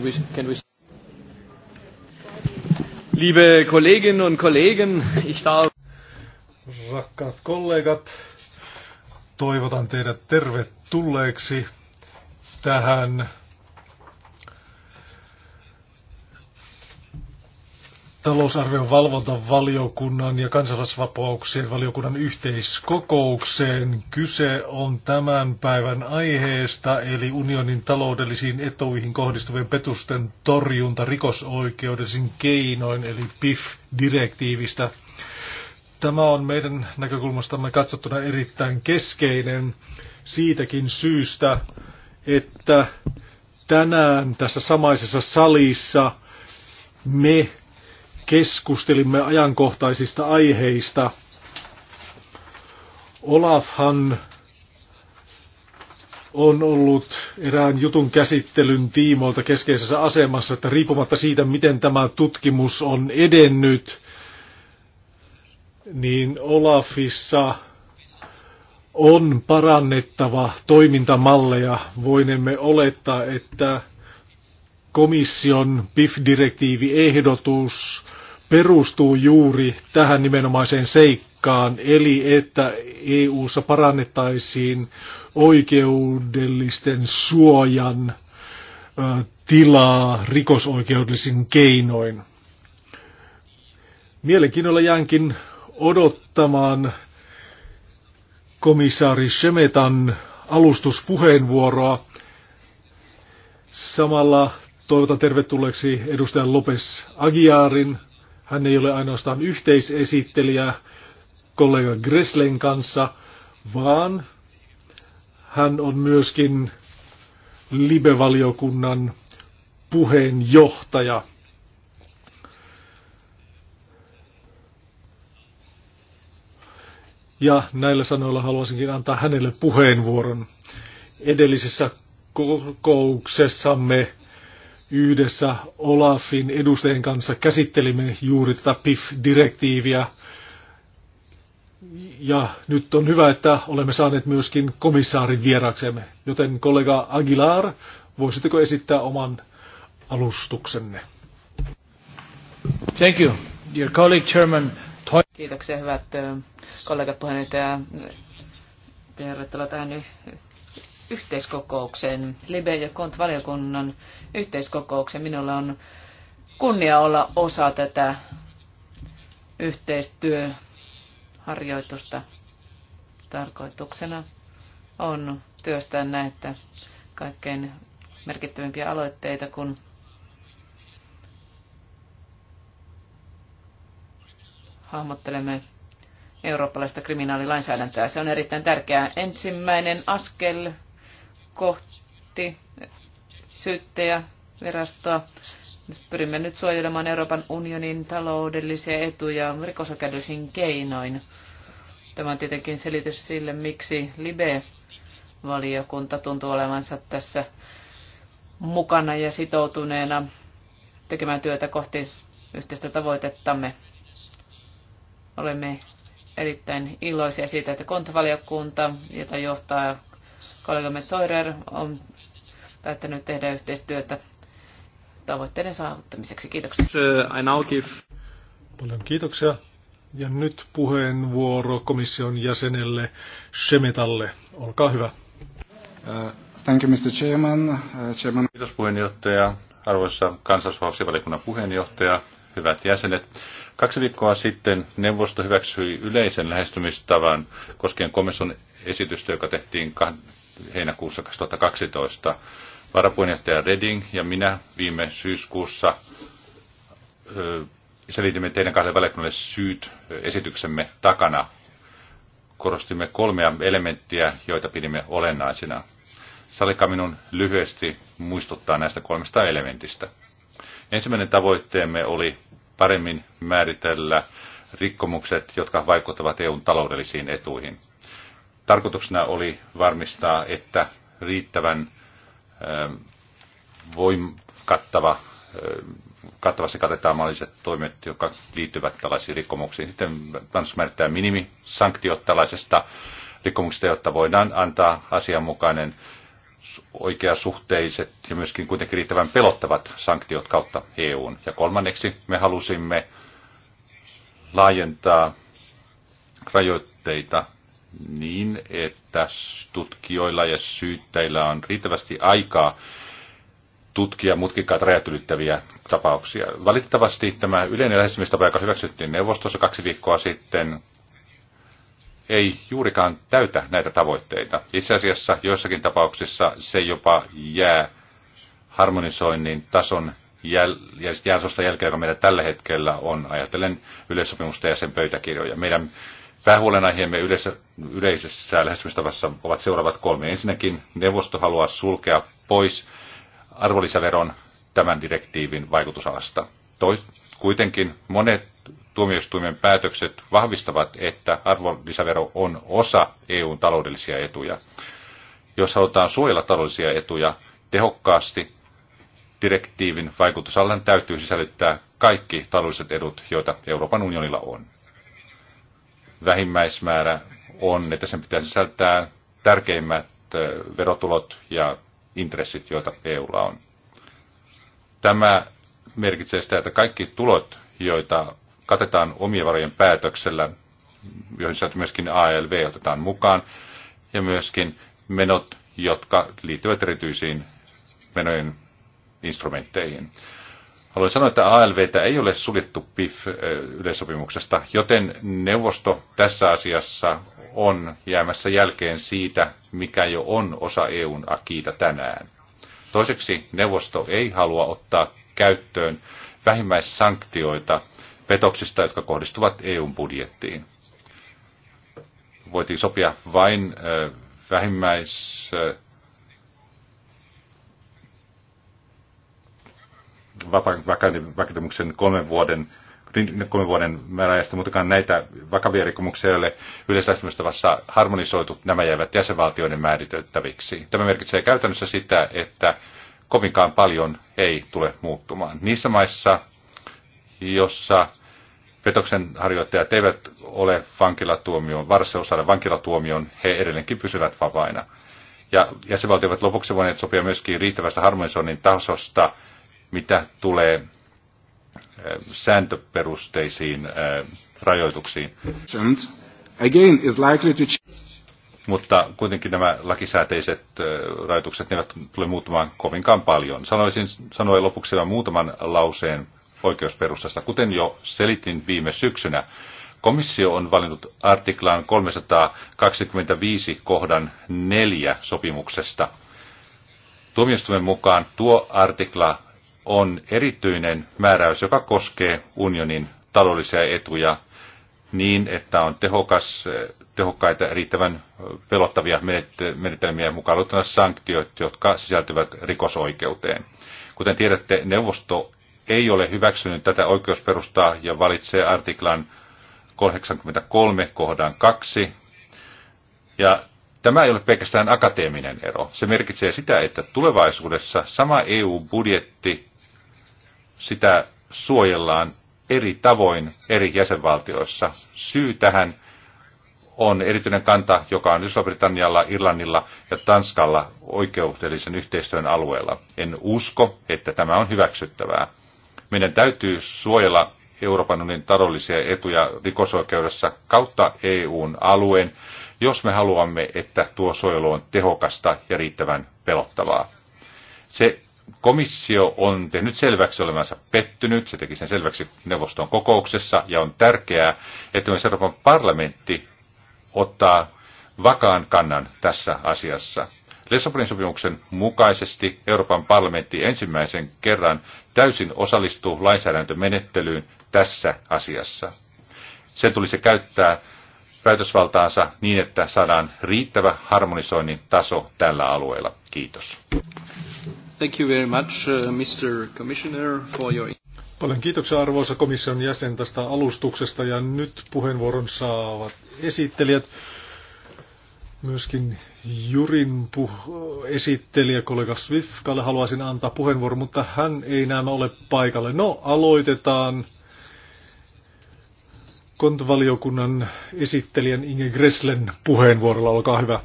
Can we, can we... Liebe Kolleginnen und Kollegen, ich darf... Rakkaat kollegat, toivotan teidät tervetulleeksi tähän talousarvion valvontavaliokunnan ja kansalaisvapauksien valiokunnan yhteiskokoukseen. Kyse on tämän päivän aiheesta, eli unionin taloudellisiin etuihin kohdistuvien petusten torjunta rikosoikeudellisin keinoin, eli PIF-direktiivistä. Tämä on meidän näkökulmastamme katsottuna erittäin keskeinen siitäkin syystä, että tänään tässä samaisessa salissa me keskustelimme ajankohtaisista aiheista. Olafhan on ollut erään jutun käsittelyn tiimoilta keskeisessä asemassa, että riippumatta siitä, miten tämä tutkimus on edennyt, niin Olafissa on parannettava toimintamalleja. Voinemme olettaa, että komission PIF-direktiiviehdotus ehdotus perustuu juuri tähän nimenomaiseen seikkaan, eli että EU:ssa parannettaisiin oikeudellisten suojan tilaa rikosoikeudellisin keinoin. Mielenkiinnolla jäänkin odottamaan komissaari Shemetan alustuspuheenvuoroa. Samalla toivotan tervetulleeksi edustajan Lopes Agiarin. Hän ei ole ainoastaan yhteisesittelijä kollega Greslen kanssa, vaan hän on myöskin libevaliokunnan puheenjohtaja. Ja näillä sanoilla haluaisinkin antaa hänelle puheenvuoron. Edellisessä kokouksessamme Yhdessä Olafin edustajien kanssa käsittelimme juuri tätä PIF-direktiiviä. Ja nyt on hyvä, että olemme saaneet myöskin komissaarin vieraksemme. Joten kollega Aguilar, voisitteko esittää oman alustuksenne? Thank you, dear colleague chairman. Kiitoksia hyvät kollegat puheenjohtaja. Tervetuloa tähän yhteiskokouksen, Libe- ja Kont-valiokunnan yhteiskokouksen. Minulla on kunnia olla osa tätä yhteistyöharjoitusta. Tarkoituksena on työstää näitä kaikkein merkittävimpiä aloitteita, kun hahmottelemme eurooppalaista kriminaalilainsäädäntöä. Se on erittäin tärkeää. Ensimmäinen askel kohti nyt Pyrimme nyt suojelemaan Euroopan unionin taloudellisia etuja rikosoikeudellisin keinoin. Tämä on tietenkin selitys sille, miksi Libe-valiokunta tuntuu olevansa tässä mukana ja sitoutuneena tekemään työtä kohti yhteistä tavoitettamme. Olemme erittäin iloisia siitä, että kontavaliokunta, jota johtaa Kollegamme Toirer on päättänyt tehdä yhteistyötä tavoitteiden saavuttamiseksi. Kiitoksia. Uh, Paljon kiitoksia. Ja nyt puheenvuoro komission jäsenelle Shemetalle. Olkaa hyvä. Uh, thank you, Mr. Chairman. Uh, Chairman. Kiitos puheenjohtaja, arvoisa kansallisvalvontavaliokunnan puheenjohtaja, hyvät jäsenet. Kaksi viikkoa sitten neuvosto hyväksyi yleisen lähestymistavan koskien komission esitystä, joka tehtiin heinäkuussa 2012. Varapuheenjohtaja Reding ja minä viime syyskuussa ö, selitimme teidän kahden valiokunnalle syyt esityksemme takana. Korostimme kolmea elementtiä, joita pidimme olennaisina. Salika minun lyhyesti muistuttaa näistä kolmesta elementistä. Ensimmäinen tavoitteemme oli paremmin määritellä rikkomukset, jotka vaikuttavat EUn taloudellisiin etuihin. Tarkoituksena oli varmistaa, että riittävän ähm, voim, kattava, äh, kattavasti katetaan mahdolliset toimet, jotka liittyvät tällaisiin rikkomuksiin. Sitten Tanska määrittää minimisanktiot tällaisesta rikkomuksesta, jotta voidaan antaa asianmukainen oikeasuhteiset ja myöskin kuitenkin riittävän pelottavat sanktiot kautta EUn. Ja kolmanneksi me halusimme laajentaa rajoitteita niin, että tutkijoilla ja syyttäjillä on riittävästi aikaa tutkia mutkikkaat rajat ylittäviä tapauksia. Valitettavasti tämä yleinen lähestymistapa, joka hyväksyttiin neuvostossa kaksi viikkoa sitten, ei juurikaan täytä näitä tavoitteita. Itse asiassa joissakin tapauksissa se jopa jää harmonisoinnin tason jäl- jäl- jälkeen, joka meillä tällä hetkellä on, ajatellen yleissopimusta ja sen pöytäkirjoja. Meidän päähuolenaiheemme yleis- yleisessä lähestymistavassa ovat seuraavat kolme. Ensinnäkin neuvosto haluaa sulkea pois arvonlisäveron tämän direktiivin vaikutusalasta. Tois, kuitenkin monet tuomioistuimen päätökset vahvistavat, että arvonlisävero on osa EUn taloudellisia etuja. Jos halutaan suojella taloudellisia etuja tehokkaasti, direktiivin vaikutusalan täytyy sisällyttää kaikki taloudelliset edut, joita Euroopan unionilla on. Vähimmäismäärä on, että sen pitää sisältää tärkeimmät verotulot ja intressit, joita EUlla on. Tämä merkitsee sitä, että kaikki tulot, joita katetaan omien varojen päätöksellä, joihin sieltä myöskin ALV otetaan mukaan, ja myöskin menot, jotka liittyvät erityisiin menojen instrumentteihin. Haluan sanoa, että ALVtä ei ole suljettu PIF-yleissopimuksesta, eh, joten neuvosto tässä asiassa on jäämässä jälkeen siitä, mikä jo on osa EUn akiita tänään. Toiseksi neuvosto ei halua ottaa käyttöön vähimmäissanktioita petoksista, jotka kohdistuvat EUn budjettiin. Voitiin sopia vain vähimmäis vakiintumuksen kolmen vuoden niin, niin kolmen vuoden määräajasta, mutta näitä vakavia rikkomuksia, joille vasta harmonisoitu, nämä jäävät jäsenvaltioiden määriteltäviksi. Tämä merkitsee käytännössä sitä, että kovinkaan paljon ei tule muuttumaan. Niissä maissa, jossa Petoksen harjoittajat eivät ole vankilatuomion, osalle vankilatuomion, he edelleenkin pysyvät vapaina. Ja jäsenvaltiot lopuksi voineet sopia myöskin riittävästä harmonisoinnin tasosta, mitä tulee eh, sääntöperusteisiin eh, rajoituksiin. Again is likely to mutta kuitenkin nämä lakisääteiset eh, rajoitukset ne eivät tule muuttumaan kovinkaan paljon. Sanoisin, sanoin lopuksi vain muutaman lauseen oikeusperustasta. Kuten jo selitin viime syksynä, komissio on valinnut artiklaan 325 kohdan 4 sopimuksesta. Tuomioistuimen mukaan tuo artikla on erityinen määräys, joka koskee unionin taloudellisia etuja niin, että on tehokas, tehokkaita riittävän pelottavia menetelmiä mukaan sanktiot, jotka sisältyvät rikosoikeuteen. Kuten tiedätte, neuvosto ei ole hyväksynyt tätä oikeusperustaa ja valitsee artiklan 83 kohdan 2. Ja tämä ei ole pelkästään akateeminen ero. Se merkitsee sitä, että tulevaisuudessa sama EU-budjetti, sitä suojellaan eri tavoin eri jäsenvaltioissa. Syy tähän on erityinen kanta, joka on Iso-Britannialla, Irlannilla ja Tanskalla oikeudellisen yhteistyön alueella. En usko, että tämä on hyväksyttävää. Meidän täytyy suojella Euroopan unionin taloudellisia etuja rikosoikeudessa kautta EUn alueen, jos me haluamme, että tuo suojelu on tehokasta ja riittävän pelottavaa. Se komissio on tehnyt selväksi olemansa pettynyt, se teki sen selväksi neuvoston kokouksessa, ja on tärkeää, että myös Euroopan parlamentti ottaa vakaan kannan tässä asiassa. Lissabonin sopimuksen mukaisesti Euroopan parlamentti ensimmäisen kerran täysin osallistuu lainsäädäntömenettelyyn tässä asiassa. Sen tulisi käyttää päätösvaltaansa niin, että saadaan riittävä harmonisoinnin taso tällä alueella. Kiitos. Thank you very much, uh, Mr. Commissioner, for your... Paljon kiitoksia arvoisa komission jäsen tästä alustuksesta ja nyt puheenvuoron saavat esittelijät myöskin Jurin puh- esittelijä, kollega Swifkalle haluaisin antaa puheenvuoron, mutta hän ei näemme ole paikalle. No, aloitetaan kontovaliokunnan esittelijän Inge Gresslen puheenvuorolla. Olkaa hyvä.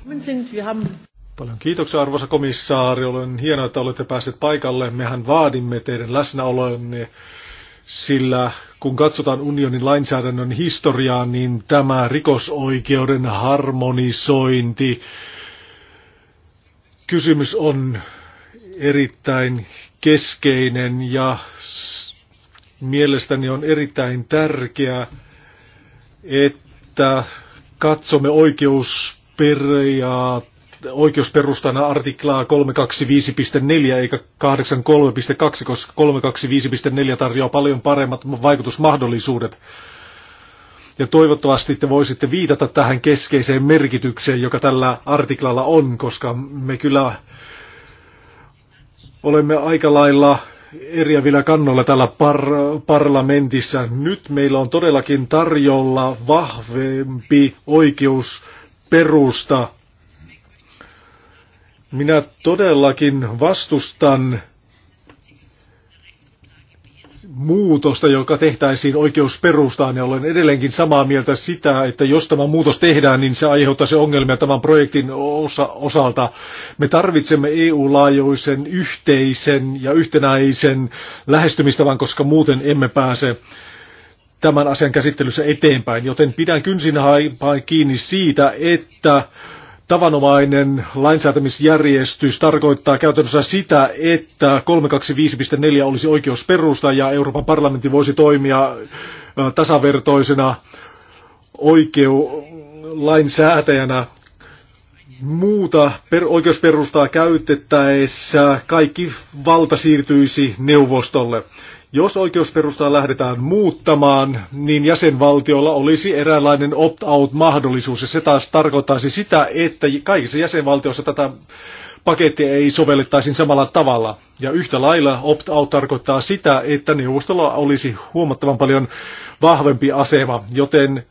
Paljon kiitoksia arvoisa komissaari. Olen hienoa, että olette päässeet paikalle. Mehän vaadimme teidän läsnäolonne, sillä kun katsotaan unionin lainsäädännön historiaa, niin tämä rikosoikeuden harmonisointi kysymys on erittäin keskeinen ja mielestäni on erittäin tärkeää, että katsomme oikeusperiaatteita oikeusperustana artiklaa 325.4 eikä 83.2, koska 325.4 tarjoaa paljon paremmat vaikutusmahdollisuudet. Ja toivottavasti te voisitte viitata tähän keskeiseen merkitykseen, joka tällä artiklalla on, koska me kyllä olemme aika lailla eriävillä kannoilla täällä par- parlamentissa. Nyt meillä on todellakin tarjolla vahvempi oikeusperusta. Minä todellakin vastustan muutosta, joka tehtäisiin oikeusperustaan, ja olen edelleenkin samaa mieltä sitä, että jos tämä muutos tehdään, niin se aiheuttaa se ongelmia tämän projektin osa- osalta. Me tarvitsemme EU-laajuisen, yhteisen ja yhtenäisen lähestymistavan, koska muuten emme pääse tämän asian käsittelyssä eteenpäin, joten pidän kynsin kiinni siitä, että tavanomainen lainsäätämisjärjestys tarkoittaa käytännössä sitä, että 325.4 olisi oikeus perusta ja Euroopan parlamentti voisi toimia äh, tasavertoisena oikeu lainsäätäjänä muuta per, oikeusperustaa käytettäessä kaikki valta siirtyisi neuvostolle. Jos oikeusperustaa lähdetään muuttamaan, niin jäsenvaltiolla olisi eräänlainen opt-out-mahdollisuus, ja se taas tarkoittaisi sitä, että kaikissa jäsenvaltioissa tätä pakettia ei sovellettaisi samalla tavalla. Ja yhtä lailla opt-out tarkoittaa sitä, että neuvostolla olisi huomattavan paljon vahvempi asema, joten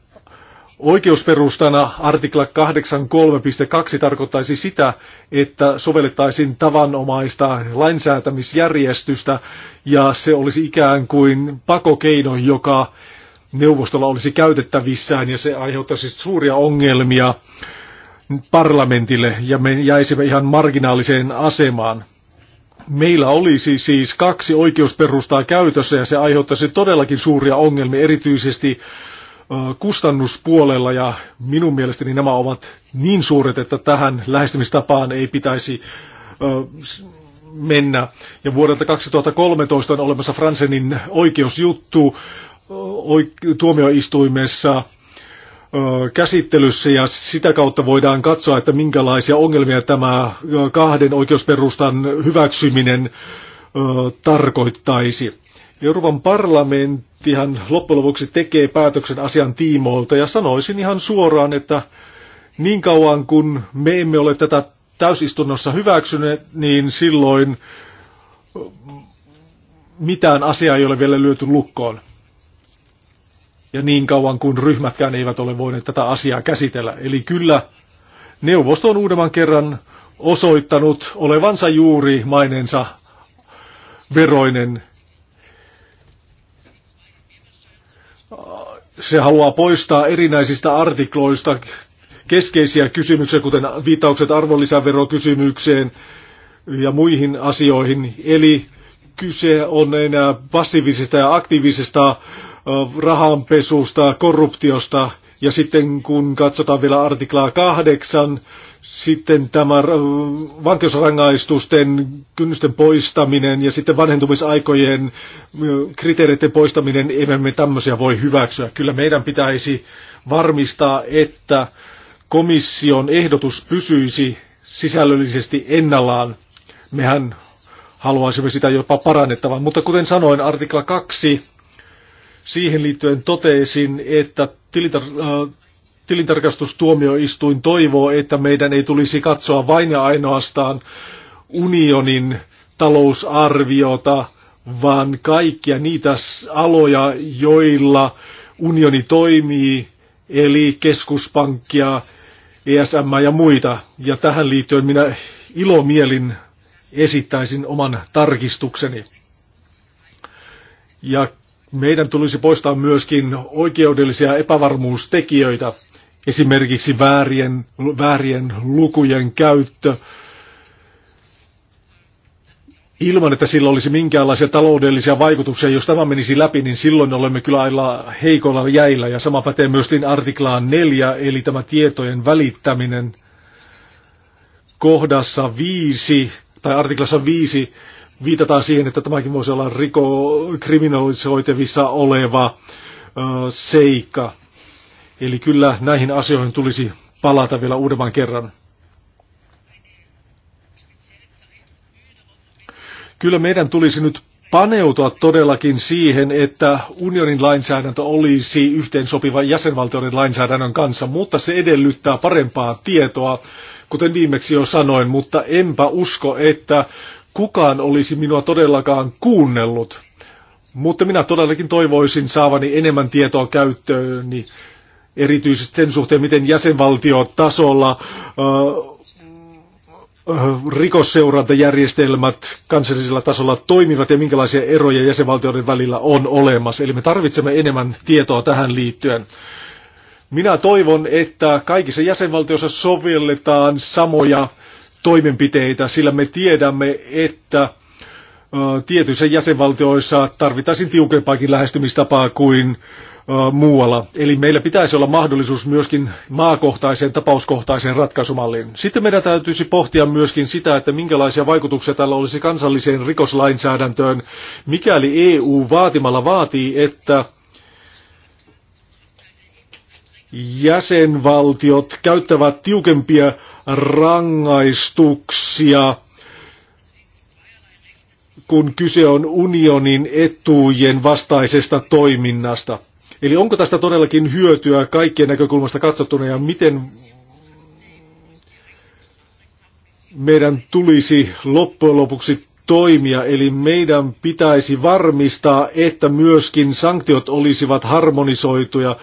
Oikeusperustana artikla 83.2 tarkoittaisi sitä, että sovellettaisiin tavanomaista lainsäätämisjärjestystä ja se olisi ikään kuin pakokeino, joka neuvostolla olisi käytettävissään ja se aiheuttaisi suuria ongelmia parlamentille ja me jäisimme ihan marginaaliseen asemaan. Meillä olisi siis kaksi oikeusperustaa käytössä ja se aiheuttaisi todellakin suuria ongelmia erityisesti kustannuspuolella ja minun mielestäni nämä ovat niin suuret, että tähän lähestymistapaan ei pitäisi mennä. Ja vuodelta 2013 on olemassa Fransenin oikeusjuttu tuomioistuimessa käsittelyssä ja sitä kautta voidaan katsoa, että minkälaisia ongelmia tämä kahden oikeusperustan hyväksyminen tarkoittaisi. Euroopan parlamenttihan loppujen lopuksi tekee päätöksen asian tiimoilta ja sanoisin ihan suoraan, että niin kauan kun me emme ole tätä täysistunnossa hyväksyneet, niin silloin mm, mitään asiaa ei ole vielä lyöty lukkoon. Ja niin kauan kuin ryhmätkään eivät ole voineet tätä asiaa käsitellä. Eli kyllä neuvosto on uudemman kerran osoittanut olevansa juuri mainensa veroinen Se haluaa poistaa erinäisistä artikloista keskeisiä kysymyksiä, kuten viitaukset arvonlisäverokysymykseen ja muihin asioihin. Eli kyse on enää passiivisesta ja aktiivisesta rahanpesusta, korruptiosta. Ja sitten kun katsotaan vielä artiklaa kahdeksan, sitten tämä äh, vankeusrangaistusten kynnysten poistaminen ja sitten vanhentumisaikojen äh, kriteereiden poistaminen, emme me tämmöisiä voi hyväksyä. Kyllä meidän pitäisi varmistaa, että komission ehdotus pysyisi sisällöllisesti ennallaan. Mehän haluaisimme sitä jopa parannettavan, mutta kuten sanoin, artikla 2 siihen liittyen totesin, että tilitar- äh, tilintarkastustuomioistuin toivoo, että meidän ei tulisi katsoa vain ja ainoastaan unionin talousarviota, vaan kaikkia niitä aloja, joilla unioni toimii, eli keskuspankkia, ESM ja muita. Ja tähän liittyen minä ilomielin esittäisin oman tarkistukseni. Ja meidän tulisi poistaa myöskin oikeudellisia epävarmuustekijöitä. Esimerkiksi väärien, väärien lukujen käyttö ilman, että sillä olisi minkäänlaisia taloudellisia vaikutuksia. Jos tämä menisi läpi, niin silloin olemme kyllä aina heikolla jäillä. Ja sama pätee myöskin artiklaan 4, eli tämä tietojen välittäminen kohdassa 5, tai artiklassa 5, viitataan siihen, että tämäkin voisi olla riko oleva ö, seikka. Eli kyllä näihin asioihin tulisi palata vielä uudemman kerran. Kyllä meidän tulisi nyt paneutua todellakin siihen, että unionin lainsäädäntö olisi yhteensopiva jäsenvaltioiden lainsäädännön kanssa, mutta se edellyttää parempaa tietoa, kuten viimeksi jo sanoin, mutta enpä usko, että kukaan olisi minua todellakaan kuunnellut. Mutta minä todellakin toivoisin saavani enemmän tietoa käyttööni erityisesti sen suhteen, miten jäsenvaltiotasolla äh, äh, rikosseurantajärjestelmät kansallisella tasolla toimivat ja minkälaisia eroja jäsenvaltioiden välillä on olemassa. Eli me tarvitsemme enemmän tietoa tähän liittyen. Minä toivon, että kaikissa jäsenvaltioissa sovelletaan samoja toimenpiteitä, sillä me tiedämme, että äh, tietyissä jäsenvaltioissa tarvittaisiin tiukempaakin lähestymistapaa kuin muualla. Eli meillä pitäisi olla mahdollisuus myöskin maakohtaiseen, tapauskohtaiseen ratkaisumalliin. Sitten meidän täytyisi pohtia myöskin sitä, että minkälaisia vaikutuksia tällä olisi kansalliseen rikoslainsäädäntöön, mikäli EU vaatimalla vaatii, että jäsenvaltiot käyttävät tiukempia rangaistuksia kun kyse on unionin etujen vastaisesta toiminnasta. Eli onko tästä todellakin hyötyä kaikkien näkökulmasta katsottuna ja miten meidän tulisi loppujen lopuksi toimia, eli meidän pitäisi varmistaa, että myöskin sanktiot olisivat harmonisoituja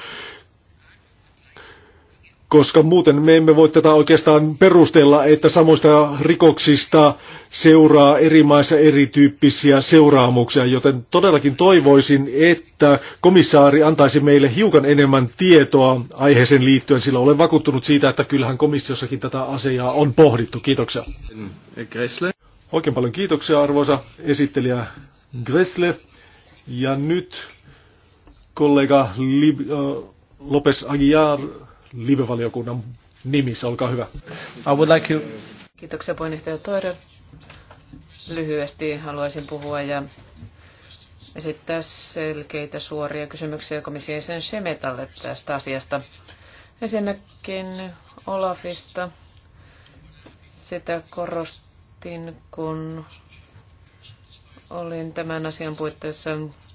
koska muuten me emme voi tätä oikeastaan perustella, että samoista rikoksista seuraa eri maissa erityyppisiä seuraamuksia, joten todellakin toivoisin, että komissaari antaisi meille hiukan enemmän tietoa aiheeseen liittyen, sillä olen vakuuttunut siitä, että kyllähän komissiossakin tätä asiaa on pohdittu. Kiitoksia. Oikein paljon kiitoksia arvoisa esittelijä Gressle. Ja nyt kollega Lib- Lopes Aguiar live-valiokunnan nimissä. Olkaa hyvä. I would like you... Kiitoksia puheenjohtaja Toira. Lyhyesti haluaisin puhua ja esittää selkeitä suoria kysymyksiä komission sen Shemetalle tästä asiasta. Ensinnäkin Olafista. Sitä korostin, kun olin tämän asian puitteissa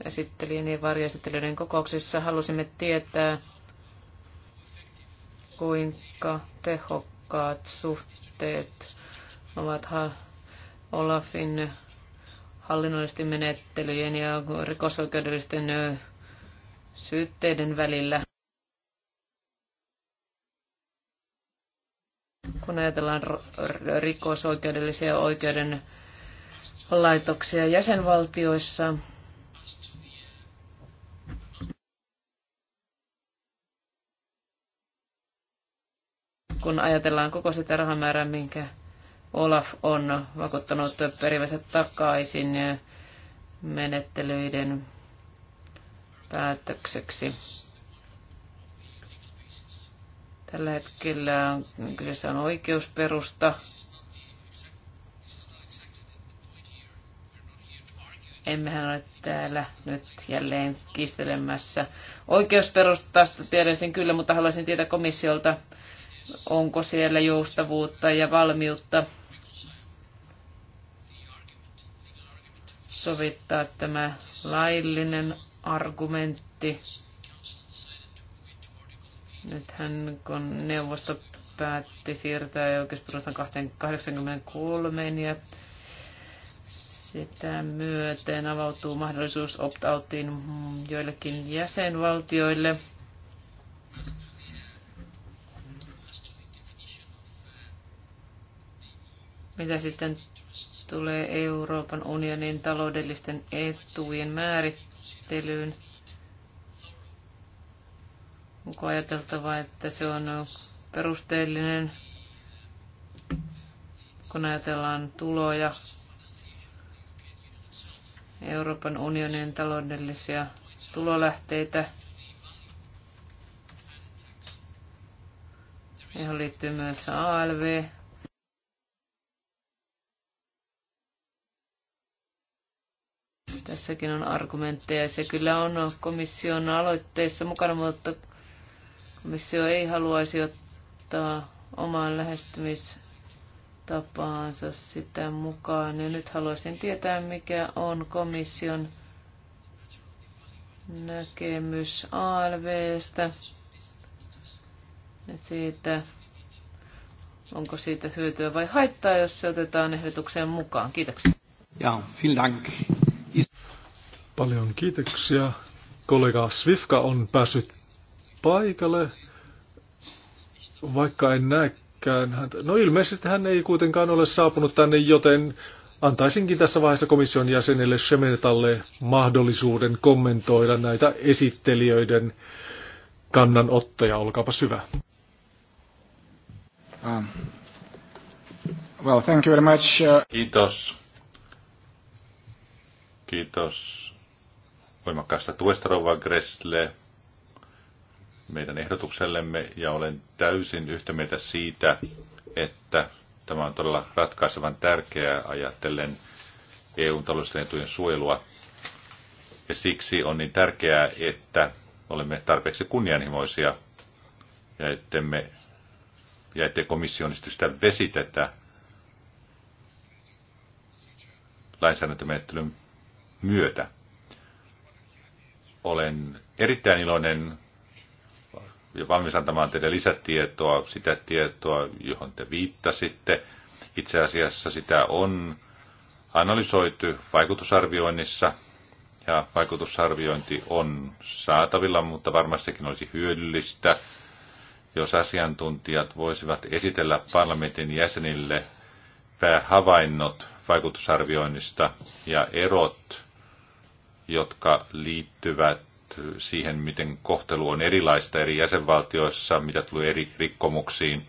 esittelijän ja varjoesittelijöiden kokouksissa. Halusimme tietää, kuinka tehokkaat suhteet ovat Olafin hallinnollisten menettelyjen ja rikosoikeudellisten syytteiden välillä. Kun ajatellaan rikosoikeudellisia oikeuden laitoksia jäsenvaltioissa, kun ajatellaan koko sitä rahamäärää, minkä Olaf on vakuuttanut perivänsä takaisin menettelyiden päätökseksi. Tällä hetkellä kyseessä on oikeusperusta. Emmehän ole täällä nyt jälleen kiistelemässä oikeusperustasta, tiedän sen kyllä, mutta haluaisin tietää komissiolta, onko siellä joustavuutta ja valmiutta sovittaa tämä laillinen argumentti. Nythän kun neuvosto päätti siirtää oikeusperustan 83 ja sitä myöten avautuu mahdollisuus opt-outiin joillekin jäsenvaltioille. Mitä sitten tulee Euroopan unionin taloudellisten etujen määrittelyyn? Onko ajateltava, että se on perusteellinen, kun ajatellaan tuloja, Euroopan unionin taloudellisia tulolähteitä, johon liittyy myös ALV, Tässäkin on argumentteja. Se kyllä on komission aloitteessa mukana, mutta komissio ei haluaisi ottaa omaan lähestymistapaansa sitä mukaan. Ja nyt haluaisin tietää, mikä on komission näkemys ALVstä ja siitä, onko siitä hyötyä vai haittaa, jos se otetaan ehdotukseen mukaan. Kiitoksia. Ja, vielen Dank. Paljon kiitoksia. Kollega Svifka on päässyt paikalle, vaikka en näkään häntä. No ilmeisesti hän ei kuitenkaan ole saapunut tänne, joten antaisinkin tässä vaiheessa komission jäsenelle Shemenetalle mahdollisuuden kommentoida näitä esittelijöiden kannanottoja. Olkaapa syvä. Um, well, thank you very much. Uh, Kiitos. Kiitos voimakkaasta tuesta Rova Gressle meidän ehdotuksellemme ja olen täysin yhtä mieltä siitä, että tämä on todella ratkaisevan tärkeää ajatellen EUn taloudellisten etujen suojelua. Ja siksi on niin tärkeää, että olemme tarpeeksi kunnianhimoisia ja ettemme ja ettei komission vesitetä lainsäädäntömenettelyn myötä. Olen erittäin iloinen ja valmis antamaan teille lisätietoa, sitä tietoa, johon te viittasitte. Itse asiassa sitä on analysoitu vaikutusarvioinnissa, ja vaikutusarviointi on saatavilla, mutta varmastikin olisi hyödyllistä, jos asiantuntijat voisivat esitellä parlamentin jäsenille päähavainnot vaikutusarvioinnista ja erot jotka liittyvät siihen, miten kohtelu on erilaista eri jäsenvaltioissa, mitä tulee eri rikkomuksiin.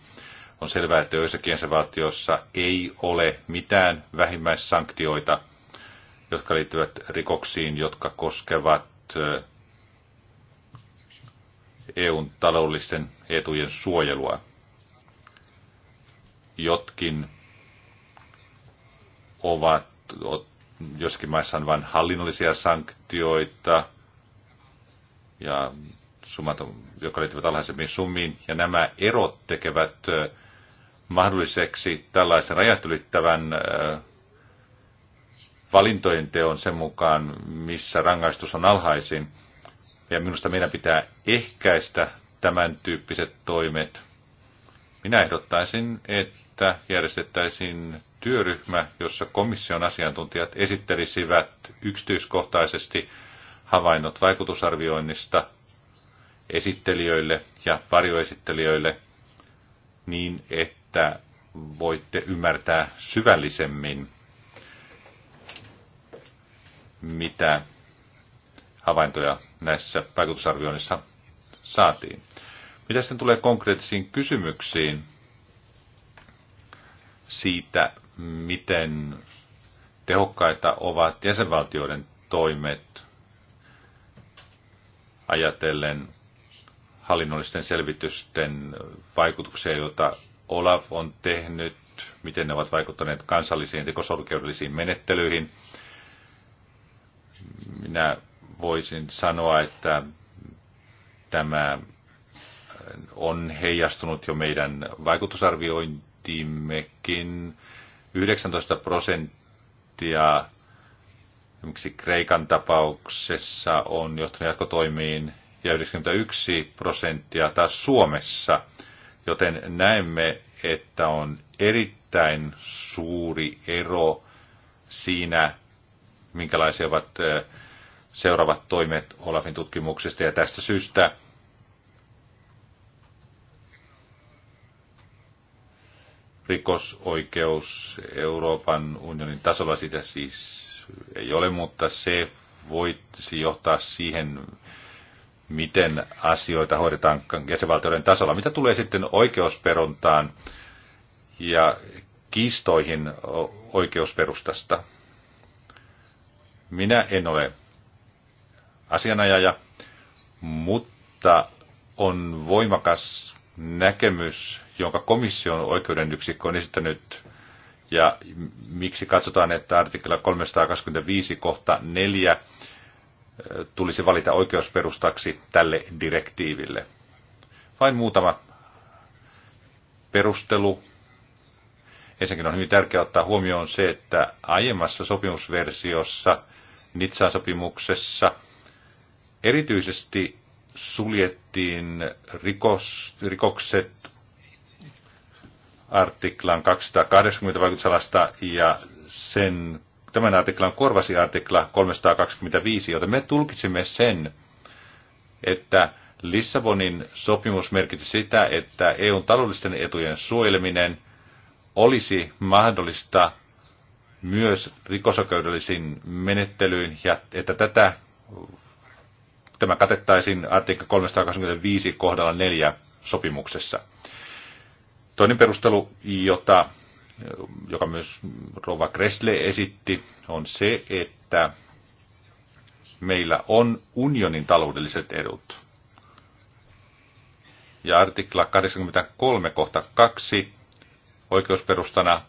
On selvää, että joissakin jäsenvaltioissa ei ole mitään vähimmäissanktioita, jotka liittyvät rikoksiin, jotka koskevat EUn taloudellisten etujen suojelua. Jotkin ovat jossakin maissa on vain hallinnollisia sanktioita, ja summat, jotka liittyvät alhaisempiin summiin, ja nämä erot tekevät mahdolliseksi tällaisen rajat ylittävän valintojen teon sen mukaan, missä rangaistus on alhaisin. Ja minusta meidän pitää ehkäistä tämän tyyppiset toimet minä ehdottaisin, että järjestettäisiin työryhmä, jossa komission asiantuntijat esittelisivät yksityiskohtaisesti havainnot vaikutusarvioinnista esittelijöille ja varjoesittelijöille niin, että voitte ymmärtää syvällisemmin, mitä havaintoja näissä vaikutusarvioinnissa saatiin. Mitä sitten tulee konkreettisiin kysymyksiin siitä, miten tehokkaita ovat jäsenvaltioiden toimet ajatellen hallinnollisten selvitysten vaikutuksia, joita Olaf on tehnyt, miten ne ovat vaikuttaneet kansallisiin rikosoikeudellisiin menettelyihin. Minä voisin sanoa, että tämä on heijastunut jo meidän vaikutusarviointiimmekin. 19 prosenttia esimerkiksi Kreikan tapauksessa on johtanut jatkotoimiin ja 91 prosenttia taas Suomessa, joten näemme, että on erittäin suuri ero siinä, minkälaisia ovat eh, seuraavat toimet Olafin tutkimuksesta ja tästä syystä – rikosoikeus Euroopan unionin tasolla, sitä siis ei ole, mutta se voisi johtaa siihen, miten asioita hoidetaan jäsenvaltioiden tasolla. Mitä tulee sitten oikeusperontaan ja kiistoihin oikeusperustasta? Minä en ole asianajaja, mutta on voimakas näkemys, jonka komission oikeuden yksikkö on esittänyt, ja miksi katsotaan, että artikla 325 kohta 4 tulisi valita oikeusperustaksi tälle direktiiville. Vain muutama perustelu. Ensinnäkin on hyvin tärkeää ottaa huomioon se, että aiemmassa sopimusversiossa, Nitsan sopimuksessa, erityisesti suljettiin rikos, rikokset artiklan 280 vaikutusalasta ja sen, tämän artiklan korvasi artikla 325, joten me tulkitsimme sen, että Lissabonin sopimus merkitsi sitä, että EUn taloudellisten etujen suojeleminen olisi mahdollista myös rikosoikeudellisiin menettelyyn, ja että tätä Tämä katettaisiin artikla 325 kohdalla 4 sopimuksessa. Toinen perustelu, jota, joka myös Rova Kresle esitti, on se, että meillä on unionin taloudelliset edut. Ja artikla 83 kohta 2 oikeusperustana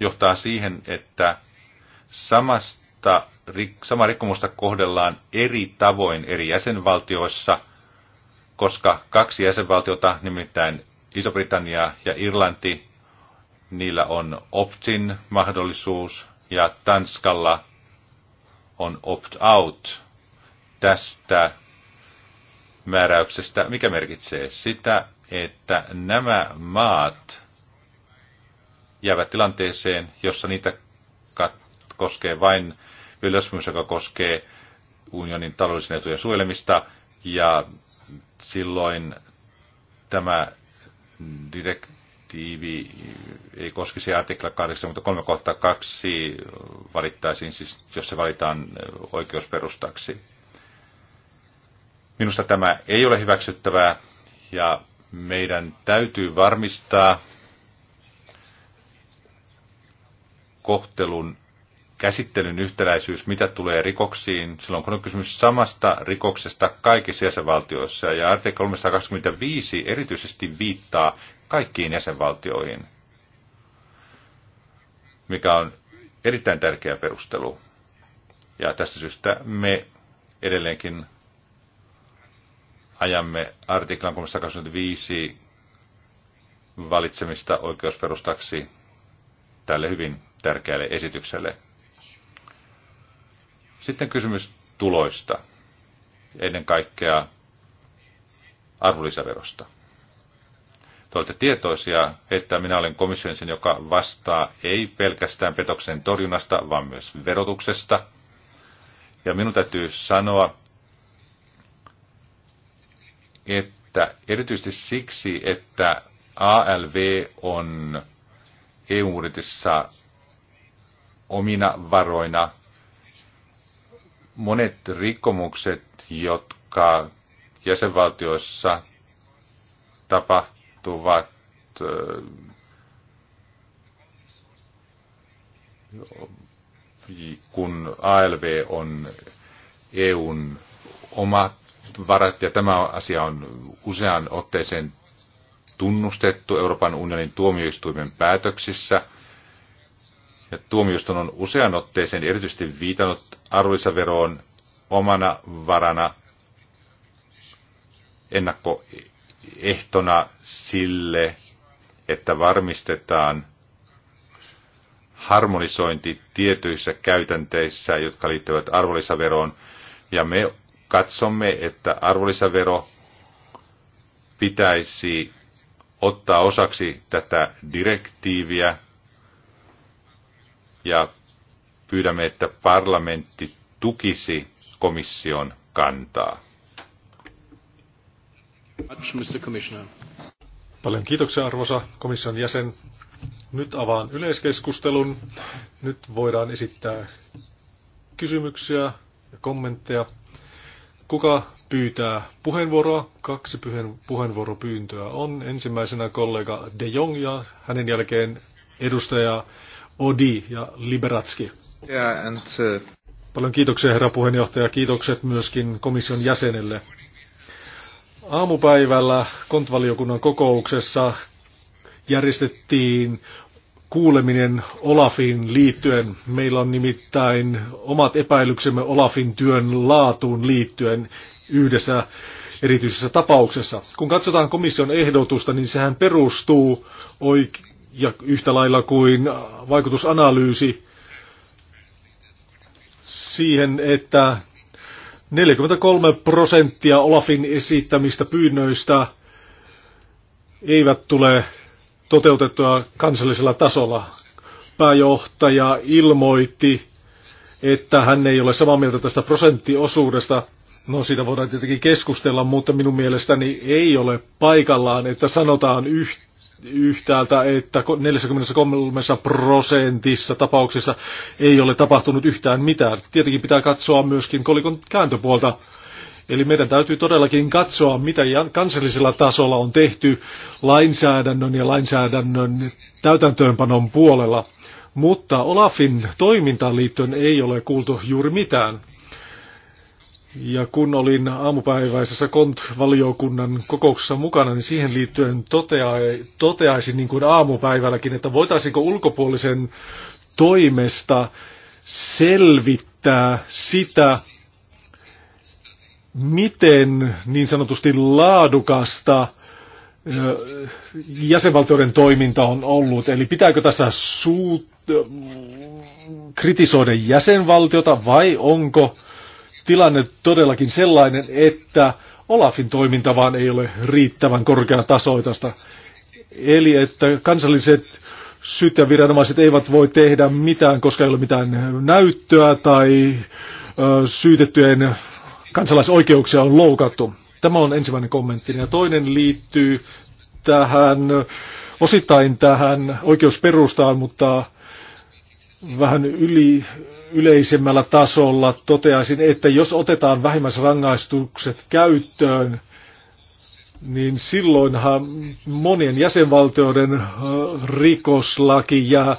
johtaa siihen, että samasta Sama rikkomusta kohdellaan eri tavoin eri jäsenvaltioissa, koska kaksi jäsenvaltiota, nimittäin Iso-Britannia ja Irlanti, niillä on opt-in mahdollisuus ja Tanskalla on opt-out tästä määräyksestä, mikä merkitsee sitä, että nämä maat jäävät tilanteeseen, jossa niitä koskee vain yleissopimus, joka koskee unionin taloudellisen etujen suojelemista, ja silloin tämä direktiivi ei koskisi artikla 83 kohta 2 valittaisiin, siis jos se valitaan oikeusperustaksi. Minusta tämä ei ole hyväksyttävää ja meidän täytyy varmistaa kohtelun käsittelyn yhtäläisyys, mitä tulee rikoksiin, silloin kun on kysymys samasta rikoksesta kaikissa jäsenvaltioissa, ja artikla 325 erityisesti viittaa kaikkiin jäsenvaltioihin, mikä on erittäin tärkeä perustelu. Ja tästä syystä me edelleenkin ajamme artiklan 325 valitsemista oikeusperustaksi tälle hyvin tärkeälle esitykselle. Sitten kysymys tuloista, ennen kaikkea arvonlisäverosta. Te olette tietoisia, että minä olen komission sen, joka vastaa ei pelkästään petoksen torjunnasta, vaan myös verotuksesta. Ja minun täytyy sanoa, että erityisesti siksi, että ALV on EU-budjetissa omina varoina monet rikkomukset, jotka jäsenvaltioissa tapahtuvat, kun ALV on EUn omat varat, ja tämä asia on usean otteeseen tunnustettu Euroopan unionin tuomioistuimen päätöksissä – ja tuomioistuin on usean otteeseen erityisesti viitannut arvonlisäveroon omana varana ennakkoehtona sille, että varmistetaan harmonisointi tietyissä käytänteissä, jotka liittyvät arvonlisäveroon. Ja me katsomme, että arvonlisävero pitäisi ottaa osaksi tätä direktiiviä ja pyydämme, että parlamentti tukisi komission kantaa. Paljon kiitoksia arvoisa komission jäsen. Nyt avaan yleiskeskustelun. Nyt voidaan esittää kysymyksiä ja kommentteja. Kuka pyytää puheenvuoroa? Kaksi puheenvuoropyyntöä on. Ensimmäisenä kollega De Jong ja hänen jälkeen edustaja Odi ja Liberatski. Yeah, and, uh... Paljon kiitoksia herra puheenjohtaja. Kiitokset myöskin komission jäsenelle. Aamupäivällä kontvaliokunnan kokouksessa järjestettiin kuuleminen Olafin liittyen. Meillä on nimittäin omat epäilyksemme Olafin työn laatuun liittyen yhdessä erityisessä tapauksessa. Kun katsotaan komission ehdotusta, niin sehän perustuu oik- ja yhtä lailla kuin vaikutusanalyysi siihen, että 43 prosenttia Olafin esittämistä pyynnöistä eivät tule toteutettua kansallisella tasolla. Pääjohtaja ilmoitti, että hän ei ole samaa mieltä tästä prosenttiosuudesta. No siitä voidaan tietenkin keskustella, mutta minun mielestäni ei ole paikallaan, että sanotaan yhtä yhtäältä, että 43 prosentissa tapauksissa ei ole tapahtunut yhtään mitään. Tietenkin pitää katsoa myöskin kolikon kääntöpuolta. Eli meidän täytyy todellakin katsoa, mitä kansallisella tasolla on tehty lainsäädännön ja lainsäädännön täytäntöönpanon puolella. Mutta Olafin toimintaan liittyen ei ole kuultu juuri mitään. Ja kun olin aamupäiväisessä KONT-valiokunnan kokouksessa mukana, niin siihen liittyen totea, toteaisin niin kuin aamupäivälläkin, että voitaisiinko ulkopuolisen toimesta selvittää sitä, miten niin sanotusti laadukasta jäsenvaltioiden toiminta on ollut. Eli pitääkö tässä suut, kritisoida jäsenvaltiota vai onko tilanne todellakin sellainen, että Olafin toiminta vaan ei ole riittävän korkeatasoitasta. Eli että kansalliset syyt ja viranomaiset eivät voi tehdä mitään, koska ei ole mitään näyttöä tai ö, syytettyjen kansalaisoikeuksia on loukattu. Tämä on ensimmäinen kommentti. Ja toinen liittyy tähän, osittain tähän oikeusperustaan, mutta vähän yli yleisemmällä tasolla toteaisin, että jos otetaan vähimmäisrangaistukset käyttöön, niin silloinhan monien jäsenvaltioiden äh, rikoslaki jää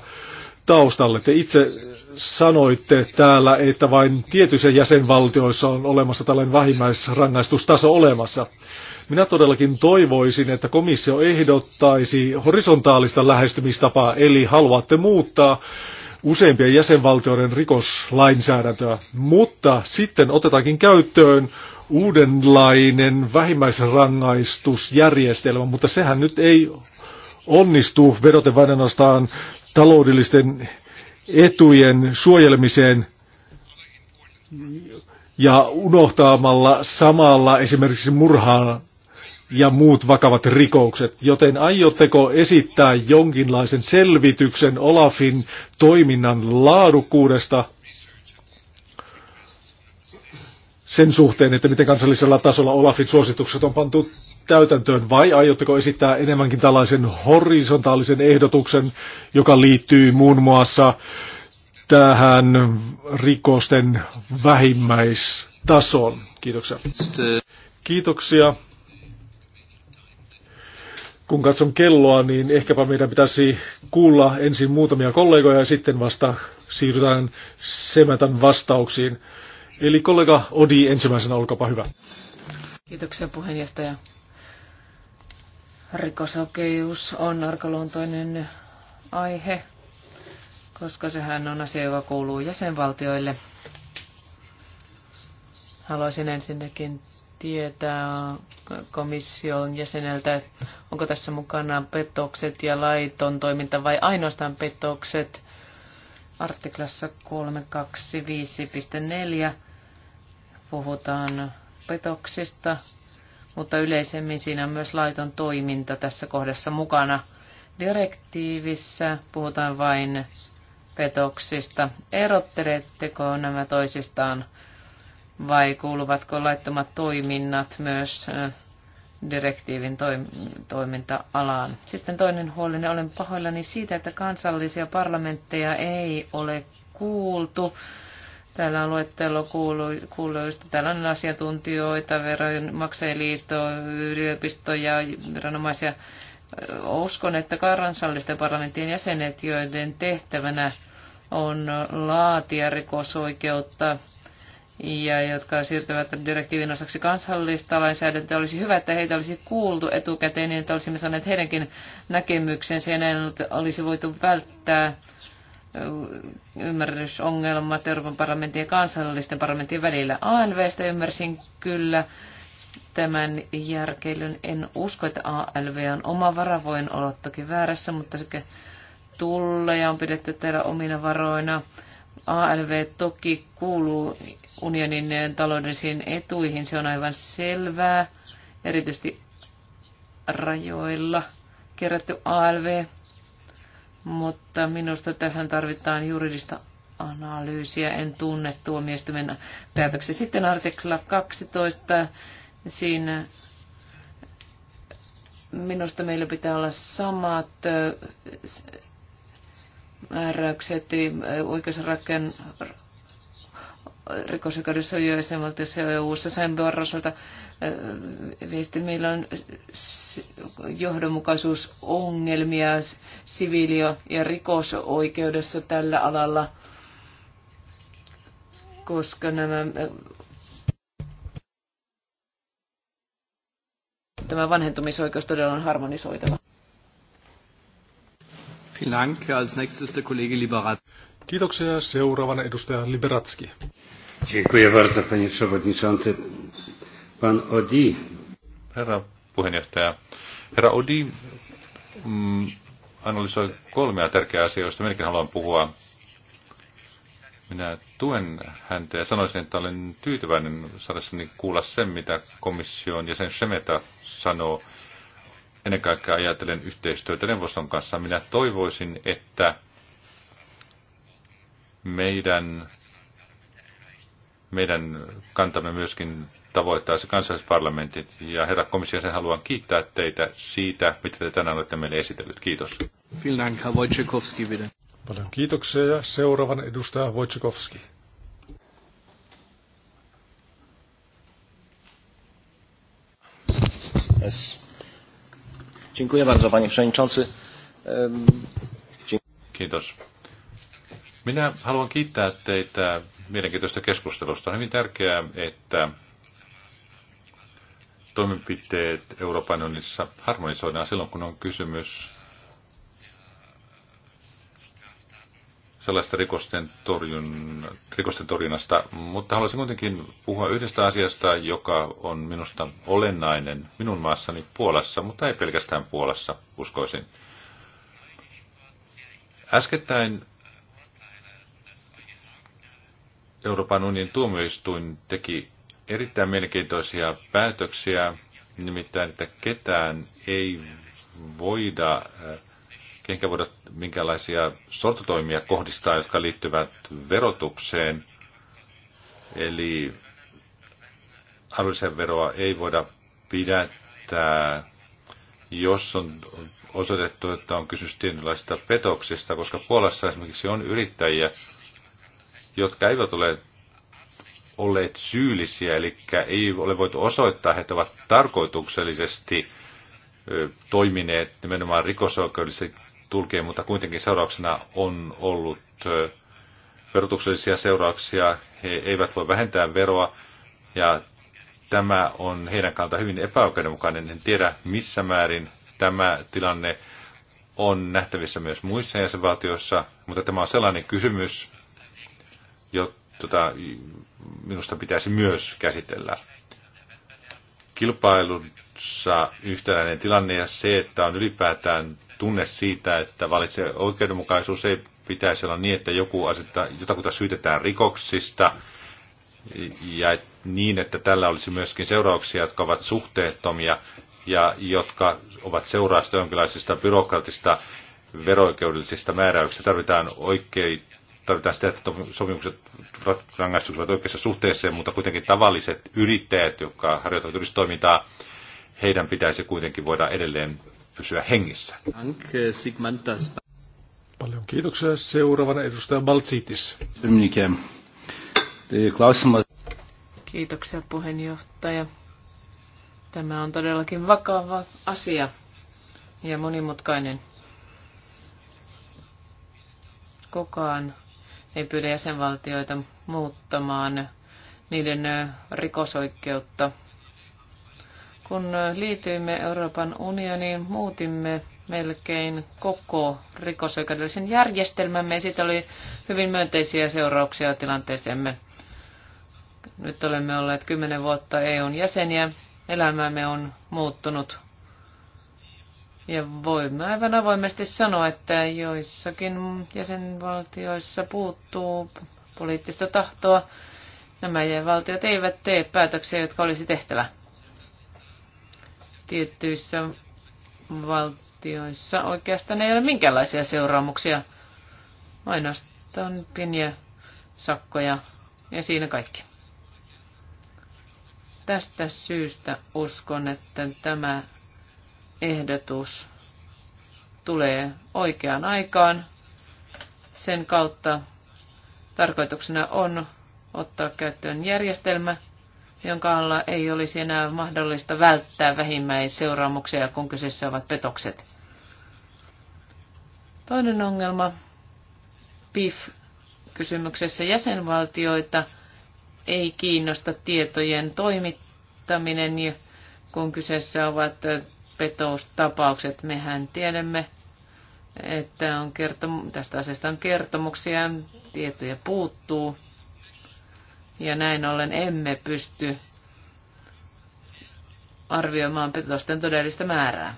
taustalle. Te itse sanoitte täällä, että vain tietyissä jäsenvaltioissa on olemassa tällainen vähimmäisrangaistustaso olemassa. Minä todellakin toivoisin, että komissio ehdottaisi horisontaalista lähestymistapaa, eli haluatte muuttaa useimpien jäsenvaltioiden rikoslainsäädäntöä, mutta sitten otetaankin käyttöön uudenlainen vähimmäisrangaistusjärjestelmä, mutta sehän nyt ei onnistu vedoten vain ainoastaan taloudellisten etujen suojelemiseen ja unohtaamalla samalla esimerkiksi murhaan ja muut vakavat rikokset, joten aiotteko esittää jonkinlaisen selvityksen Olafin toiminnan laadukkuudesta sen suhteen, että miten kansallisella tasolla Olafin suositukset on pantu täytäntöön, vai aiotteko esittää enemmänkin tällaisen horisontaalisen ehdotuksen, joka liittyy muun muassa tähän rikosten vähimmäistasoon? Kiitoksia. Kiitoksia. Kun katson kelloa, niin ehkäpä meidän pitäisi kuulla ensin muutamia kollegoja ja sitten vasta siirrytään Semätän vastauksiin. Eli kollega Odi ensimmäisenä, olkapa hyvä. Kiitoksia puheenjohtaja. Rikosoikeus on arkaluontoinen aihe, koska sehän on asia, joka kuuluu jäsenvaltioille. Haluaisin ensinnäkin tietää komission jäseneltä, onko tässä mukana petokset ja laiton toiminta vai ainoastaan petokset. Artiklassa 325.4 puhutaan petoksista, mutta yleisemmin siinä on myös laiton toiminta tässä kohdassa mukana. Direktiivissä puhutaan vain petoksista. Erotteletteko nämä toisistaan? vai kuuluvatko laittomat toiminnat myös direktiivin toiminta-alaan. Sitten toinen huolinen, olen pahoillani siitä, että kansallisia parlamentteja ei ole kuultu. Täällä on luettelo kuuluista. Täällä on asiantuntijoita, veronmaksajaliitto, yliopistoja, viranomaisia. Uskon, että kansallisten parlamenttien jäsenet, joiden tehtävänä on laatia rikosoikeutta, ja jotka siirtyvät direktiivin osaksi kansallista lainsäädäntöä. Olisi hyvä, että heitä olisi kuultu etukäteen niin, että olisimme saaneet heidänkin näkemyksensä ja näin olisi voitu välttää ymmärrysongelmat Euroopan parlamentin ja kansallisten parlamentin välillä. ANVstä ymmärsin kyllä tämän järkeilyn. En usko, että ALV on oma vara. Voin olla toki väärässä, mutta sekä tulleja on pidetty täällä omina varoina ALV toki kuuluu unionin taloudellisiin etuihin, se on aivan selvää, erityisesti rajoilla kerätty ALV, mutta minusta tähän tarvitaan juridista analyysiä. En tunne tuomioistuimen päätöksiä. Sitten artikla 12. Siinä minusta meillä pitää olla samat määräykset niin, oikeusrakkeen rikosoikeudessa jäsenvaltiossa ja EU-ssa sen Barrosolta viesti. Meillä on johdonmukaisuusongelmia siviili- ja rikosoikeudessa tällä alalla, koska nämä tämä vanhentumisoikeus todella on harmonisoitava. Kiitoksia. Seuraavana edustaja Liberatski. Dziękuję bardzo, panie przewodniczący. Pan Odi. Herra puheenjohtaja. Herra Odi mm, analysoi kolmea tärkeää asiaa, joista minäkin haluan puhua. Minä tuen häntä ja sanoisin, että olen tyytyväinen saadessani kuulla sen, mitä komission jäsen Semeta sanoo ennen kaikkea ajatellen yhteistyötä neuvoston kanssa, minä toivoisin, että meidän, meidän kantamme myöskin tavoittaisi kansallisparlamentit. Ja herra komissio, sen haluan kiittää teitä siitä, mitä te tänään olette meille esitellyt. Kiitos. Paljon kiitoksia ja seuraavan edustaja Wojciechowski. Yes. Dziękuję bardzo, panie przewodniczący. Kiitos. Minä haluan kiittää teitä mielenkiintoista keskustelusta. On hyvin tärkeää, että toimenpiteet Euroopan unionissa harmonisoidaan silloin, kun on kysymys sellaista rikosten, torjun, rikosten torjunnasta, mutta haluaisin kuitenkin puhua yhdestä asiasta, joka on minusta olennainen minun maassani Puolassa, mutta ei pelkästään Puolassa, uskoisin. Äskettäin Euroopan unionin tuomioistuin teki erittäin mielenkiintoisia päätöksiä, nimittäin, että ketään ei voida äh, enkä voida minkälaisia sortotoimia kohdistaa, jotka liittyvät verotukseen. Eli arvonlisäveroa ei voida pidättää, jos on osoitettu, että on kysymys tietynlaista petoksista, koska Puolassa esimerkiksi on yrittäjiä, jotka eivät ole olleet syyllisiä, eli ei ole voitu osoittaa, että he ovat tarkoituksellisesti toimineet nimenomaan rikosoikeudellisesti tulkeen, mutta kuitenkin seurauksena on ollut verotuksellisia seurauksia. He eivät voi vähentää veroa ja tämä on heidän kannalta hyvin epäoikeudenmukainen. En tiedä missä määrin tämä tilanne on nähtävissä myös muissa jäsenvaltioissa, mutta tämä on sellainen kysymys, jota minusta pitäisi myös käsitellä. Kilpailussa yhtäläinen tilanne ja se, että on ylipäätään tunne siitä, että valitse oikeudenmukaisuus ei pitäisi olla niin, että joku asettaa, jotakuta syytetään rikoksista ja niin, että tällä olisi myöskin seurauksia, jotka ovat suhteettomia ja jotka ovat seurausta jonkinlaisista byrokratista veroikeudellisista määräyksistä. Tarvitaan oikein tarvitaan sitä, että sopimukset, rangaistukset ovat oikeassa suhteessa, mutta kuitenkin tavalliset yrittäjät, jotka harjoittavat yritystoimintaa, heidän pitäisi kuitenkin voida edelleen pysyä hengissä. Eh, Paljon kiitoksia. Seuraavana edustaja Baltsitis. Kiitoksia puheenjohtaja. Tämä on todellakin vakava asia ja monimutkainen. Kukaan ei pyydä jäsenvaltioita muuttamaan niiden eh, rikosoikeutta kun liityimme Euroopan unioniin, muutimme melkein koko rikosoikeudellisen järjestelmämme ja siitä oli hyvin myönteisiä seurauksia tilanteeseemme. Nyt olemme olleet kymmenen vuotta EUn jäseniä. Elämämme on muuttunut. Ja voimme aivan avoimesti sanoa, että joissakin jäsenvaltioissa puuttuu poliittista tahtoa. Nämä valtiot eivät tee päätöksiä, jotka olisi tehtävä. Tietyissä valtioissa oikeastaan ei ole minkäänlaisia seuraamuksia, ainoastaan pieniä sakkoja ja siinä kaikki. Tästä syystä uskon, että tämä ehdotus tulee oikeaan aikaan. Sen kautta tarkoituksena on ottaa käyttöön järjestelmä, jonka alla ei olisi enää mahdollista välttää vähimmäisseuraamuksia, kun kyseessä ovat petokset. Toinen ongelma PIF-kysymyksessä jäsenvaltioita ei kiinnosta tietojen toimittaminen, kun kyseessä ovat petoustapaukset. Mehän tiedämme, että on kertom- tästä asiasta on kertomuksia, tietoja puuttuu ja näin ollen emme pysty arvioimaan petosten todellista määrää.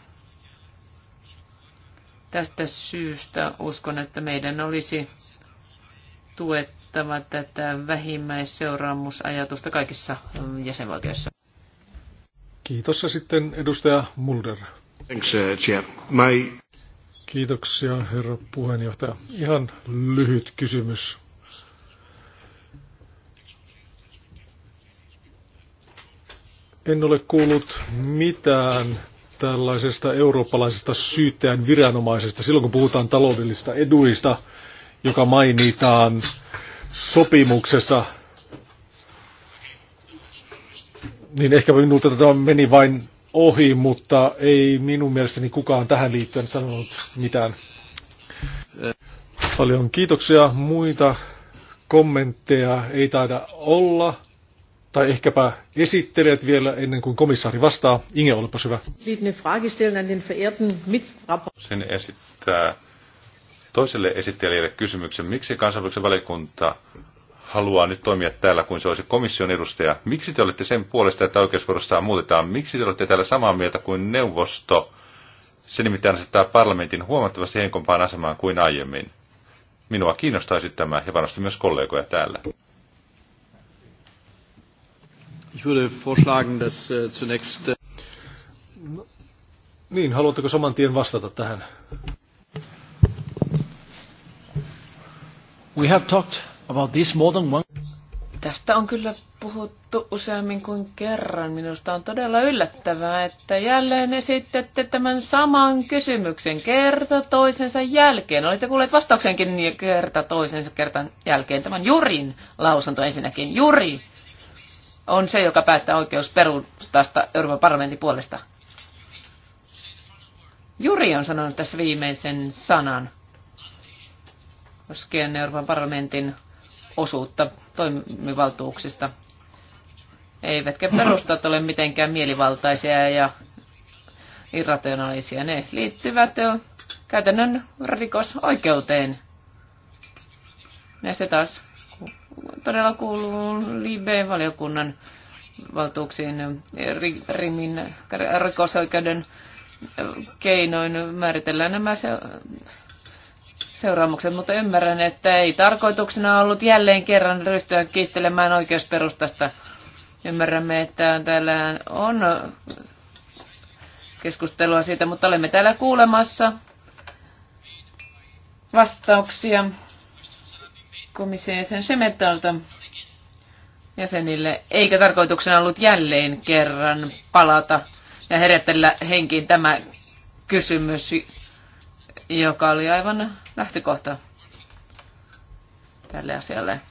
Tästä syystä uskon, että meidän olisi tuettava tätä vähimmäisseuraamusajatusta kaikissa jäsenvaltioissa. Kiitos ja sitten edustaja Mulder. Thanks, uh, Chair. My... Kiitoksia herra puheenjohtaja. Ihan lyhyt kysymys En ole kuullut mitään tällaisesta eurooppalaisesta syyttäjän viranomaisesta silloin, kun puhutaan taloudellisista eduista, joka mainitaan sopimuksessa, niin ehkä minulta tämä meni vain ohi, mutta ei minun mielestäni kukaan tähän liittyen sanonut mitään. Paljon kiitoksia. Muita kommentteja ei taida olla tai ehkäpä esittelet vielä ennen kuin komissaari vastaa. Inge, olepa hyvä. Sen esittää toiselle esittelijälle kysymyksen, miksi kansainvälisen valiokunta haluaa nyt toimia täällä, kun se olisi komission edustaja. Miksi te olette sen puolesta, että oikeusvuorostaan muutetaan? Miksi te olette täällä samaa mieltä kuin neuvosto? Se nimittäin asettaa parlamentin huomattavasti heikompaan asemaan kuin aiemmin. Minua kiinnostaisi tämä ja varmasti myös kollegoja täällä. Ich würde vorschlagen, dass äh, zunächst... Äh no, niin, haluatteko saman tien vastata tähän? We have talked about this more than one... Tästä on kyllä puhuttu useammin kuin kerran. Minusta on todella yllättävää, että jälleen esitette tämän saman kysymyksen kerta toisensa jälkeen. Olette kuulleet vastauksenkin kerta toisensa kertan jälkeen. Tämän Jurin lausunto ensinnäkin. Juri, on se, joka päättää oikeus perustasta Euroopan parlamentin puolesta. Juri on sanonut tässä viimeisen sanan koskien Euroopan parlamentin osuutta toimivaltuuksista. Eivätkä perustat ole mitenkään mielivaltaisia ja irrationaalisia. Ne liittyvät käytännön rikosoikeuteen. Ja se taas todella kuuluu Libe-valiokunnan valtuuksiin Rimin rikosoikeuden keinoin määritellään nämä se, seuraamukset, mutta ymmärrän, että ei tarkoituksena ollut jälleen kerran ryhtyä kiistelemään oikeusperustasta. Ymmärrämme, että täällä on keskustelua siitä, mutta olemme täällä kuulemassa vastauksia liikkumiseen sen Semetalta jäsenille, eikä tarkoituksena ollut jälleen kerran palata ja herätellä henkiin tämä kysymys, joka oli aivan lähtökohta tälle asialle.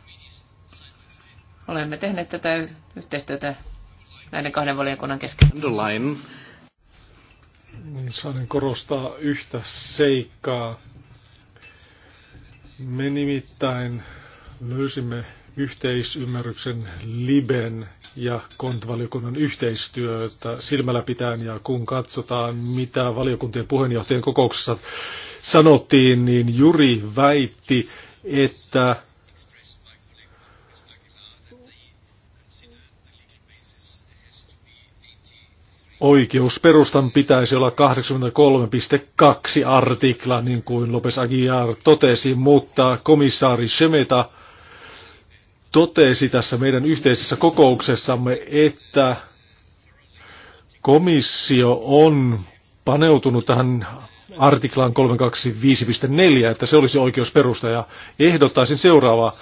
Olemme tehneet tätä yhteistyötä näiden kahden valiokunnan kesken. Saan korostaa yhtä seikkaa. Me nimittäin löysimme yhteisymmärryksen Liben ja kontvaliokunnan yhteistyötä silmällä pitäen ja kun katsotaan, mitä valiokuntien puheenjohtajien kokouksessa sanottiin, niin Juri väitti, että oikeusperustan pitäisi olla 83.2 artikla, niin kuin Lopes Aguiar totesi, mutta komissaari Semeta totesi tässä meidän yhteisessä kokouksessamme, että komissio on paneutunut tähän artiklaan 325.4, että se olisi oikeusperusta ja ehdottaisin seuraavaa.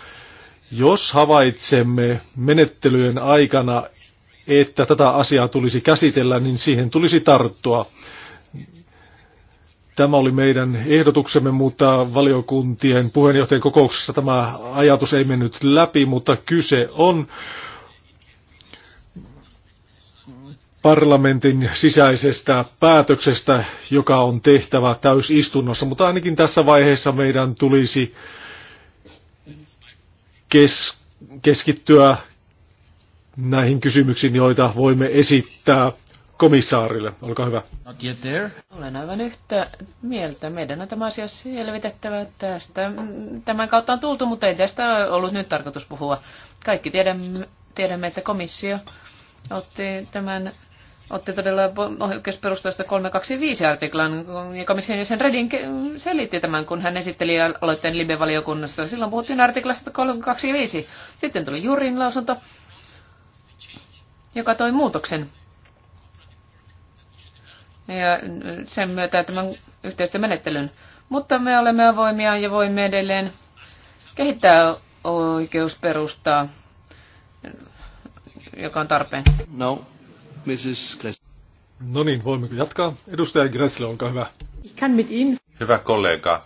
Jos havaitsemme menettelyjen aikana, että tätä asiaa tulisi käsitellä, niin siihen tulisi tarttua. Tämä oli meidän ehdotuksemme, mutta valiokuntien puheenjohtajien kokouksessa tämä ajatus ei mennyt läpi, mutta kyse on parlamentin sisäisestä päätöksestä, joka on tehtävä täysistunnossa, mutta ainakin tässä vaiheessa meidän tulisi kes- keskittyä näihin kysymyksiin, joita voimme esittää komissaarille. Olkaa hyvä. Not yet there. Olen aivan yhtä mieltä. Meidän on tämä asia selvitettävä tästä. Tämän kautta on tultu, mutta ei tästä ollut nyt tarkoitus puhua. Kaikki tiedämme, tiedämme että komissio otti tämän otti todella oikeusperustaista 325 artiklan, ja komission jäsen Redin selitti tämän, kun hän esitteli aloitteen Libe-valiokunnassa. Silloin puhuttiin artiklasta 325. Sitten tuli Jurin lausunto, joka toi muutoksen. Ja sen myötä tämän yhteistyömenettelyn. Mutta me olemme avoimia ja voimme edelleen kehittää oikeusperustaa, joka on tarpeen. No, Mrs. Gressler. No niin, voimmeko jatkaa? Edustaja Gressler, olkaa hyvä. Hyvä kollega,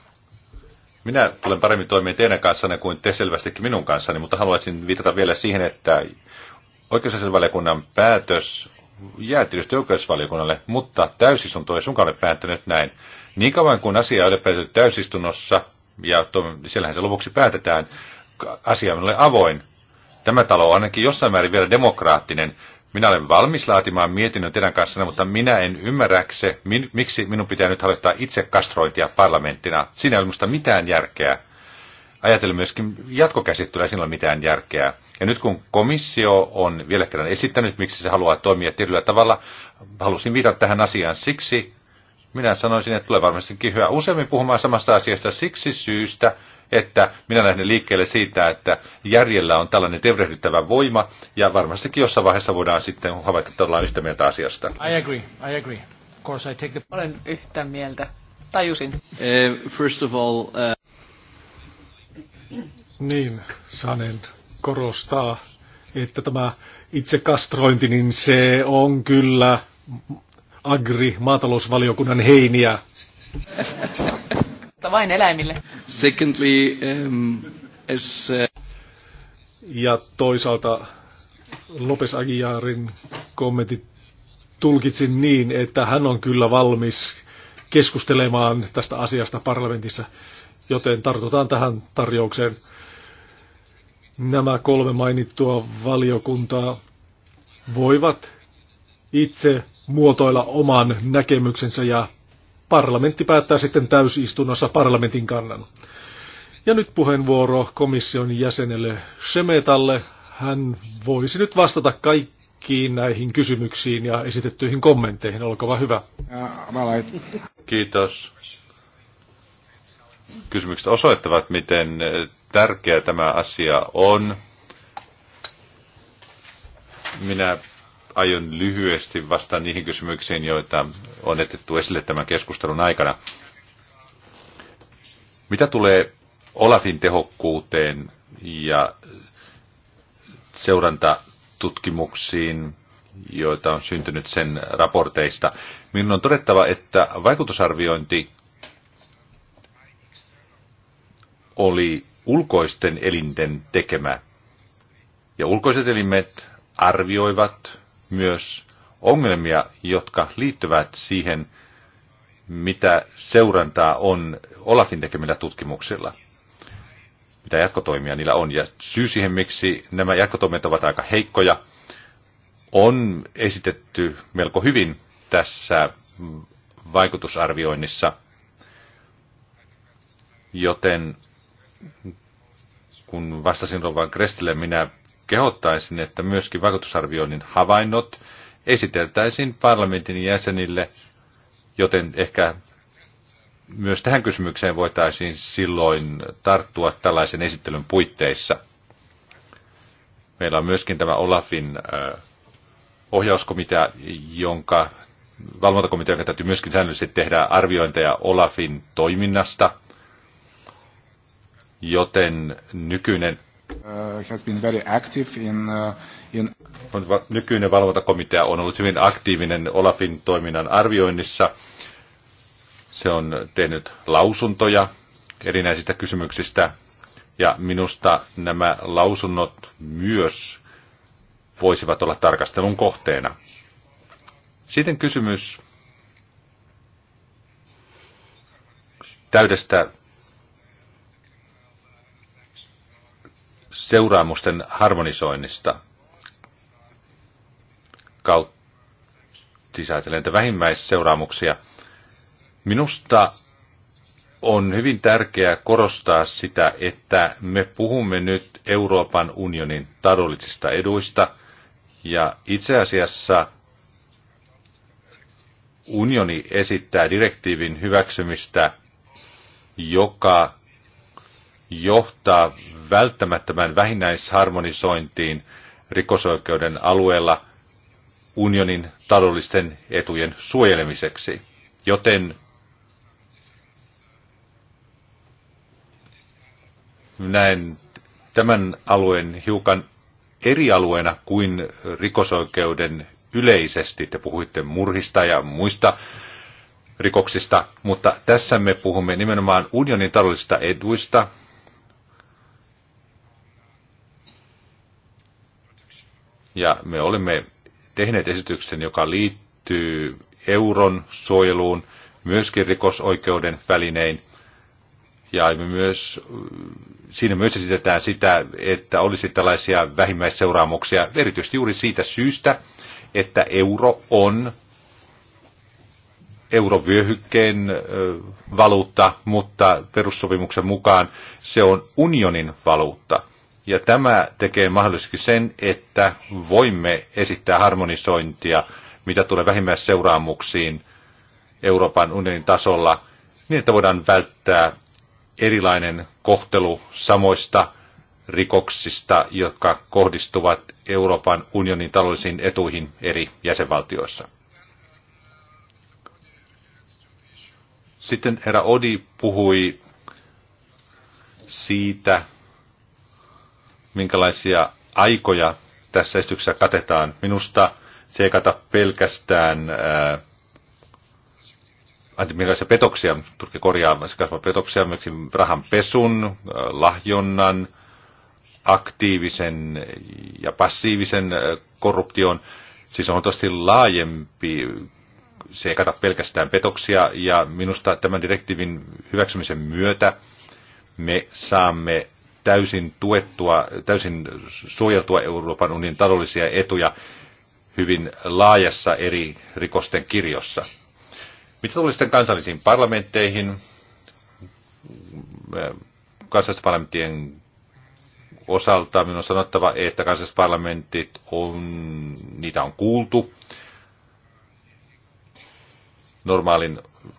minä tulen paremmin toimeen teidän kanssanne kuin te selvästikin minun kanssani, mutta haluaisin viitata vielä siihen, että Oikeusasianvaliokunnan päätös jää tietysti oikeusvaliokunnalle, mutta täysistunto ei sunkaan ole päättänyt näin. Niin kauan kuin asia ei ole päätetty täysistunnossa, ja to, siellähän se lopuksi päätetään, asia on avoin. Tämä talo on ainakin jossain määrin vielä demokraattinen. Minä olen valmis laatimaan mietinnön teidän kanssa, mutta minä en ymmärräkse, min, miksi minun pitää nyt harjoittaa itse kastrointia parlamenttina. Siinä ei ole minusta mitään järkeä. Ajatellen myöskin jatkokäsittelyä, siinä ei ole mitään järkeä. Ja nyt kun komissio on vielä kerran esittänyt, miksi se haluaa toimia tietyllä tavalla, halusin viitata tähän asiaan siksi, minä sanoisin, että tulee varmastikin hyvä useammin puhumaan samasta asiasta siksi syystä, että minä lähden liikkeelle siitä, että järjellä on tällainen tevrehdyttävä voima, ja varmastikin jossain vaiheessa voidaan sitten havaita, että ollaan yhtä mieltä asiasta. I agree, I agree. Of course I take the... Olen yhtä mieltä. Tajusin. Uh, first of all... Uh... Niin, sanen korostaa, että tämä itse kastrointi, niin se on kyllä agri maatalousvaliokunnan heiniä. vain eläimille. Secondly, um, as, uh... Ja toisaalta Lopes Aguiarin kommentit tulkitsin niin, että hän on kyllä valmis keskustelemaan tästä asiasta parlamentissa, joten tartutaan tähän tarjoukseen. Nämä kolme mainittua valiokuntaa voivat itse muotoilla oman näkemyksensä ja parlamentti päättää sitten täysistunnossa parlamentin kannan. Ja nyt puheenvuoro komission jäsenelle Semetalle. Hän voisi nyt vastata kaikkiin näihin kysymyksiin ja esitettyihin kommentteihin. Olkaa hyvä. Kiitos kysymykset osoittavat, miten tärkeä tämä asia on. Minä aion lyhyesti vastata niihin kysymyksiin, joita on etetty esille tämän keskustelun aikana. Mitä tulee Olafin tehokkuuteen ja seurantatutkimuksiin, joita on syntynyt sen raporteista, minun on todettava, että vaikutusarviointi oli ulkoisten elinten tekemä. Ja ulkoiset elimet arvioivat myös ongelmia, jotka liittyvät siihen, mitä seurantaa on Olafin tekemillä tutkimuksilla, mitä jatkotoimia niillä on. Ja syy siihen, miksi nämä jatkotoimet ovat aika heikkoja, on esitetty melko hyvin tässä vaikutusarvioinnissa, joten kun vastasin Rovan Krestille, minä kehottaisin, että myöskin vaikutusarvioinnin havainnot esiteltäisiin parlamentin jäsenille, joten ehkä myös tähän kysymykseen voitaisiin silloin tarttua tällaisen esittelyn puitteissa. Meillä on myöskin tämä Olafin ohjauskomitea, jonka valvontakomitea, joka täytyy myöskin säännöllisesti tehdä arviointeja Olafin toiminnasta joten nykyinen uh, has been very active in, uh, in... Nykyinen valvontakomitea on ollut hyvin aktiivinen Olafin toiminnan arvioinnissa. Se on tehnyt lausuntoja erinäisistä kysymyksistä, ja minusta nämä lausunnot myös voisivat olla tarkastelun kohteena. Sitten kysymys täydestä seuraamusten harmonisoinnista kautta ajatellen vähimmäisseuraamuksia. Minusta on hyvin tärkeää korostaa sitä, että me puhumme nyt Euroopan unionin taloudellisista eduista, ja itse asiassa unioni esittää direktiivin hyväksymistä, joka johtaa välttämättömän vähinäisharmonisointiin rikosoikeuden alueella unionin taloudellisten etujen suojelemiseksi. Joten näen tämän alueen hiukan eri alueena kuin rikosoikeuden yleisesti. Te puhuitte murhista ja muista rikoksista, mutta tässä me puhumme nimenomaan unionin taloudellisista eduista, ja me olemme tehneet esityksen, joka liittyy euron suojeluun myöskin rikosoikeuden välinein. Ja myös, siinä myös esitetään sitä, että olisi tällaisia vähimmäisseuraamuksia, erityisesti juuri siitä syystä, että euro on eurovyöhykkeen valuutta, mutta perussopimuksen mukaan se on unionin valuutta. Ja tämä tekee mahdollisesti sen, että voimme esittää harmonisointia, mitä tulee vähimmäisseuraamuksiin Euroopan unionin tasolla, niin että voidaan välttää erilainen kohtelu samoista rikoksista, jotka kohdistuvat Euroopan unionin taloudellisiin etuihin eri jäsenvaltioissa. Sitten herra Odi puhui siitä, minkälaisia aikoja tässä esityksessä katetaan. Minusta se ei kata pelkästään ää, äh, minkälaisia petoksia, Turkki korjaa petoksia, myös pesun, äh, lahjonnan, aktiivisen ja passiivisen äh, korruption. Siis on tosi laajempi, se ei kata pelkästään petoksia, ja minusta tämän direktiivin hyväksymisen myötä me saamme täysin tuettua, täysin suojeltua Euroopan unionin taloudellisia etuja hyvin laajassa eri rikosten kirjossa. Mitä tulee sitten kansallisiin parlamentteihin? Kansallisten parlamenttien osalta minun on sanottava, että kansalliset parlamentit on, niitä on kuultu normaalin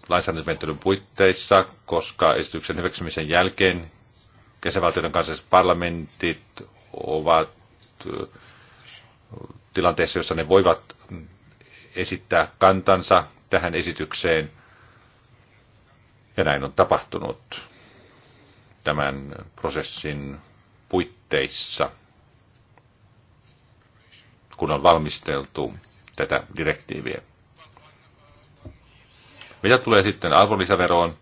lainsäädäntömenettelyn puitteissa, koska esityksen hyväksymisen jälkeen jäsenvaltioiden kanssa. Siis parlamentit ovat äh, tilanteessa, jossa ne voivat esittää kantansa tähän esitykseen. Ja näin on tapahtunut tämän prosessin puitteissa, kun on valmisteltu tätä direktiiviä. Mitä tulee sitten arvonlisäveroon,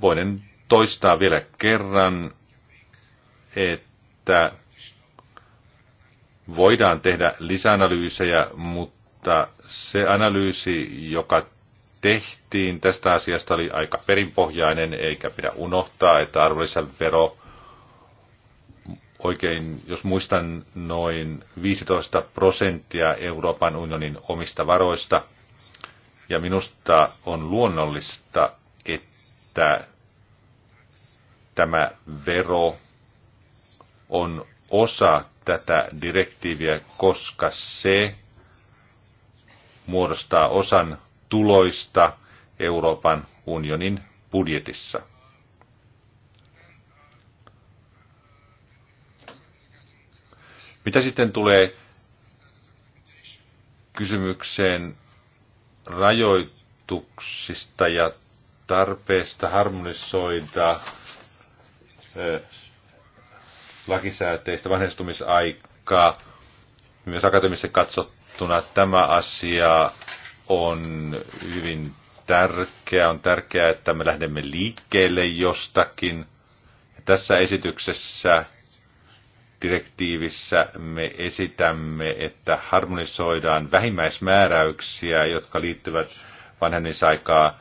voinen toistaa vielä kerran, että voidaan tehdä lisäanalyysejä, mutta se analyysi, joka tehtiin tästä asiasta, oli aika perinpohjainen, eikä pidä unohtaa, että arvonlisävero oikein, jos muistan, noin 15 prosenttia Euroopan unionin omista varoista. Ja minusta on luonnollista, että tämä vero on osa tätä direktiiviä, koska se muodostaa osan tuloista Euroopan unionin budjetissa. Mitä sitten tulee kysymykseen rajoituksista ja tarpeesta harmonisoida lakisääteistä vanhentumisaikaa. Myös akateemisesti katsottuna tämä asia on hyvin tärkeä. On tärkeää, että me lähdemme liikkeelle jostakin. Tässä esityksessä direktiivissä me esitämme, että harmonisoidaan vähimmäismääräyksiä, jotka liittyvät vanhennisaikaa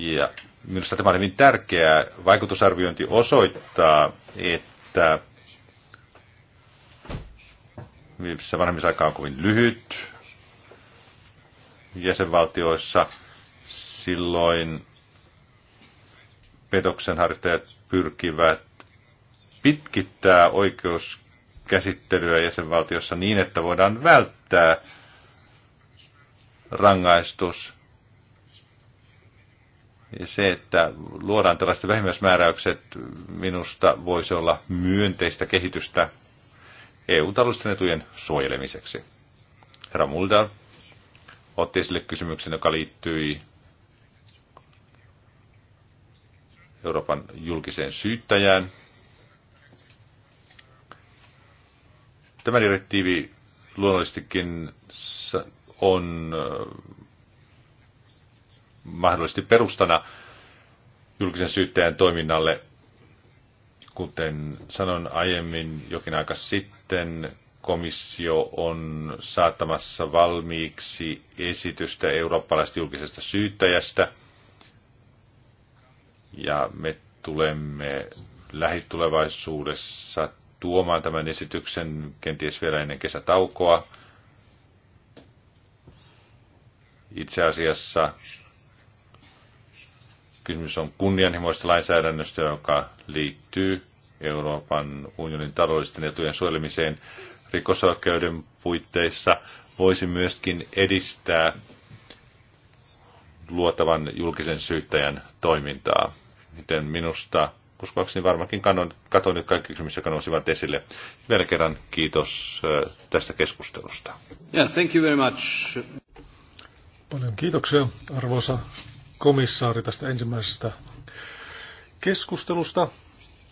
ja minusta tämä on hyvin tärkeää. Vaikutusarviointi osoittaa, että se vanhemmisaika on kovin lyhyt jäsenvaltioissa. Silloin petoksen harjoittajat pyrkivät pitkittää oikeuskäsittelyä jäsenvaltiossa niin, että voidaan välttää rangaistus se, että luodaan tällaiset vähimmäismääräykset, minusta voisi olla myönteistä kehitystä EU-talousten etujen suojelemiseksi. Herra Mulder otti esille kysymyksen, joka liittyi Euroopan julkiseen syyttäjään. Tämä direktiivi luonnollisestikin on mahdollisesti perustana julkisen syyttäjän toiminnalle. Kuten sanon aiemmin jokin aika sitten, komissio on saattamassa valmiiksi esitystä eurooppalaisesta julkisesta syyttäjästä. Ja me tulemme lähitulevaisuudessa tuomaan tämän esityksen kenties vielä ennen kesätaukoa. Itse asiassa Kysymys on kunnianhimoista lainsäädännöstä, joka liittyy Euroopan unionin taloudellisten etujen suojelemiseen rikosoikeuden puitteissa. Voisi myöskin edistää luotavan julkisen syyttäjän toimintaa. Miten minusta, uskoakseni varmaankin katoin nyt kaikki kysymykset, jotka nousivat esille. Vielä kerran kiitos äh, tästä keskustelusta. Yeah, thank you very much. Paljon kiitoksia, arvoisa komissaari tästä ensimmäisestä keskustelusta.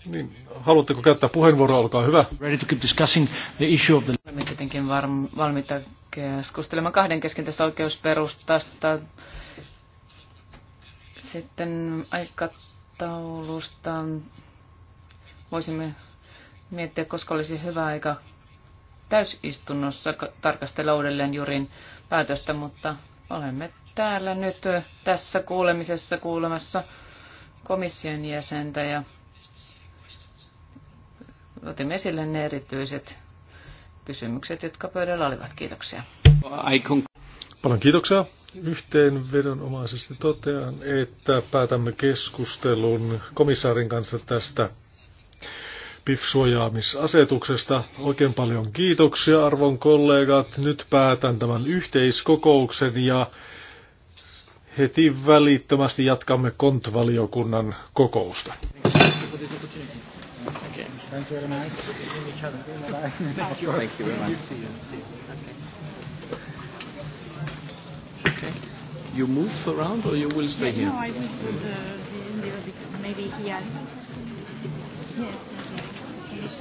Niin, haluatteko käyttää puheenvuoroa, olkaa hyvä. Ready to keep discussing the issue of the... Olemme tietenkin valmiita keskustelemaan kahden kesken tästä oikeusperustasta. Sitten aikataulusta voisimme miettiä, koska olisi hyvä aika täysistunnossa tarkastella uudelleen Jurin päätöstä, mutta olemme täällä nyt tässä kuulemisessa kuulemassa komission jäsentä ja otimme esille ne erityiset kysymykset, jotka pöydällä olivat. Kiitoksia. Paljon kiitoksia. Yhteenvedonomaisesti totean, että päätämme keskustelun komissaarin kanssa tästä PIF-suojaamisasetuksesta. Oikein paljon kiitoksia arvon kollegat. Nyt päätän tämän yhteiskokouksen ja Heti välittömästi jatkamme kontvaliokunnan kokousta. Thank you move around or you will stay here? No, I will put the, the India because maybe he has. Yes,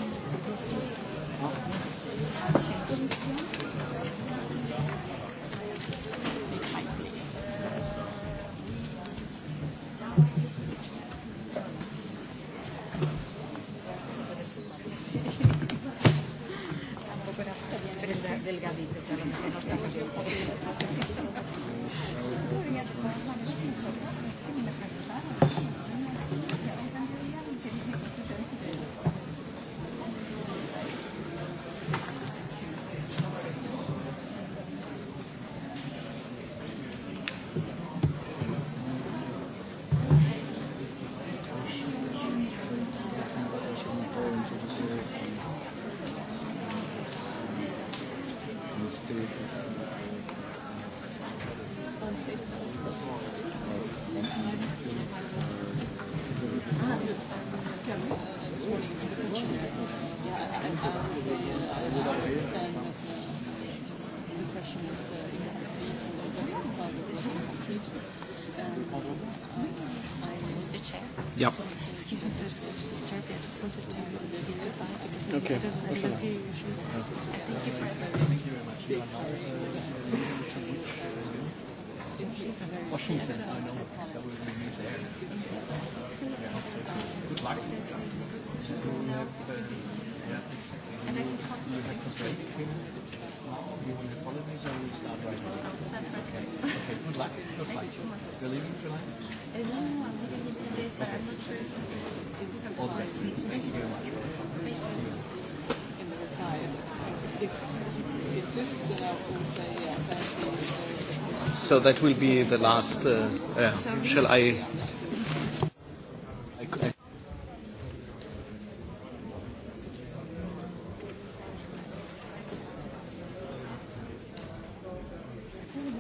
that will be the last. Uh, uh, shall I?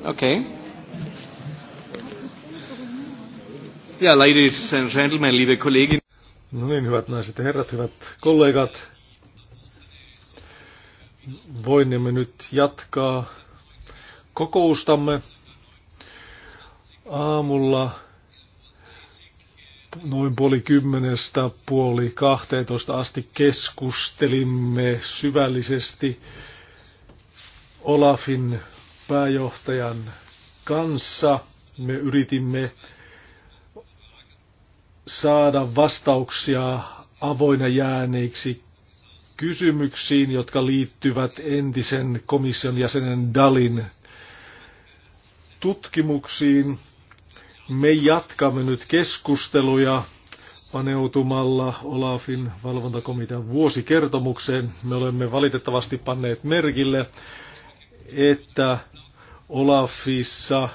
Okay. Yeah, ladies and gentlemen, liebe Kollegin. No niin, hyvät naiset ja herrat, hyvät kollegat. Voimme nyt jatkaa kokoustamme aamulla noin puoli kymmenestä puoli kahteentoista asti keskustelimme syvällisesti Olafin pääjohtajan kanssa. Me yritimme saada vastauksia avoina jääneiksi kysymyksiin, jotka liittyvät entisen komission jäsenen Dalin tutkimuksiin me jatkamme nyt keskusteluja paneutumalla Olafin valvontakomitean vuosikertomukseen. Me olemme valitettavasti panneet merkille, että Olafissa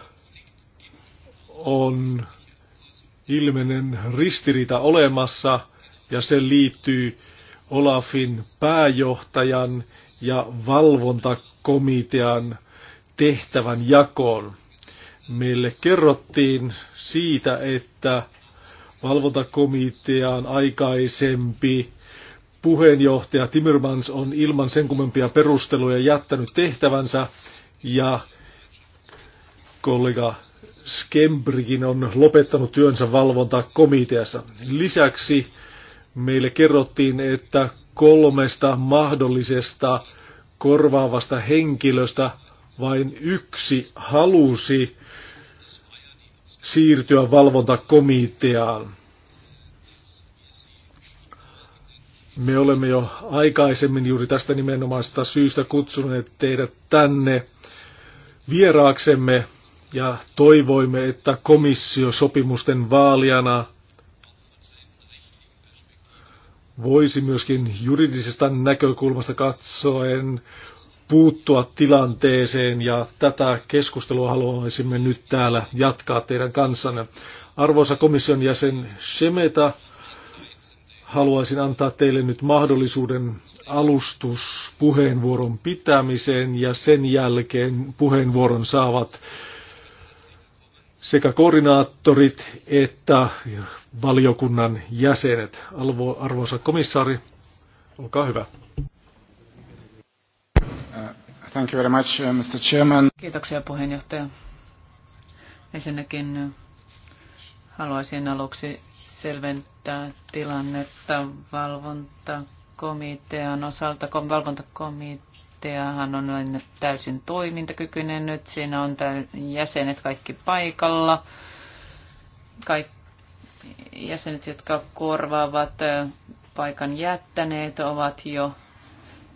on ilmeinen ristiriita olemassa ja se liittyy Olafin pääjohtajan ja valvontakomitean tehtävän jakoon. Meille kerrottiin siitä, että valvontakomitean aikaisempi puheenjohtaja Timmermans on ilman sen kummempia perusteluja jättänyt tehtävänsä ja kollega Skembrikin on lopettanut työnsä valvontakomiteassa. Lisäksi meille kerrottiin, että kolmesta mahdollisesta korvaavasta henkilöstä vain yksi halusi siirtyä valvontakomiteaan. Me olemme jo aikaisemmin juuri tästä nimenomaista syystä kutsuneet teidät tänne vieraaksemme ja toivoimme, että komissio sopimusten vaalijana voisi myöskin juridisesta näkökulmasta katsoen puuttua tilanteeseen ja tätä keskustelua haluaisimme nyt täällä jatkaa teidän kanssanne. Arvoisa komission jäsen Semeta, haluaisin antaa teille nyt mahdollisuuden alustuspuheenvuoron pitämiseen ja sen jälkeen puheenvuoron saavat sekä koordinaattorit että valiokunnan jäsenet. Arvoisa komissaari, olkaa hyvä. Thank you very much, uh, Mr. Chairman. Kiitoksia puheenjohtaja. Ensinnäkin uh, haluaisin aluksi selventää tilannetta valvontakomitean osalta. Valvontakomiteahan on täysin toimintakykyinen nyt. Siinä on jäsenet kaikki paikalla. Kaik- jäsenet, jotka korvaavat uh, paikan jättäneet, ovat jo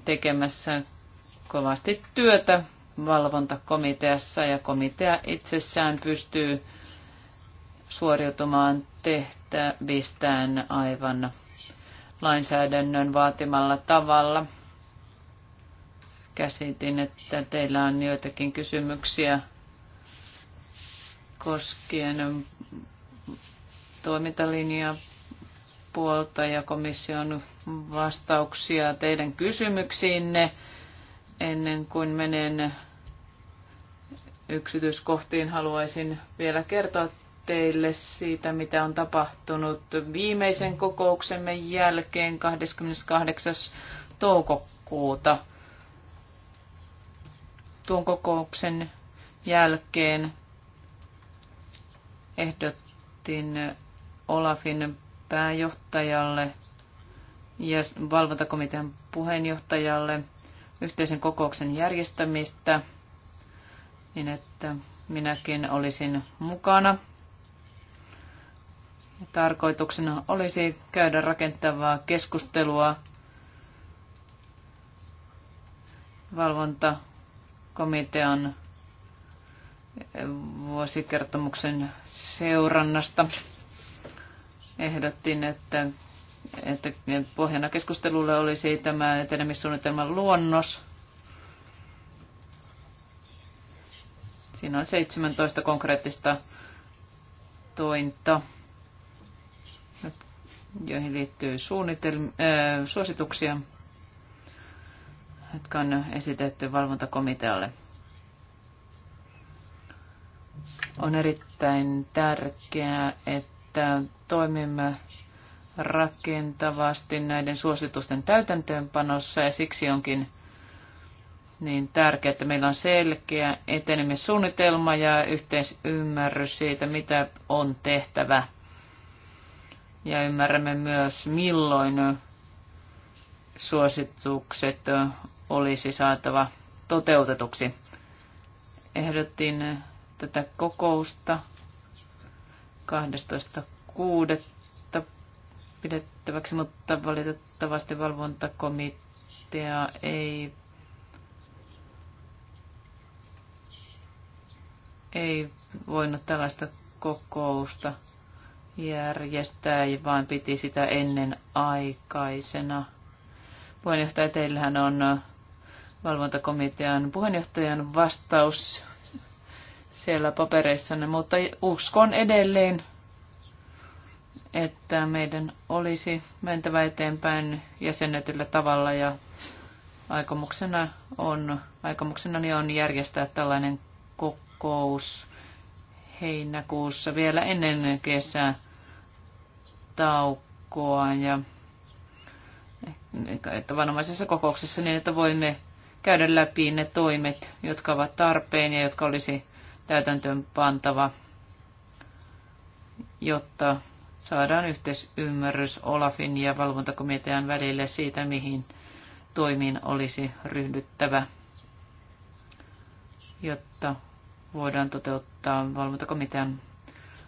tekemässä kovasti työtä valvontakomiteassa ja komitea itsessään pystyy suoriutumaan tehtävistään aivan lainsäädännön vaatimalla tavalla. Käsitin, että teillä on joitakin kysymyksiä koskien toimintalinjaa puolta ja komission vastauksia teidän kysymyksiinne. Ennen kuin menen yksityiskohtiin, haluaisin vielä kertoa teille siitä, mitä on tapahtunut viimeisen kokouksemme jälkeen 28. toukokuuta. Tuon kokouksen jälkeen ehdottiin Olafin pääjohtajalle ja valvontakomitean puheenjohtajalle – yhteisen kokouksen järjestämistä niin, että minäkin olisin mukana. Tarkoituksena olisi käydä rakentavaa keskustelua valvontakomitean vuosikertomuksen seurannasta. Ehdottiin, että että pohjana keskustelulle olisi tämä etenemissuunnitelman luonnos. Siinä on 17 konkreettista tointa, joihin liittyy suunnitelm- äh, suosituksia, jotka on esitetty valvontakomitealle. On erittäin tärkeää, että toimimme rakentavasti näiden suositusten täytäntöönpanossa ja siksi onkin niin tärkeää, että meillä on selkeä etenemissuunnitelma ja yhteisymmärrys siitä, mitä on tehtävä. Ja ymmärrämme myös, milloin suositukset olisi saatava toteutetuksi. Ehdottiin tätä kokousta 12.6 pidettäväksi, mutta valitettavasti valvontakomitea ei, ei voinut tällaista kokousta järjestää, vaan piti sitä ennen aikaisena. Puheenjohtaja, teillähän on valvontakomitean puheenjohtajan vastaus siellä papereissanne, mutta uskon edelleen että meidän olisi mentävä eteenpäin jäsennetyllä tavalla ja aikomuksena on, aikomuksenani on järjestää tällainen kokous heinäkuussa vielä ennen taukoa ja tavanomaisessa kokouksessa niin, että voimme käydä läpi ne toimet, jotka ovat tarpeen ja jotka olisi täytäntöön pantava, jotta saadaan yhteisymmärrys Olafin ja valvontakomitean välille siitä, mihin toimiin olisi ryhdyttävä, jotta voidaan toteuttaa valvontakomitean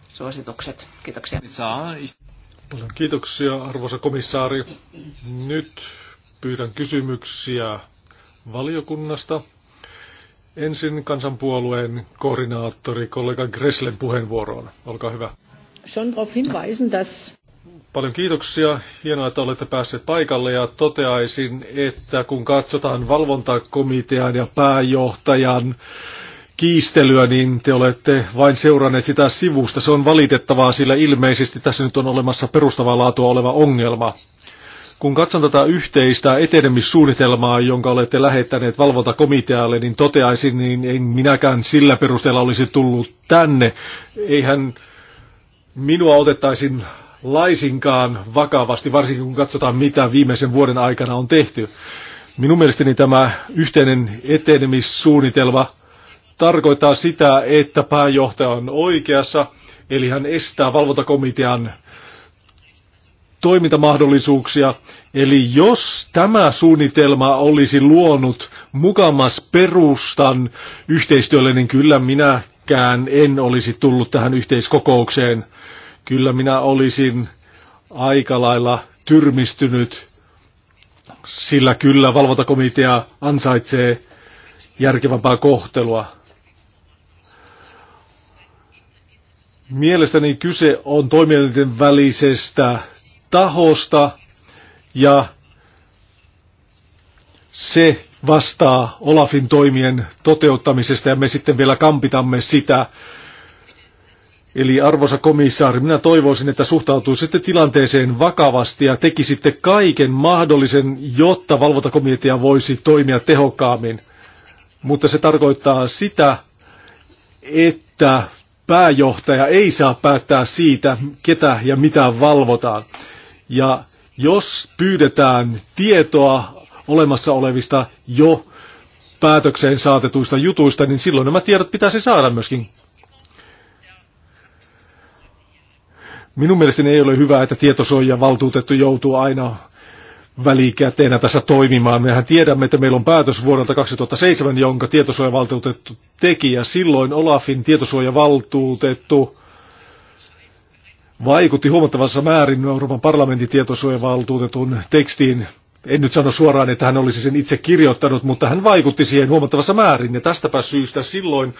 suositukset. Kiitoksia. Paljon kiitoksia, arvoisa komissaari. Nyt pyydän kysymyksiä valiokunnasta. Ensin kansanpuolueen koordinaattori kollega Greslen puheenvuoroon. Olkaa hyvä schon darauf hinweisen, dass Paljon kiitoksia. Hienoa, että olette päässeet paikalle ja toteaisin, että kun katsotaan valvontakomitean ja pääjohtajan kiistelyä, niin te olette vain seuranneet sitä sivusta. Se on valitettavaa, sillä ilmeisesti tässä nyt on olemassa perustavaa laatua oleva ongelma. Kun katson tätä yhteistä etenemissuunnitelmaa, jonka olette lähettäneet valvontakomitealle, niin toteaisin, niin en minäkään sillä perusteella olisi tullut tänne. Eihän minua otettaisiin laisinkaan vakavasti, varsinkin kun katsotaan, mitä viimeisen vuoden aikana on tehty. Minun mielestäni tämä yhteinen etenemissuunnitelma tarkoittaa sitä, että pääjohtaja on oikeassa, eli hän estää valvontakomitean toimintamahdollisuuksia. Eli jos tämä suunnitelma olisi luonut mukamas perustan yhteistyölle, niin kyllä minäkään en olisi tullut tähän yhteiskokoukseen – Kyllä minä olisin aika lailla tyrmistynyt, sillä kyllä valvontakomitea ansaitsee järkevämpää kohtelua. Mielestäni kyse on toimielinten välisestä tahosta ja se vastaa Olafin toimien toteuttamisesta ja me sitten vielä kampitamme sitä, Eli arvoisa komissaari, minä toivoisin, että suhtautuisitte tilanteeseen vakavasti ja tekisitte kaiken mahdollisen, jotta valvontakomitea voisi toimia tehokkaammin. Mutta se tarkoittaa sitä, että pääjohtaja ei saa päättää siitä, ketä ja mitä valvotaan. Ja jos pyydetään tietoa olemassa olevista jo päätökseen saatetuista jutuista, niin silloin nämä tiedot pitäisi saada myöskin Minun mielestäni ei ole hyvä, että tietosuojan valtuutettu joutuu aina välikäteenä tässä toimimaan. Mehän tiedämme, että meillä on päätös vuodelta 2007, jonka tietosuojavaltuutettu teki, ja silloin Olafin tietosuojavaltuutettu vaikutti huomattavassa määrin Euroopan parlamentin tietosuojavaltuutetun tekstiin. En nyt sano suoraan, että hän olisi sen itse kirjoittanut, mutta hän vaikutti siihen huomattavassa määrin, ja tästäpä syystä silloin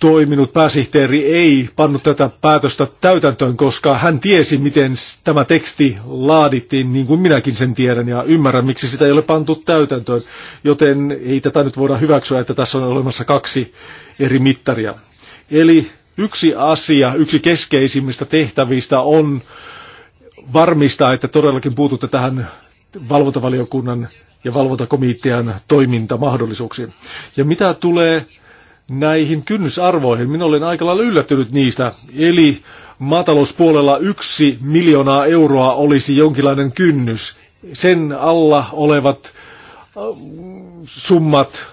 toiminut pääsihteeri ei pannut tätä päätöstä täytäntöön, koska hän tiesi, miten tämä teksti laadittiin, niin kuin minäkin sen tiedän, ja ymmärrän, miksi sitä ei ole pantu täytäntöön. Joten ei tätä nyt voida hyväksyä, että tässä on olemassa kaksi eri mittaria. Eli yksi asia, yksi keskeisimmistä tehtävistä on varmistaa, että todellakin puututte tähän valvontavaliokunnan ja valvontakomitean toimintamahdollisuuksiin. Ja mitä tulee näihin kynnysarvoihin. Minä olen aika lailla yllättynyt niistä. Eli maatalouspuolella yksi miljoonaa euroa olisi jonkinlainen kynnys. Sen alla olevat äh, summat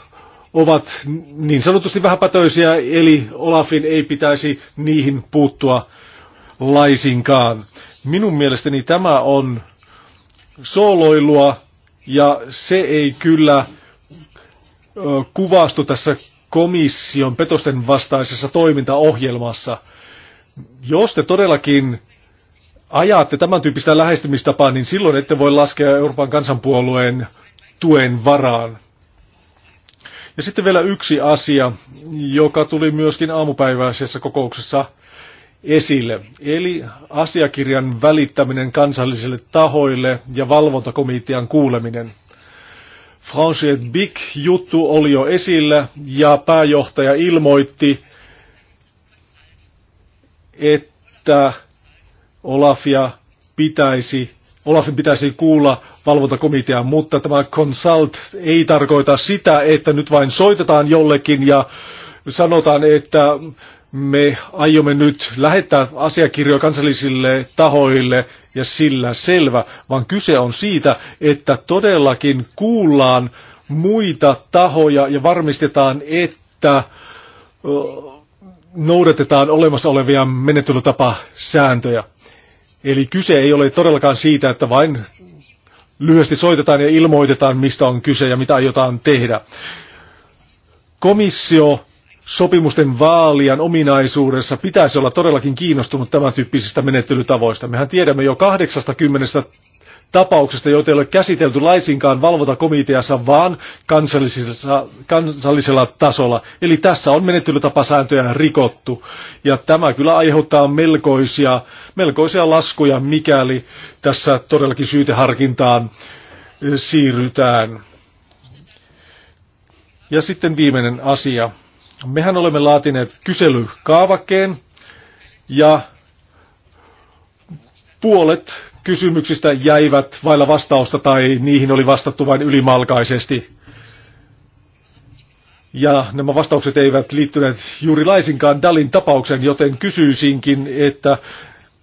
ovat niin sanotusti vähäpätöisiä, eli Olafin ei pitäisi niihin puuttua laisinkaan. Minun mielestäni tämä on sooloilua ja se ei kyllä kuvastu tässä komission petosten vastaisessa toimintaohjelmassa. Jos te todellakin ajatte tämän tyyppistä lähestymistapaa, niin silloin ette voi laskea Euroopan kansanpuolueen tuen varaan. Ja sitten vielä yksi asia, joka tuli myöskin aamupäiväisessä kokouksessa esille, eli asiakirjan välittäminen kansallisille tahoille ja valvontakomitean kuuleminen. François Big juttu oli jo esillä ja pääjohtaja ilmoitti, että Olafia pitäisi, Olafin pitäisi kuulla valvontakomitea, mutta tämä consult ei tarkoita sitä, että nyt vain soitetaan jollekin ja sanotaan, että me aiomme nyt lähettää asiakirjoja kansallisille tahoille ja sillä selvä, vaan kyse on siitä, että todellakin kuullaan muita tahoja ja varmistetaan, että noudatetaan olemassa olevia menettelytapasääntöjä. Eli kyse ei ole todellakaan siitä, että vain lyhyesti soitetaan ja ilmoitetaan, mistä on kyse ja mitä aiotaan tehdä. Komissio sopimusten vaalian ominaisuudessa pitäisi olla todellakin kiinnostunut tämän tyyppisistä menettelytavoista. Mehän tiedämme jo 80 tapauksesta, joita ei ole käsitelty laisinkaan valvontakomiteassa, vaan kansallisella, kansallisella tasolla. Eli tässä on menettelytapasääntöjä rikottu. Ja tämä kyllä aiheuttaa melkoisia, melkoisia laskuja, mikäli tässä todellakin syyteharkintaan eh, siirrytään. Ja sitten viimeinen asia. Mehän olemme laatineet kyselykaavakkeen ja puolet kysymyksistä jäivät vailla vastausta tai niihin oli vastattu vain ylimalkaisesti. Ja nämä vastaukset eivät liittyneet juuri laisinkaan Dalin tapaukseen, joten kysyisinkin, että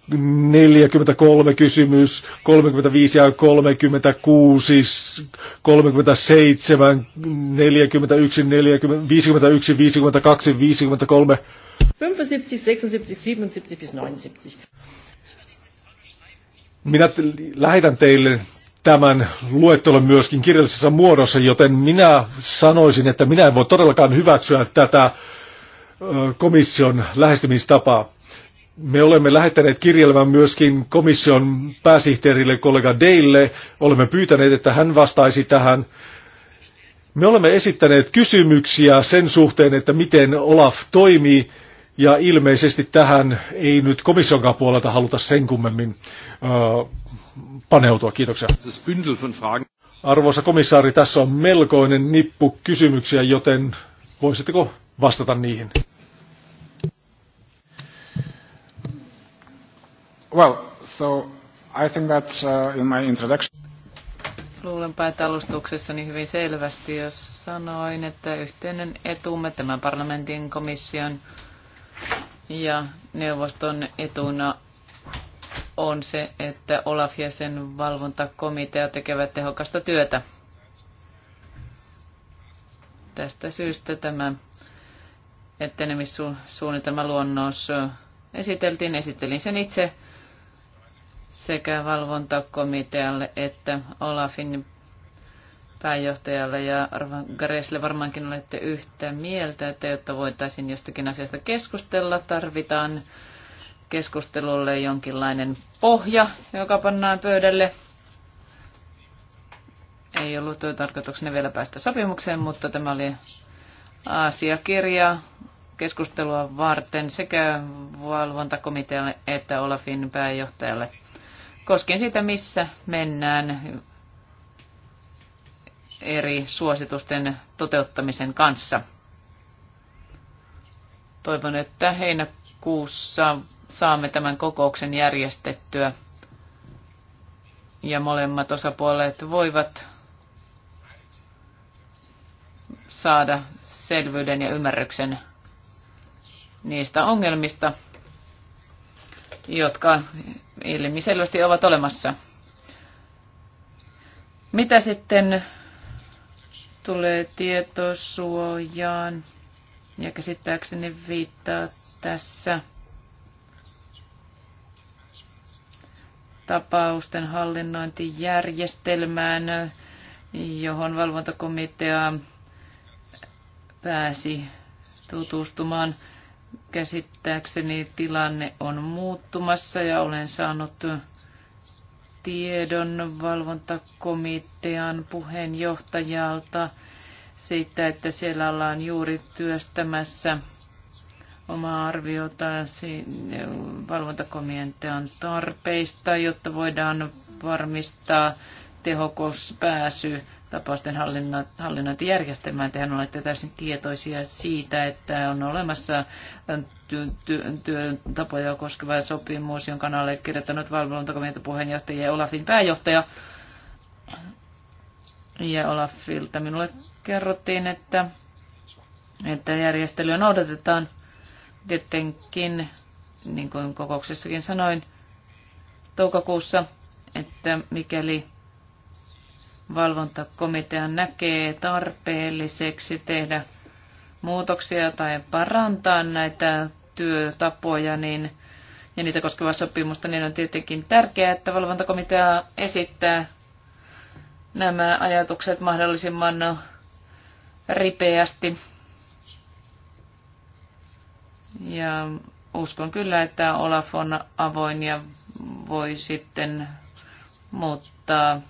43 kysymys, 35 ja 36, 37, 41, 40, 51, 52, 53. 75, 76, 77 bis 79. Minä lähetän teille tämän luettelon myöskin kirjallisessa muodossa, joten minä sanoisin, että minä en voi todellakaan hyväksyä tätä komission lähestymistapaa. Me olemme lähettäneet kirjelmän myöskin komission pääsihteerille kollega Deille. Olemme pyytäneet, että hän vastaisi tähän. Me olemme esittäneet kysymyksiä sen suhteen, että miten Olaf toimii, ja ilmeisesti tähän ei nyt komissionkaan puolelta haluta sen kummemmin öö, paneutua. Kiitoksia. Arvoisa komissaari, tässä on melkoinen nippu kysymyksiä, joten voisitteko vastata niihin? Well, so I think that uh, in my introduction... Luulenpa, että alustuksessani hyvin selvästi, jos sanoin, että yhteinen etumme tämän parlamentin komission ja neuvoston etuna on se, että Olaf ja sen valvontakomitea tekevät tehokasta työtä. Tästä syystä tämä etenemissuunnitelma luonnos esiteltiin. Esittelin sen itse sekä valvontakomitealle että Olafin pääjohtajalle ja Arva Gresle varmaankin olette yhtä mieltä, että jotta voitaisiin jostakin asiasta keskustella, tarvitaan keskustelulle jonkinlainen pohja, joka pannaan pöydälle. Ei ollut tarkoituksena vielä päästä sopimukseen, mutta tämä oli asiakirja keskustelua varten sekä valvontakomitealle että Olafin pääjohtajalle koskien siitä, missä mennään eri suositusten toteuttamisen kanssa. Toivon, että heinäkuussa saamme tämän kokouksen järjestettyä ja molemmat osapuolet voivat saada selvyyden ja ymmärryksen niistä ongelmista, jotka ilmiselvästi ovat olemassa. Mitä sitten tulee tietosuojaan? Ja käsittääkseni viittaa tässä tapausten hallinnointijärjestelmään, johon valvontakomitea pääsi tutustumaan. Käsittääkseni tilanne on muuttumassa ja olen saanut tiedon valvontakomitean puheenjohtajalta siitä, että siellä ollaan juuri työstämässä omaa arviota valvontakomitean tarpeista, jotta voidaan varmistaa tehokas pääsy tapausten hallinnointijärjestelmään. Tehän olette täysin tietoisia siitä, että on olemassa työtapoja työ, koskeva sopimus, jonka on allekirjoittanut valvontakomitean puheenjohtaja ja Olafin pääjohtaja. Ja Olafilta minulle kerrottiin, että, että järjestelyä noudatetaan tietenkin, niin kuin kokouksessakin sanoin, toukokuussa, että mikäli valvontakomitea näkee tarpeelliseksi tehdä muutoksia tai parantaa näitä työtapoja niin, ja niitä koskevaa sopimusta, niin on tietenkin tärkeää, että valvontakomitea esittää nämä ajatukset mahdollisimman ripeästi. Ja uskon kyllä, että Olaf on avoin ja voi sitten muuttaa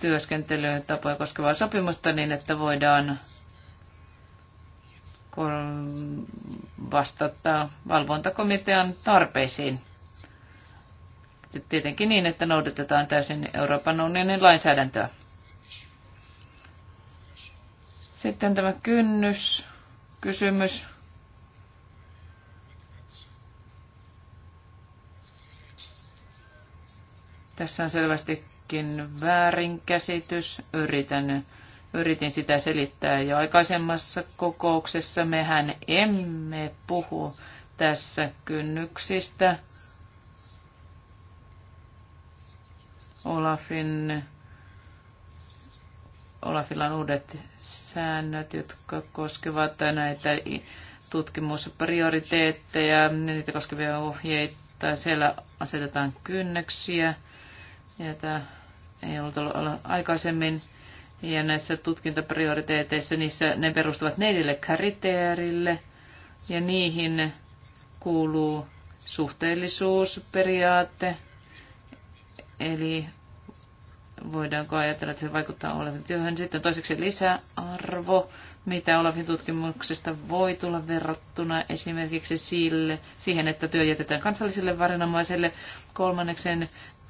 työskentelytapoja koskevaa sopimusta niin, että voidaan vastata valvontakomitean tarpeisiin. Tietenkin niin, että noudatetaan täysin Euroopan unionin lainsäädäntöä. Sitten tämä kynnys, kysymys. Tässä on selvästi tietenkin väärinkäsitys. Yritän, yritin sitä selittää jo aikaisemmassa kokouksessa. Mehän emme puhu tässä kynnyksistä. Olafin, Olafilla on uudet säännöt, jotka koskevat näitä tutkimusprioriteetteja, niitä koskevia ohjeita. Siellä asetetaan kynnyksiä. Ja tämä ei ollut ollut aikaisemmin. Ja näissä tutkintaprioriteeteissa niissä ne perustuvat neljälle kriteerille ja niihin kuuluu suhteellisuusperiaate, eli voidaanko ajatella, että se vaikuttaa olevan työhön. Sitten toiseksi lisäarvo, mitä Olafin tutkimuksesta voi tulla verrattuna esimerkiksi sille, siihen, että työ jätetään kansalliselle varinomaiselle. Kolmannekseen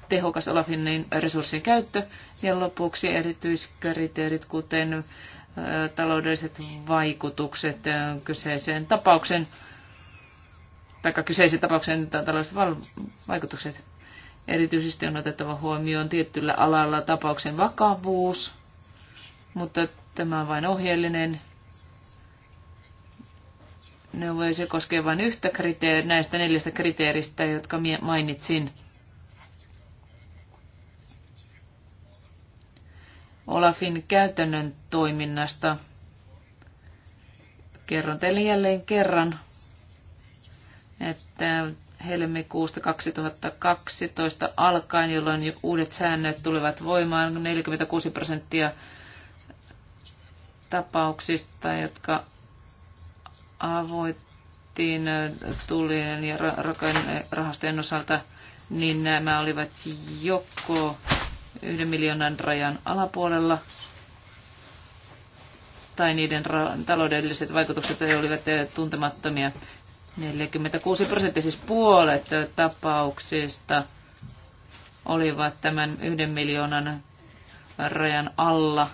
tehokas Olafin resurssien käyttö ja lopuksi erityiskriteerit, kuten taloudelliset vaikutukset kyseiseen tapaukseen, tai kyseisen tapauksen taloudelliset vaikutukset. Erityisesti on otettava huomioon tietyllä alalla tapauksen vakavuus, mutta tämä on vain ohjeellinen Ne se koskea vain yhtä kriteeri näistä neljästä kriteeristä, jotka mainitsin. Olafin käytännön toiminnasta. Kerron teille jälleen kerran, että helmikuusta 2012 alkaen, jolloin uudet säännöt tulivat voimaan, 46 prosenttia tapauksista, jotka avoittiin tulien ja rahastojen osalta, niin nämä olivat joko yhden miljoonan rajan alapuolella tai niiden taloudelliset vaikutukset olivat eh, tuntemattomia. 46 prosenttia, siis puolet eh, tapauksista olivat tämän yhden miljoonan rajan alla.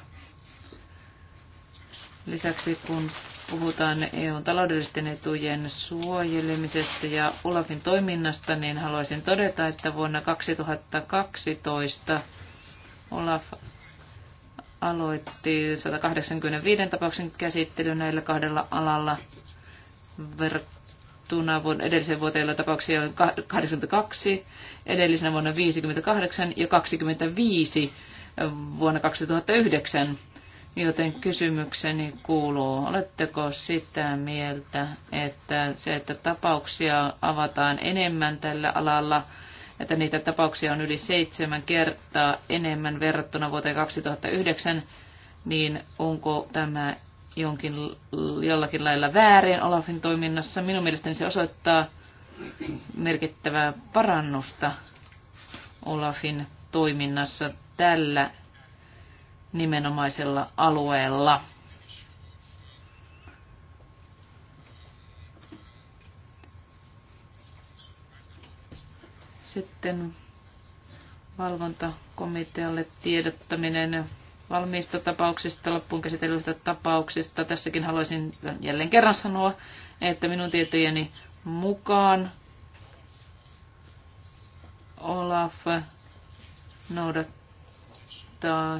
Lisäksi kun puhutaan EUn taloudellisten etujen suojelemisesta ja Olafin toiminnasta, niin haluaisin todeta, että vuonna 2012 Olaf aloitti 185 tapauksen käsittely näillä kahdella alalla verrattuna vuonna, edellisen vuoteen, jolloin tapauksia on 82, edellisenä vuonna 58 ja 25 vuonna 2009. Joten kysymykseni kuuluu, oletteko sitä mieltä, että se, että tapauksia avataan enemmän tällä alalla – että niitä tapauksia on yli seitsemän kertaa enemmän verrattuna vuoteen 2009, niin onko tämä jonkin, jollakin lailla väärin Olafin toiminnassa? Minun mielestäni se osoittaa merkittävää parannusta Olafin toiminnassa tällä nimenomaisella alueella. Sitten valvontakomitealle tiedottaminen valmiista tapauksista, loppuun käsitellyistä tapauksista. Tässäkin haluaisin jälleen kerran sanoa, että minun tietojeni mukaan Olaf noudattaa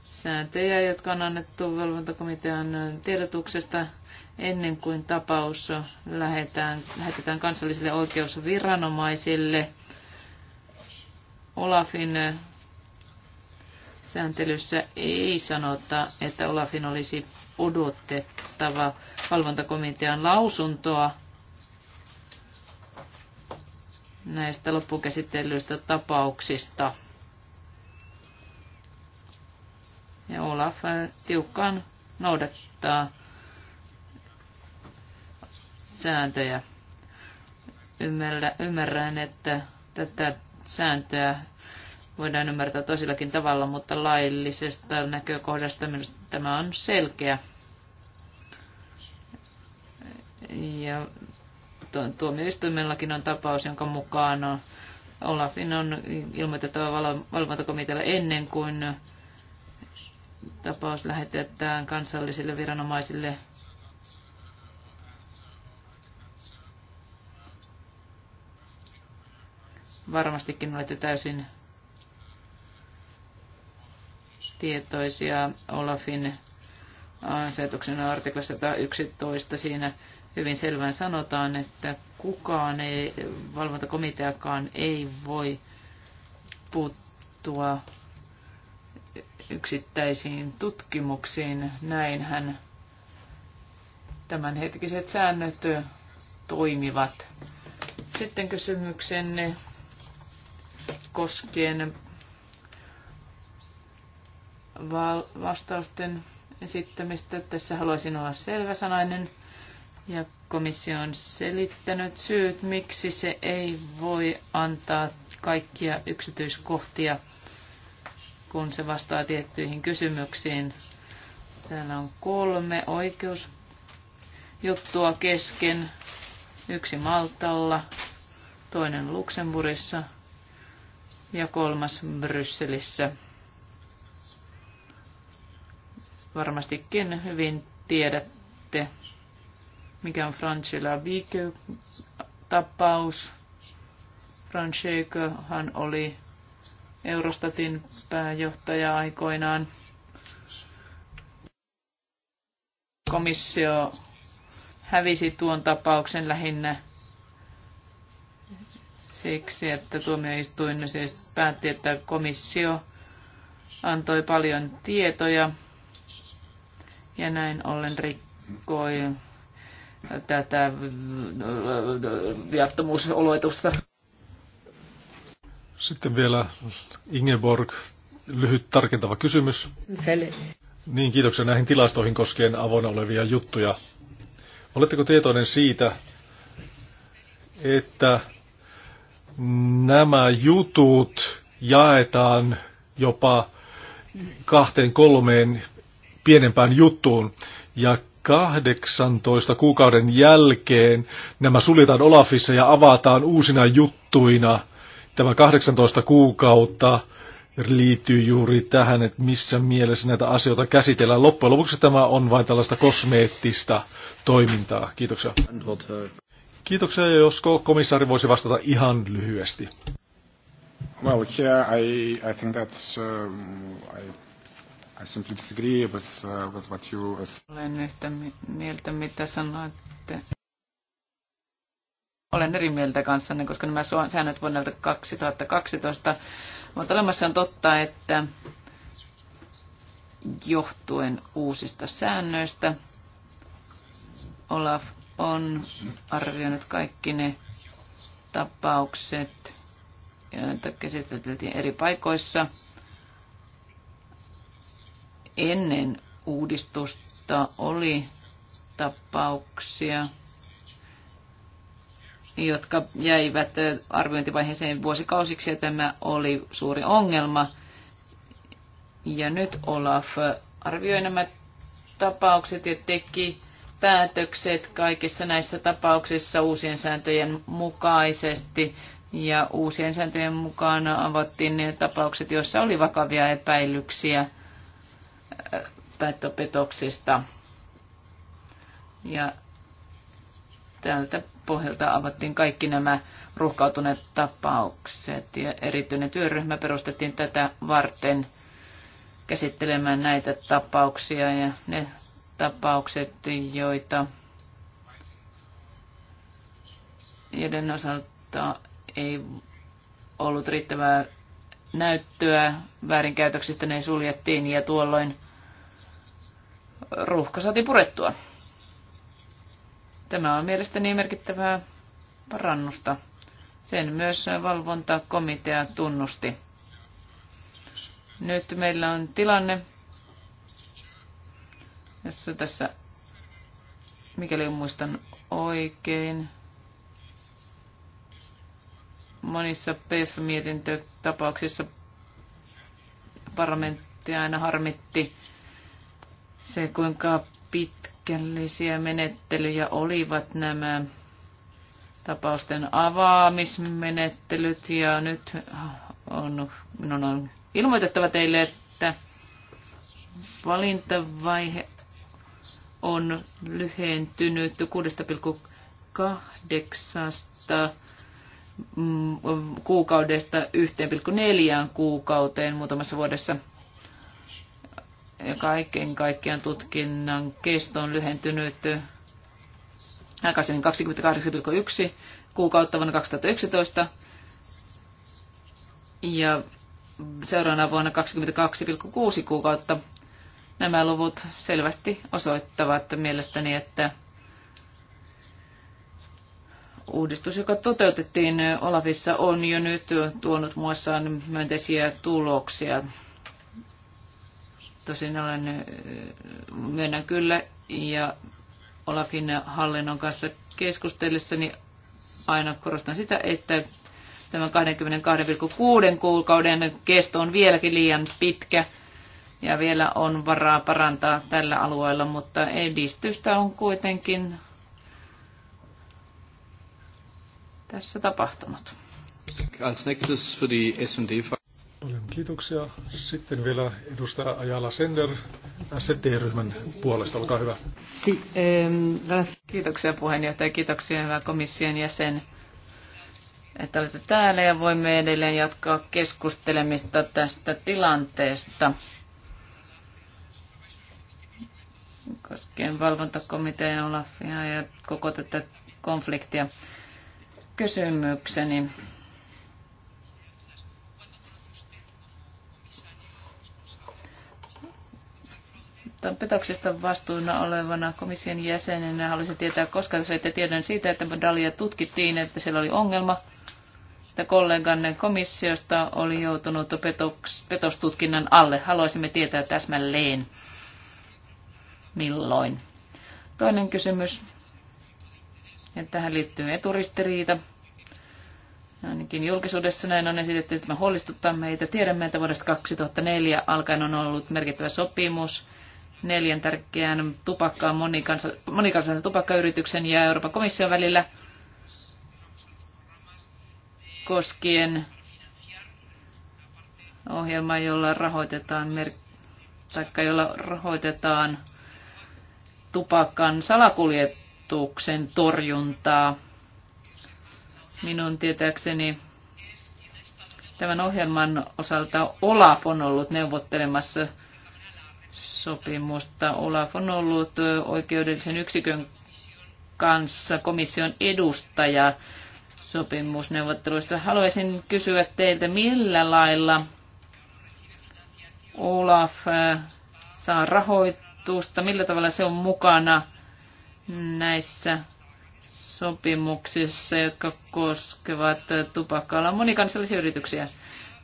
sääntöjä, jotka on annettu valvontakomitean tiedotuksesta ennen kuin tapaus lähetään, lähetetään kansallisille oikeusviranomaisille. Olafin sääntelyssä ei sanota, että Olafin olisi odotettava valvontakomitean lausuntoa näistä loppukäsitellyistä tapauksista. Ja Olaf tiukkaan noudattaa sääntöjä. Ymmärrän, että tätä sääntöä voidaan ymmärtää tosillakin tavalla, mutta laillisesta näkökohdasta minusta tämä on selkeä. Ja tuomioistuimellakin on tapaus, jonka mukaan on, Olafin on ilmoitettava valvontakomitealle ennen kuin tapaus lähetetään kansallisille viranomaisille Varmastikin olette täysin tietoisia Olafin asetuksen artiklassa 111. Siinä hyvin selvään sanotaan, että kukaan ei, valvontakomiteakaan ei voi puuttua yksittäisiin tutkimuksiin. Näinhän tämänhetkiset säännöt toimivat. Sitten kysymyksenne koskien vastausten esittämistä. Tässä haluaisin olla selväsanainen ja komissio on selittänyt syyt, miksi se ei voi antaa kaikkia yksityiskohtia, kun se vastaa tiettyihin kysymyksiin. Täällä on kolme oikeusjuttua kesken. Yksi Maltalla, toinen Luxemburissa ja kolmas Brysselissä. Varmastikin hyvin tiedätte, mikä on Francella Viikö-tapaus. Franchekohan oli Eurostatin pääjohtaja aikoinaan. Komissio hävisi tuon tapauksen lähinnä siksi, että tuomioistuin siis päätti, että komissio antoi paljon tietoja ja näin ollen rikkoi tätä viattomuusoletusta. Sitten vielä Ingeborg, lyhyt tarkentava kysymys. Feli. Niin, kiitoksia näihin tilastoihin koskien avoinna olevia juttuja. Oletteko tietoinen siitä, että nämä jutut jaetaan jopa kahteen kolmeen pienempään juttuun ja 18 kuukauden jälkeen nämä suljetaan Olafissa ja avataan uusina juttuina. Tämä 18 kuukautta liittyy juuri tähän, että missä mielessä näitä asioita käsitellään. Loppujen lopuksi tämä on vain tällaista kosmeettista toimintaa. Kiitoksia. Kiitoksia, jos komissaari voisi vastata ihan lyhyesti. Well, here I, I think that uh, um, I, I simply disagree with, uh, with what you... Olen yhtä mieltä, mitä sanoitte. Olen eri mieltä kanssanne, koska nämä säännöt vuodelta 2012 mutta olemassa on totta, että johtuen uusista säännöistä Olaf on arvioinut kaikki ne tapaukset, joita käsiteltiin eri paikoissa ennen uudistusta oli tapauksia, jotka jäivät arviointivaiheeseen vuosikausiksi ja tämä oli suuri ongelma. Ja nyt Olaf arvioi nämä tapaukset ja teki päätökset kaikissa näissä tapauksissa uusien sääntöjen mukaisesti. Ja uusien sääntöjen mukaan avattiin ne tapaukset, joissa oli vakavia epäilyksiä äh, päättöpetoksista. Ja tältä pohjalta avattiin kaikki nämä ruuhkautuneet tapaukset ja erityinen työryhmä perustettiin tätä varten käsittelemään näitä tapauksia ja ne tapaukset, joita joiden osalta ei ollut riittävää näyttöä väärinkäytöksistä, ne suljettiin ja tuolloin ruuhka saatiin purettua. Tämä on mielestäni merkittävää parannusta. Sen myös valvontakomitea tunnusti. Nyt meillä on tilanne, tässä tässä, mikäli muistan oikein, monissa pef tapauksissa parlamentti aina harmitti se, kuinka pitkällisiä menettelyjä olivat nämä tapausten avaamismenettelyt. Ja nyt on, minun on ilmoitettava teille, että valintavaihe on lyhentynyt 6,8 mm, kuukaudesta 1,4 kuukauteen muutamassa vuodessa. Ja kaiken kaikkiaan tutkinnan kesto on lyhentynyt aikaisemmin 28,1 kuukautta vuonna 2011 ja seuraavana vuonna 22,6 kuukautta Nämä luvut selvästi osoittavat mielestäni, että uudistus, joka toteutettiin Olavissa, on jo nyt tuonut muassaan myönteisiä tuloksia. Tosin olen, myönnän kyllä, ja Olafin hallinnon kanssa keskustellessani aina korostan sitä, että tämä 22,6 kuukauden kesto on vieläkin liian pitkä – ja vielä on varaa parantaa tällä alueella, mutta edistystä on kuitenkin tässä tapahtunut. Als nächstes für die S&D Paljon kiitoksia. Sitten vielä edustaja Ajala Sender SD-ryhmän puolesta. Olkaa hyvä. Si, ähm, kiitoksia puheenjohtaja. Kiitoksia hyvä komission jäsen, että olette täällä ja voimme edelleen jatkaa keskustelemista tästä tilanteesta. koskien valvontakomitea Olafia ja koko tätä konfliktia. Kysymykseni petoksesta vastuuna olevana komission jäsenenä haluaisin tietää, koska saitte tiedon siitä, että Dalia tutkittiin, että siellä oli ongelma, että kolleganne komissiosta oli joutunut petoks, petostutkinnan alle. Haluaisimme tietää täsmälleen milloin. Toinen kysymys, ja tähän liittyy eturistiriita. Ainakin julkisuudessa näin on esitetty, että me huolestuttaa meitä. Tiedämme, että vuodesta 2004 alkaen on ollut merkittävä sopimus neljän tärkeän tupakkaan monikansa, monikansallisen tupakkayrityksen ja Euroopan komission välillä koskien ohjelmaa, jolla rahoitetaan, mer- taikka jolla rahoitetaan tupakan salakuljetuksen torjuntaa. Minun tietääkseni tämän ohjelman osalta Olaf on ollut neuvottelemassa sopimusta. Olaf on ollut oikeudellisen yksikön kanssa komission edustaja sopimusneuvotteluissa. Haluaisin kysyä teiltä, millä lailla Olaf äh, saa rahoittaa vastuusta, millä tavalla se on mukana näissä sopimuksissa, jotka koskevat tupakkaalla monikansallisia yrityksiä.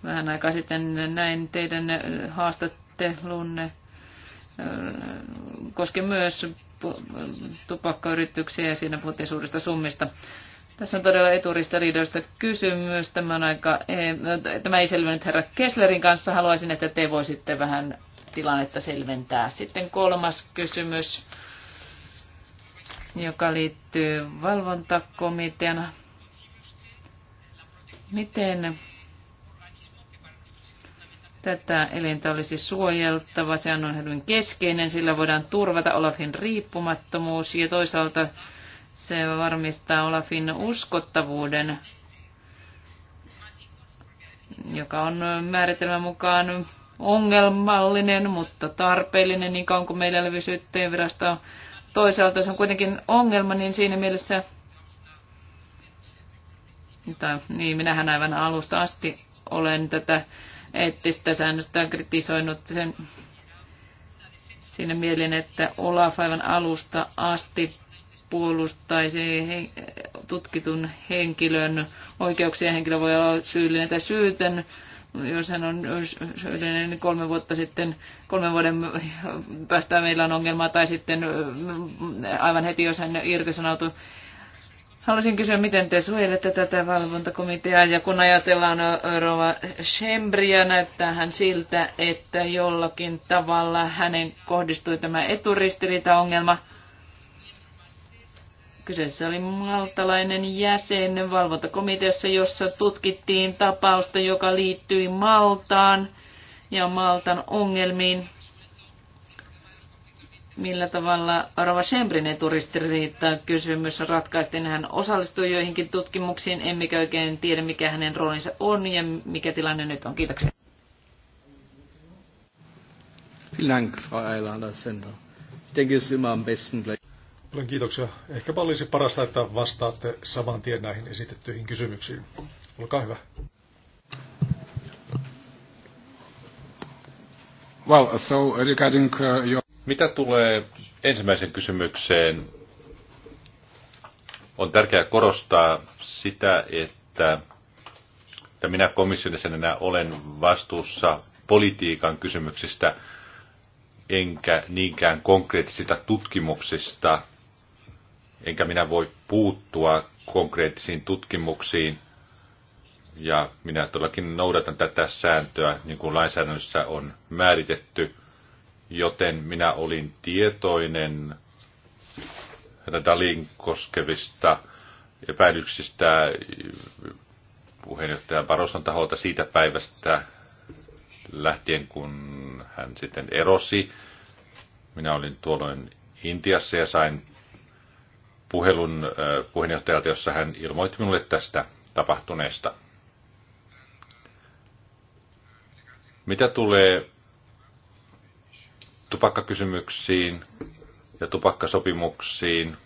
Vähän aikaa sitten näin teidän haastattelunne äh, koski myös tupakkayrityksiä ja siinä puhuttiin suurista summista. Tässä on todella eturistiriidoista kysymys. Tämä, on aika, eh, tämä ei selvinnyt herra Kesslerin kanssa. Haluaisin, että te voisitte vähän tilannetta selventää. Sitten kolmas kysymys, joka liittyy valvontakomiteana Miten tätä elintä olisi suojeltava? Se on hyvin keskeinen, sillä voidaan turvata Olafin riippumattomuus ja toisaalta se varmistaa Olafin uskottavuuden, joka on määritelmän mukaan ongelmallinen, mutta tarpeellinen niin kauan kuin meillä ei ole on. Toisaalta se on kuitenkin ongelma, niin siinä mielessä, tai niin, minähän aivan alusta asti olen tätä eettistä säännöstä kritisoinut sen siinä mielin, että Olaf aivan alusta asti puolustaisi tutkitun henkilön oikeuksia. Henkilö voi olla syyllinen tai syytön jos hän on yleinen niin kolme vuotta sitten, kolmen vuoden päästä meillä on ongelma, tai sitten mm, aivan heti, jos hän irtisanoutuu. Haluaisin kysyä, miten te suojelette tätä valvontakomiteaa, ja kun ajatellaan Rova Shembria, näyttää hän siltä, että jollakin tavalla hänen kohdistui tämä eturistiriita ongelma Kyseessä oli maltalainen jäsen valvontakomiteassa, jossa tutkittiin tapausta, joka liittyi Maltaan ja Maltan ongelmiin. Millä tavalla Rova Shembrinen turistiriittaa kysymys ratkaistiin? Hän osallistui joihinkin tutkimuksiin, emmekä oikein tiedä, mikä hänen roolinsa on ja mikä tilanne nyt on. Kiitoksia. Vielen Dank, Frau Eilander-Sender. Ich denke, es ist immer am besten gleich. Paljon kiitoksia. Ehkä olisi parasta, että vastaatte saman tien näihin esitettyihin kysymyksiin. Olkaa hyvä. Well, so regarding uh, your... Mitä tulee ensimmäisen kysymykseen, on tärkeää korostaa sitä, että, että minä komissionisenä olen vastuussa politiikan kysymyksistä, enkä niinkään konkreettisista tutkimuksista enkä minä voi puuttua konkreettisiin tutkimuksiin. Ja minä todellakin noudatan tätä sääntöä, niin kuin lainsäädännössä on määritetty, joten minä olin tietoinen herra Dalin koskevista epäilyksistä puheenjohtaja Baroson taholta siitä päivästä lähtien, kun hän sitten erosi. Minä olin tuolloin Intiassa ja sain puhelun puheenjohtajalta, jossa hän ilmoitti minulle tästä tapahtuneesta. Mitä tulee tupakkakysymyksiin ja tupakkasopimuksiin,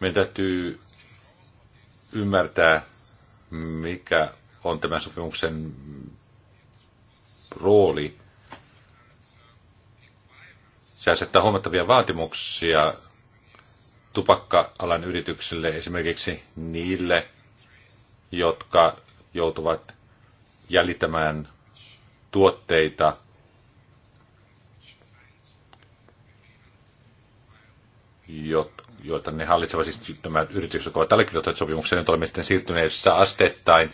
meidän täytyy ymmärtää, mikä on tämän sopimuksen rooli se asettaa huomattavia vaatimuksia tupakka-alan yrityksille, esimerkiksi niille, jotka joutuvat jäljittämään tuotteita joita ne hallitsevat, siis nämä yritykset, jotka ovat allekirjoittaneet sopimuksen, ja toimisten siirtyneissä asteittain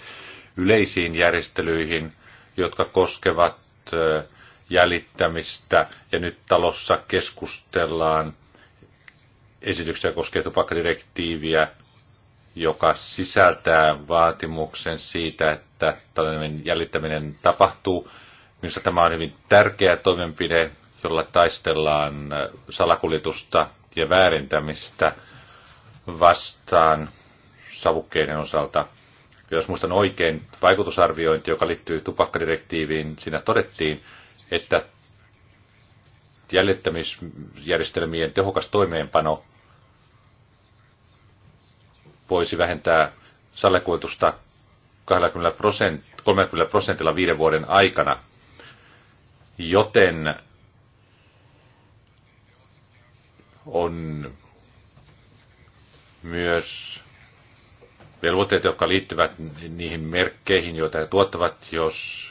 yleisiin järjestelyihin, jotka koskevat jäljittämistä ja nyt talossa keskustellaan esityksiä koskee tupakkadirektiiviä, joka sisältää vaatimuksen siitä, että tällainen jäljittäminen tapahtuu. Minusta tämä on hyvin tärkeä toimenpide, jolla taistellaan salakuljetusta ja väärentämistä vastaan savukkeiden osalta. Jos muistan oikein, vaikutusarviointi, joka liittyy tupakkadirektiiviin, siinä todettiin, että jäljittämisjärjestelmien tehokas toimeenpano voisi vähentää salakuljetusta 30 prosentilla viiden vuoden aikana, joten on myös velvoitteet, jotka liittyvät niihin merkkeihin, joita he tuottavat, jos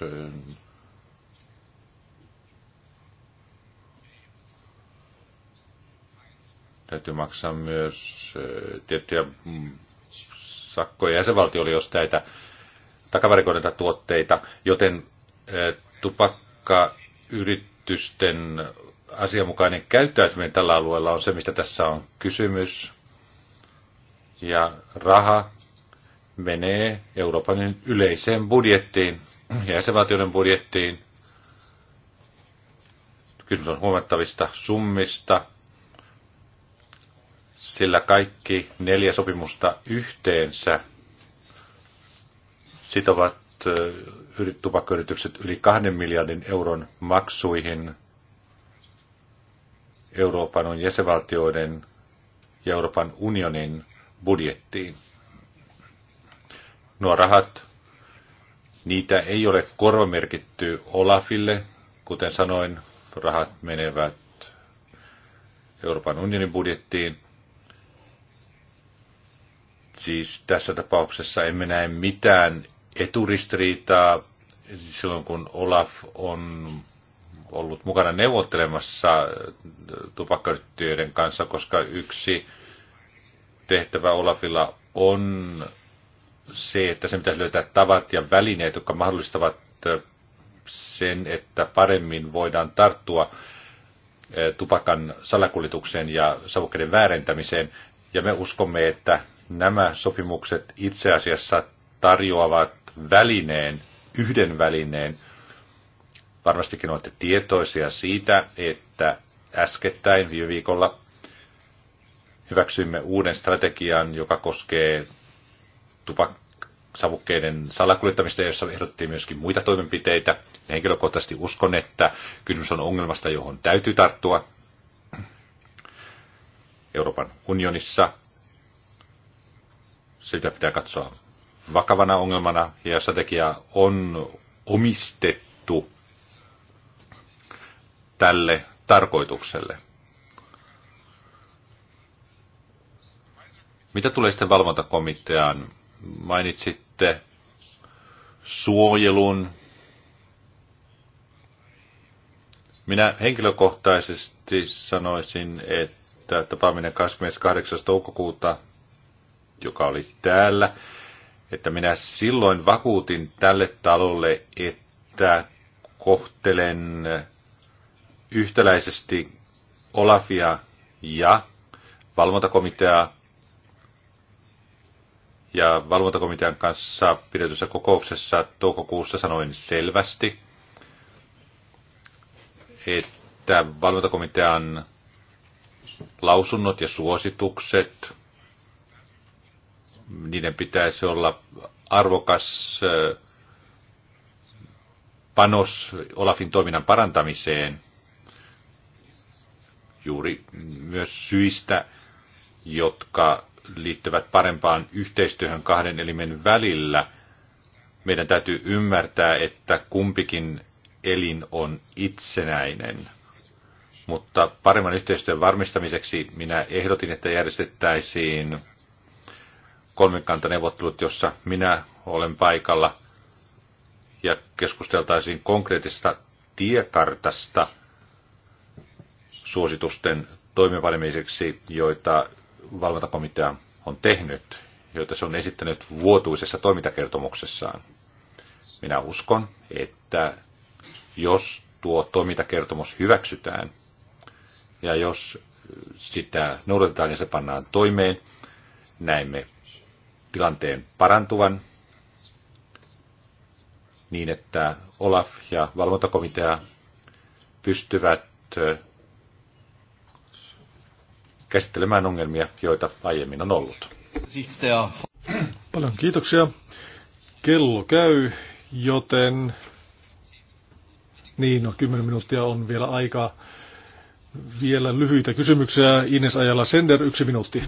täytyy maksaa myös tiettyjä mm, sakkoja jäsenvaltiolle, jos näitä takavarikoineita tuotteita, joten tupakkayritysten asianmukainen käyttäytyminen tällä alueella on se, mistä tässä on kysymys. Ja raha menee Euroopan yleiseen budjettiin, jäsenvaltioiden budjettiin. Kysymys on huomattavista summista, sillä kaikki neljä sopimusta yhteensä sitovat tupakkayritykset yli kahden miljardin euron maksuihin Euroopan on jäsenvaltioiden ja Euroopan unionin budjettiin. Nuo rahat, niitä ei ole korvamerkitty Olafille, kuten sanoin, rahat menevät Euroopan unionin budjettiin, Siis tässä tapauksessa emme näe mitään eturistiriitaa silloin, kun Olaf on ollut mukana neuvottelemassa äh, tupakkayhtiöiden kanssa, koska yksi tehtävä Olafilla on se, että sen pitäisi löytää tavat ja välineet, jotka mahdollistavat äh, sen, että paremmin voidaan tarttua äh, tupakan salakuljetukseen ja savukkeiden väärentämiseen. Ja me uskomme, että nämä sopimukset itse asiassa tarjoavat välineen, yhden välineen. Varmastikin olette tietoisia siitä, että äskettäin viime viikolla hyväksyimme uuden strategian, joka koskee tupaksavukkeiden salakuljettamista, jossa ehdottiin myöskin muita toimenpiteitä. Henkilökohtaisesti uskon, että kysymys on ongelmasta, johon täytyy tarttua. Euroopan unionissa sitä pitää katsoa vakavana ongelmana ja strategia on omistettu tälle tarkoitukselle. Mitä tulee sitten valvontakomiteaan? Mainitsitte suojelun. Minä henkilökohtaisesti sanoisin, että tapaaminen 28. toukokuuta joka oli täällä, että minä silloin vakuutin tälle talolle, että kohtelen yhtäläisesti Olafia ja valvontakomiteaa. Ja valvontakomitean kanssa pidetyssä kokouksessa toukokuussa sanoin selvästi, että valvontakomitean lausunnot ja suositukset niiden pitäisi olla arvokas panos Olafin toiminnan parantamiseen juuri myös syistä, jotka liittyvät parempaan yhteistyöhön kahden elimen välillä. Meidän täytyy ymmärtää, että kumpikin elin on itsenäinen. Mutta paremman yhteistyön varmistamiseksi minä ehdotin, että järjestettäisiin kolmikantaneuvottelut, jossa minä olen paikalla ja keskusteltaisiin konkreettisesta tiekartasta suositusten toimivalmiiseksi, joita valvontakomitea on tehnyt, joita se on esittänyt vuotuisessa toimintakertomuksessaan. Minä uskon, että jos tuo toimintakertomus hyväksytään ja jos sitä noudatetaan ja se pannaan toimeen, näemme tilanteen parantuvan niin, että Olaf ja valvontakomitea pystyvät käsittelemään ongelmia, joita aiemmin on ollut. Paljon kiitoksia. Kello käy, joten niin, no 10 minuuttia on vielä aikaa. Vielä lyhyitä kysymyksiä. Ines Ajala Sender, yksi minuutti.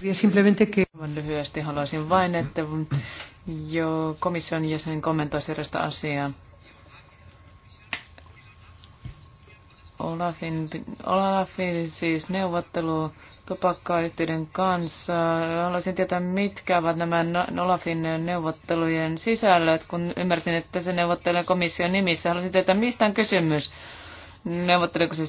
lyhyesti haluaisin vain, että jo komission jäsen kommentoisi erästä asiaa. Olafin, Olafin siis neuvottelu tupakkayhtiöiden kanssa. Haluaisin tietää, mitkä ovat nämä no-, Olafin neuvottelujen sisällöt, kun ymmärsin, että se neuvottelee komission nimissä. Haluaisin tietää, mistä on kysymys Neuvotteleeko se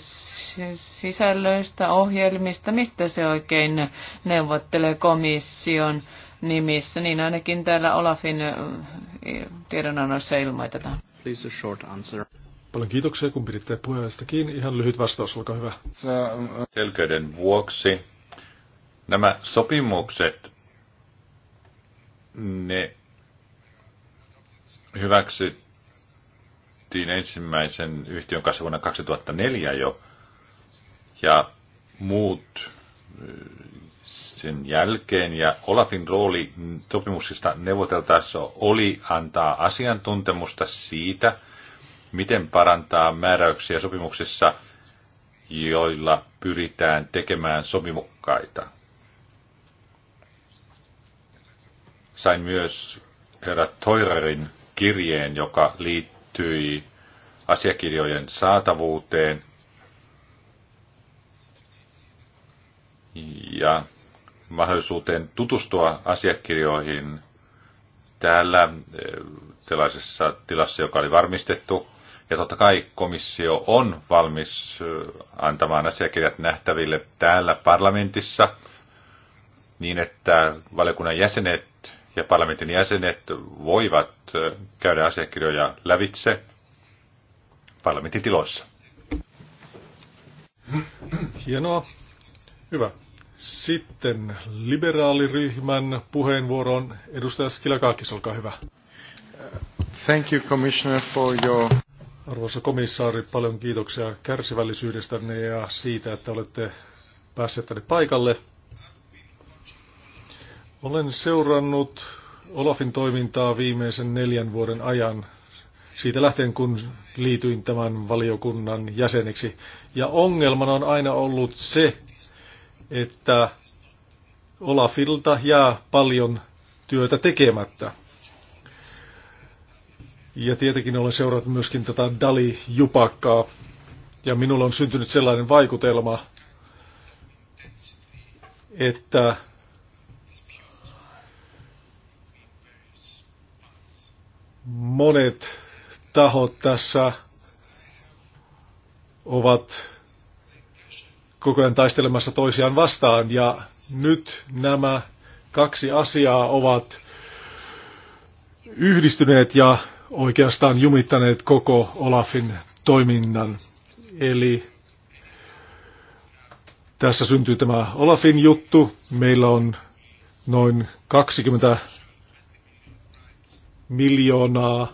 sisällöistä, ohjelmista, mistä se oikein neuvottelee komission nimissä? Niin ainakin täällä Olafin tiedonannossa ilmoitetaan. Please a short answer. Paljon kiitoksia, kun piditte puheenjohtajasta kiinni. Ihan lyhyt vastaus, olkaa hyvä. Selkeyden vuoksi nämä sopimukset, ne hyväksyt liityttiin ensimmäisen yhtiön kanssa vuonna 2004 jo, ja muut äh, sen jälkeen. Ja Olafin rooli sopimuksista neuvoteltaessa oli antaa asiantuntemusta siitä, miten parantaa määräyksiä sopimuksissa, joilla pyritään tekemään sopimukkaita. Sain myös herra Toirarin kirjeen, joka liittyy liittyi asiakirjojen saatavuuteen ja mahdollisuuteen tutustua asiakirjoihin täällä eh, tällaisessa tilassa, joka oli varmistettu. Ja totta kai komissio on valmis eh, antamaan asiakirjat nähtäville täällä parlamentissa niin, että valiokunnan jäsenet ja parlamentin jäsenet voivat käydä asiakirjoja lävitse parlamentin tiloissa. Hienoa. Hyvä. Sitten liberaaliryhmän puheenvuoron edustaja Kaakis, olkaa hyvä. Thank you, Commissioner, for your... Arvoisa komissaari, paljon kiitoksia kärsivällisyydestänne ja siitä, että olette päässeet tänne paikalle. Olen seurannut Olafin toimintaa viimeisen neljän vuoden ajan siitä lähtien, kun liityin tämän valiokunnan jäseneksi. Ja ongelmana on aina ollut se, että Olafilta jää paljon työtä tekemättä. Ja tietenkin olen seurannut myöskin tätä Dali-jupakkaa. Ja minulla on syntynyt sellainen vaikutelma, että monet tahot tässä ovat koko ajan taistelemassa toisiaan vastaan ja nyt nämä kaksi asiaa ovat yhdistyneet ja oikeastaan jumittaneet koko Olafin toiminnan. Eli tässä syntyy tämä Olafin juttu. Meillä on noin 20 miljoonaa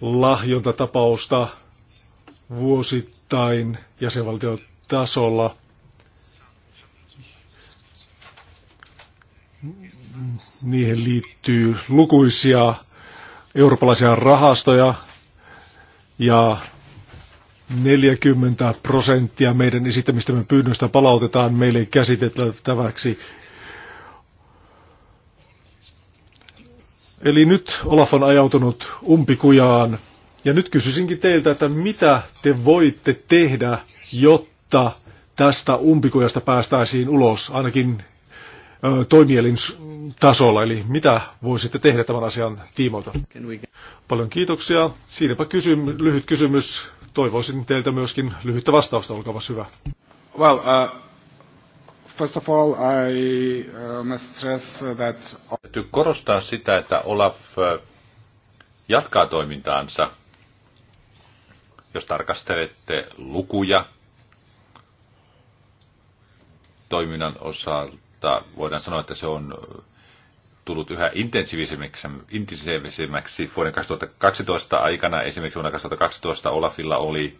lahjontatapausta vuosittain jäsenvaltiotasolla. Niihin liittyy lukuisia eurooppalaisia rahastoja ja 40 prosenttia meidän esittämistämme pyynnöstä palautetaan meille käsiteltäväksi Eli nyt Olaf on ajautunut umpikujaan. Ja nyt kysyisinkin teiltä, että mitä te voitte tehdä, jotta tästä umpikujasta päästäisiin ulos, ainakin ö, toimielin tasolla. Eli mitä voisitte tehdä tämän asian tiimoilta? Paljon kiitoksia. Siinäpä kysym, lyhyt kysymys. Toivoisin teiltä myöskin lyhyttä vastausta. Olkaa hyvä. Well, uh... First of all, I uh, must stress uh, that... Täytyy korostaa sitä, että Olaf uh, jatkaa toimintaansa. Jos tarkastelette lukuja toiminnan osalta, voidaan sanoa, että se on tullut yhä intensiivisemmäksi, intensiivisemmäksi vuoden 2012 aikana. Esimerkiksi vuonna 2012 Olafilla oli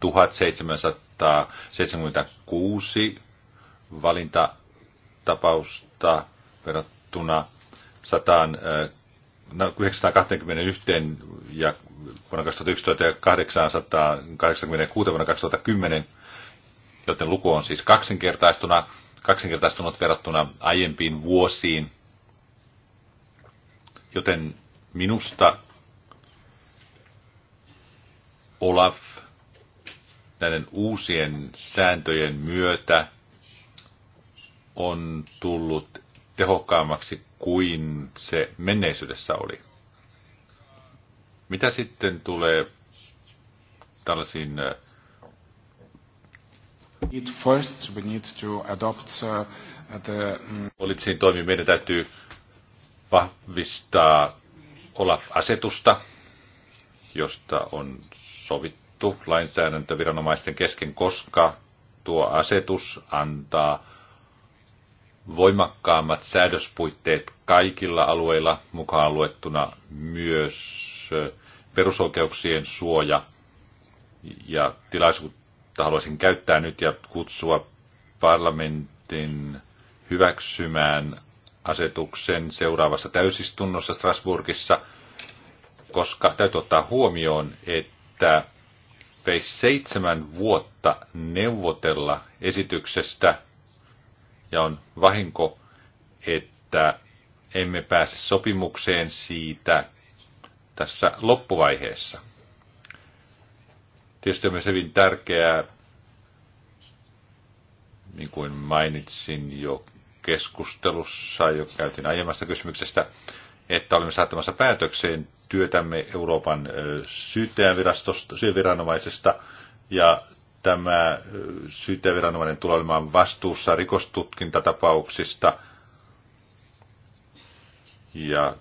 1776 valintatapausta verrattuna 100, 921 no, ja vuonna 2011 ja 886 vuonna 2010, joten luku on siis kaksinkertaistuna, kaksinkertaistunut verrattuna aiempiin vuosiin. Joten minusta Olaf näiden uusien sääntöjen myötä on tullut tehokkaammaksi kuin se menneisyydessä oli. Mitä sitten tulee tällaisiin äh, first we need to adopt uh, the... Mm, poliittisiin toimiin meidän täytyy vahvistaa Olaf-asetusta, josta on sovittu lainsäädäntöviranomaisten kesken, koska tuo asetus antaa voimakkaammat säädöspuitteet kaikilla alueilla, mukaan luettuna myös perusoikeuksien suoja. Ja tilaisuutta haluaisin käyttää nyt ja kutsua parlamentin hyväksymään asetuksen seuraavassa täysistunnossa Strasbourgissa, koska täytyy ottaa huomioon, että vei seitsemän vuotta neuvotella esityksestä – ja on vahinko, että emme pääse sopimukseen siitä tässä loppuvaiheessa. Tietysti on myös hyvin tärkeää, niin kuin mainitsin jo keskustelussa, jo käytiin aiemmasta kysymyksestä, että olemme saattamassa päätökseen työtämme Euroopan syyttäjänvirastosta, syyviranomaisesta, ja tämä syyteviranomainen tulee olemaan vastuussa rikostutkintatapauksista. Ja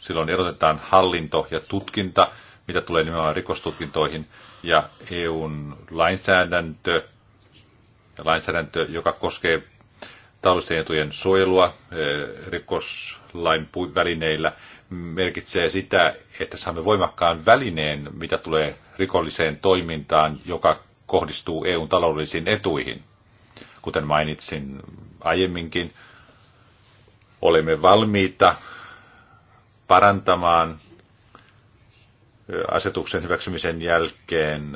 silloin erotetaan hallinto ja tutkinta, mitä tulee nimenomaan rikostutkintoihin, ja EUn lainsäädäntö, ja lainsäädäntö, joka koskee taloudellisten etujen suojelua rikoslain välineillä, merkitsee sitä, että saamme voimakkaan välineen, mitä tulee rikolliseen toimintaan, joka kohdistuu EUn taloudellisiin etuihin. Kuten mainitsin aiemminkin, olemme valmiita parantamaan asetuksen hyväksymisen jälkeen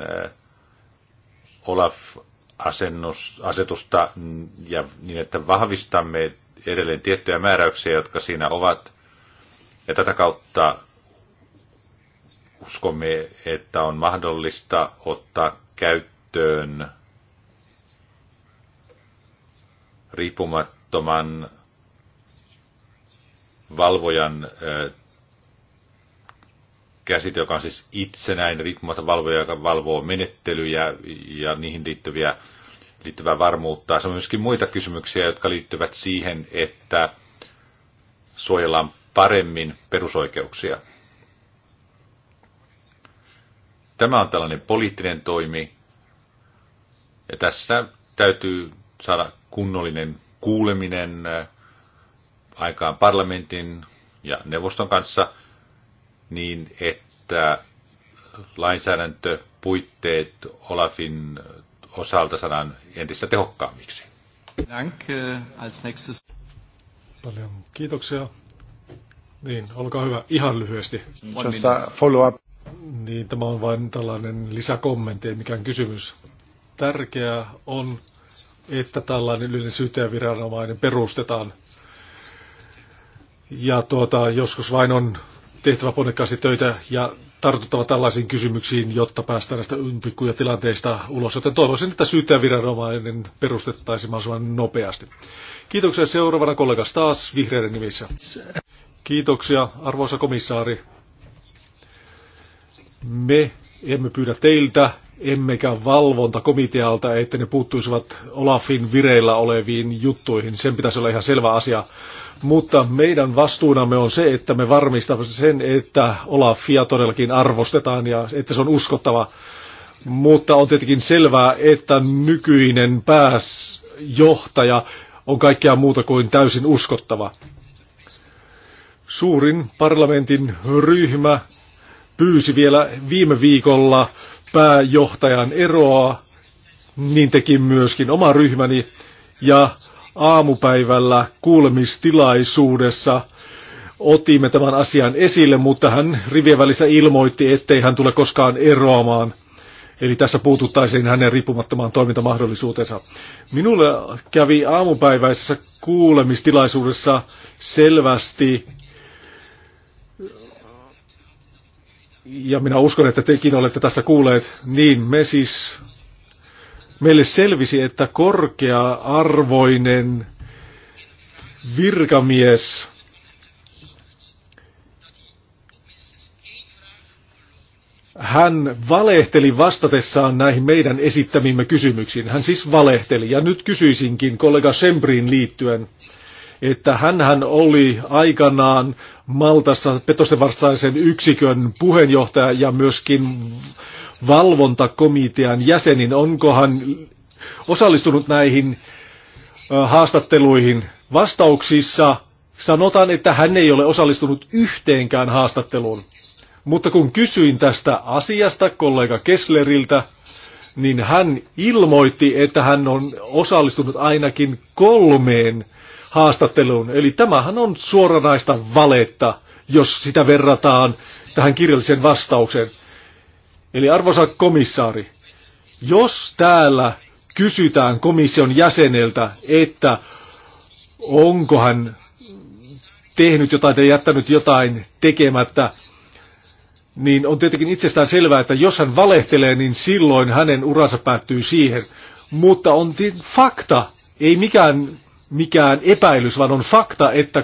Olaf-asetusta ja niin, että vahvistamme edelleen tiettyjä määräyksiä, jotka siinä ovat. Ja tätä kautta uskomme, että on mahdollista ottaa käyttöön käyttöön riippumattoman valvojan käsite, joka on siis itsenäinen riippumaton valvoja, joka valvoo menettelyjä ja niihin liittyviä, liittyvää varmuutta. Se on myöskin muita kysymyksiä, jotka liittyvät siihen, että suojellaan paremmin perusoikeuksia. Tämä on tällainen poliittinen toimi, ja tässä täytyy saada kunnollinen kuuleminen äh, aikaan parlamentin ja neuvoston kanssa niin, että lainsäädäntöpuitteet Olafin osalta saadaan entistä tehokkaammiksi. Äh, Paljon kiitoksia. Niin, olkaa hyvä ihan lyhyesti. Just follow up. Niin, tämä on vain tällainen lisäkommentti, mikään kysymys tärkeää on, että tällainen yleinen viranomainen perustetaan. Ja tuota, joskus vain on tehtävä ponnekkaasti töitä ja tartuttava tällaisiin kysymyksiin, jotta päästään näistä ympikkuja tilanteista ulos. Joten toivoisin, että syyttäjäviranomainen perustettaisiin mahdollisimman nopeasti. Kiitoksia seuraavana kollega taas vihreiden nimissä. Kiitoksia arvoisa komissaari. Me emme pyydä teiltä emmekä valvontakomitealta, että ne puuttuisivat Olafin vireillä oleviin juttuihin. Sen pitäisi olla ihan selvä asia. Mutta meidän vastuunamme on se, että me varmistamme sen, että Olafia todellakin arvostetaan ja että se on uskottava. Mutta on tietenkin selvää, että nykyinen pääsjohtaja on kaikkea muuta kuin täysin uskottava. Suurin parlamentin ryhmä pyysi vielä viime viikolla pääjohtajan eroa, niin teki myöskin oma ryhmäni ja aamupäivällä kuulemistilaisuudessa otimme tämän asian esille, mutta hän rivien välissä ilmoitti, ettei hän tule koskaan eroamaan. Eli tässä puututtaisiin hänen riippumattomaan toimintamahdollisuutensa. Minulle kävi aamupäiväisessä kuulemistilaisuudessa selvästi ja minä uskon, että tekin olette tästä kuulleet, niin me siis, meille selvisi, että korkea-arvoinen virkamies Hän valehteli vastatessaan näihin meidän esittämimme kysymyksiin. Hän siis valehteli. Ja nyt kysyisinkin kollega Sembriin liittyen, että hän oli aikanaan Maltassa petosten yksikön puheenjohtaja ja myöskin valvontakomitean jäsenin. Onko hän osallistunut näihin haastatteluihin? Vastauksissa sanotaan, että hän ei ole osallistunut yhteenkään haastatteluun. Mutta kun kysyin tästä asiasta kollega Kessleriltä, niin hän ilmoitti, että hän on osallistunut ainakin kolmeen haastatteluun. Eli tämähän on suoranaista valetta, jos sitä verrataan tähän kirjalliseen vastaukseen. Eli arvoisa komissaari, jos täällä kysytään komission jäseneltä, että onko hän tehnyt jotain tai jättänyt jotain tekemättä, niin on tietenkin itsestään selvää, että jos hän valehtelee, niin silloin hänen uransa päättyy siihen. Mutta on fakta, ei mikään mikään epäilys, vaan on fakta, että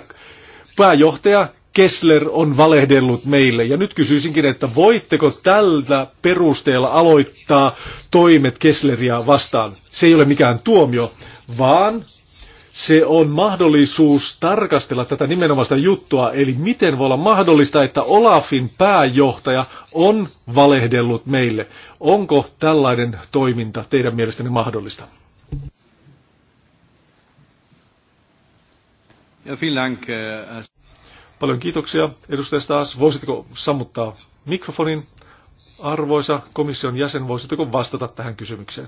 pääjohtaja Kessler on valehdellut meille. Ja nyt kysyisinkin, että voitteko tällä perusteella aloittaa toimet Kessleria vastaan? Se ei ole mikään tuomio, vaan se on mahdollisuus tarkastella tätä nimenomaista juttua, eli miten voi olla mahdollista, että Olafin pääjohtaja on valehdellut meille. Onko tällainen toiminta teidän mielestänne mahdollista? Ja Finland, äh, Paljon kiitoksia. Edustaja Staas, voisitko sammuttaa mikrofonin? Arvoisa komission jäsen, voisitteko vastata tähän kysymykseen?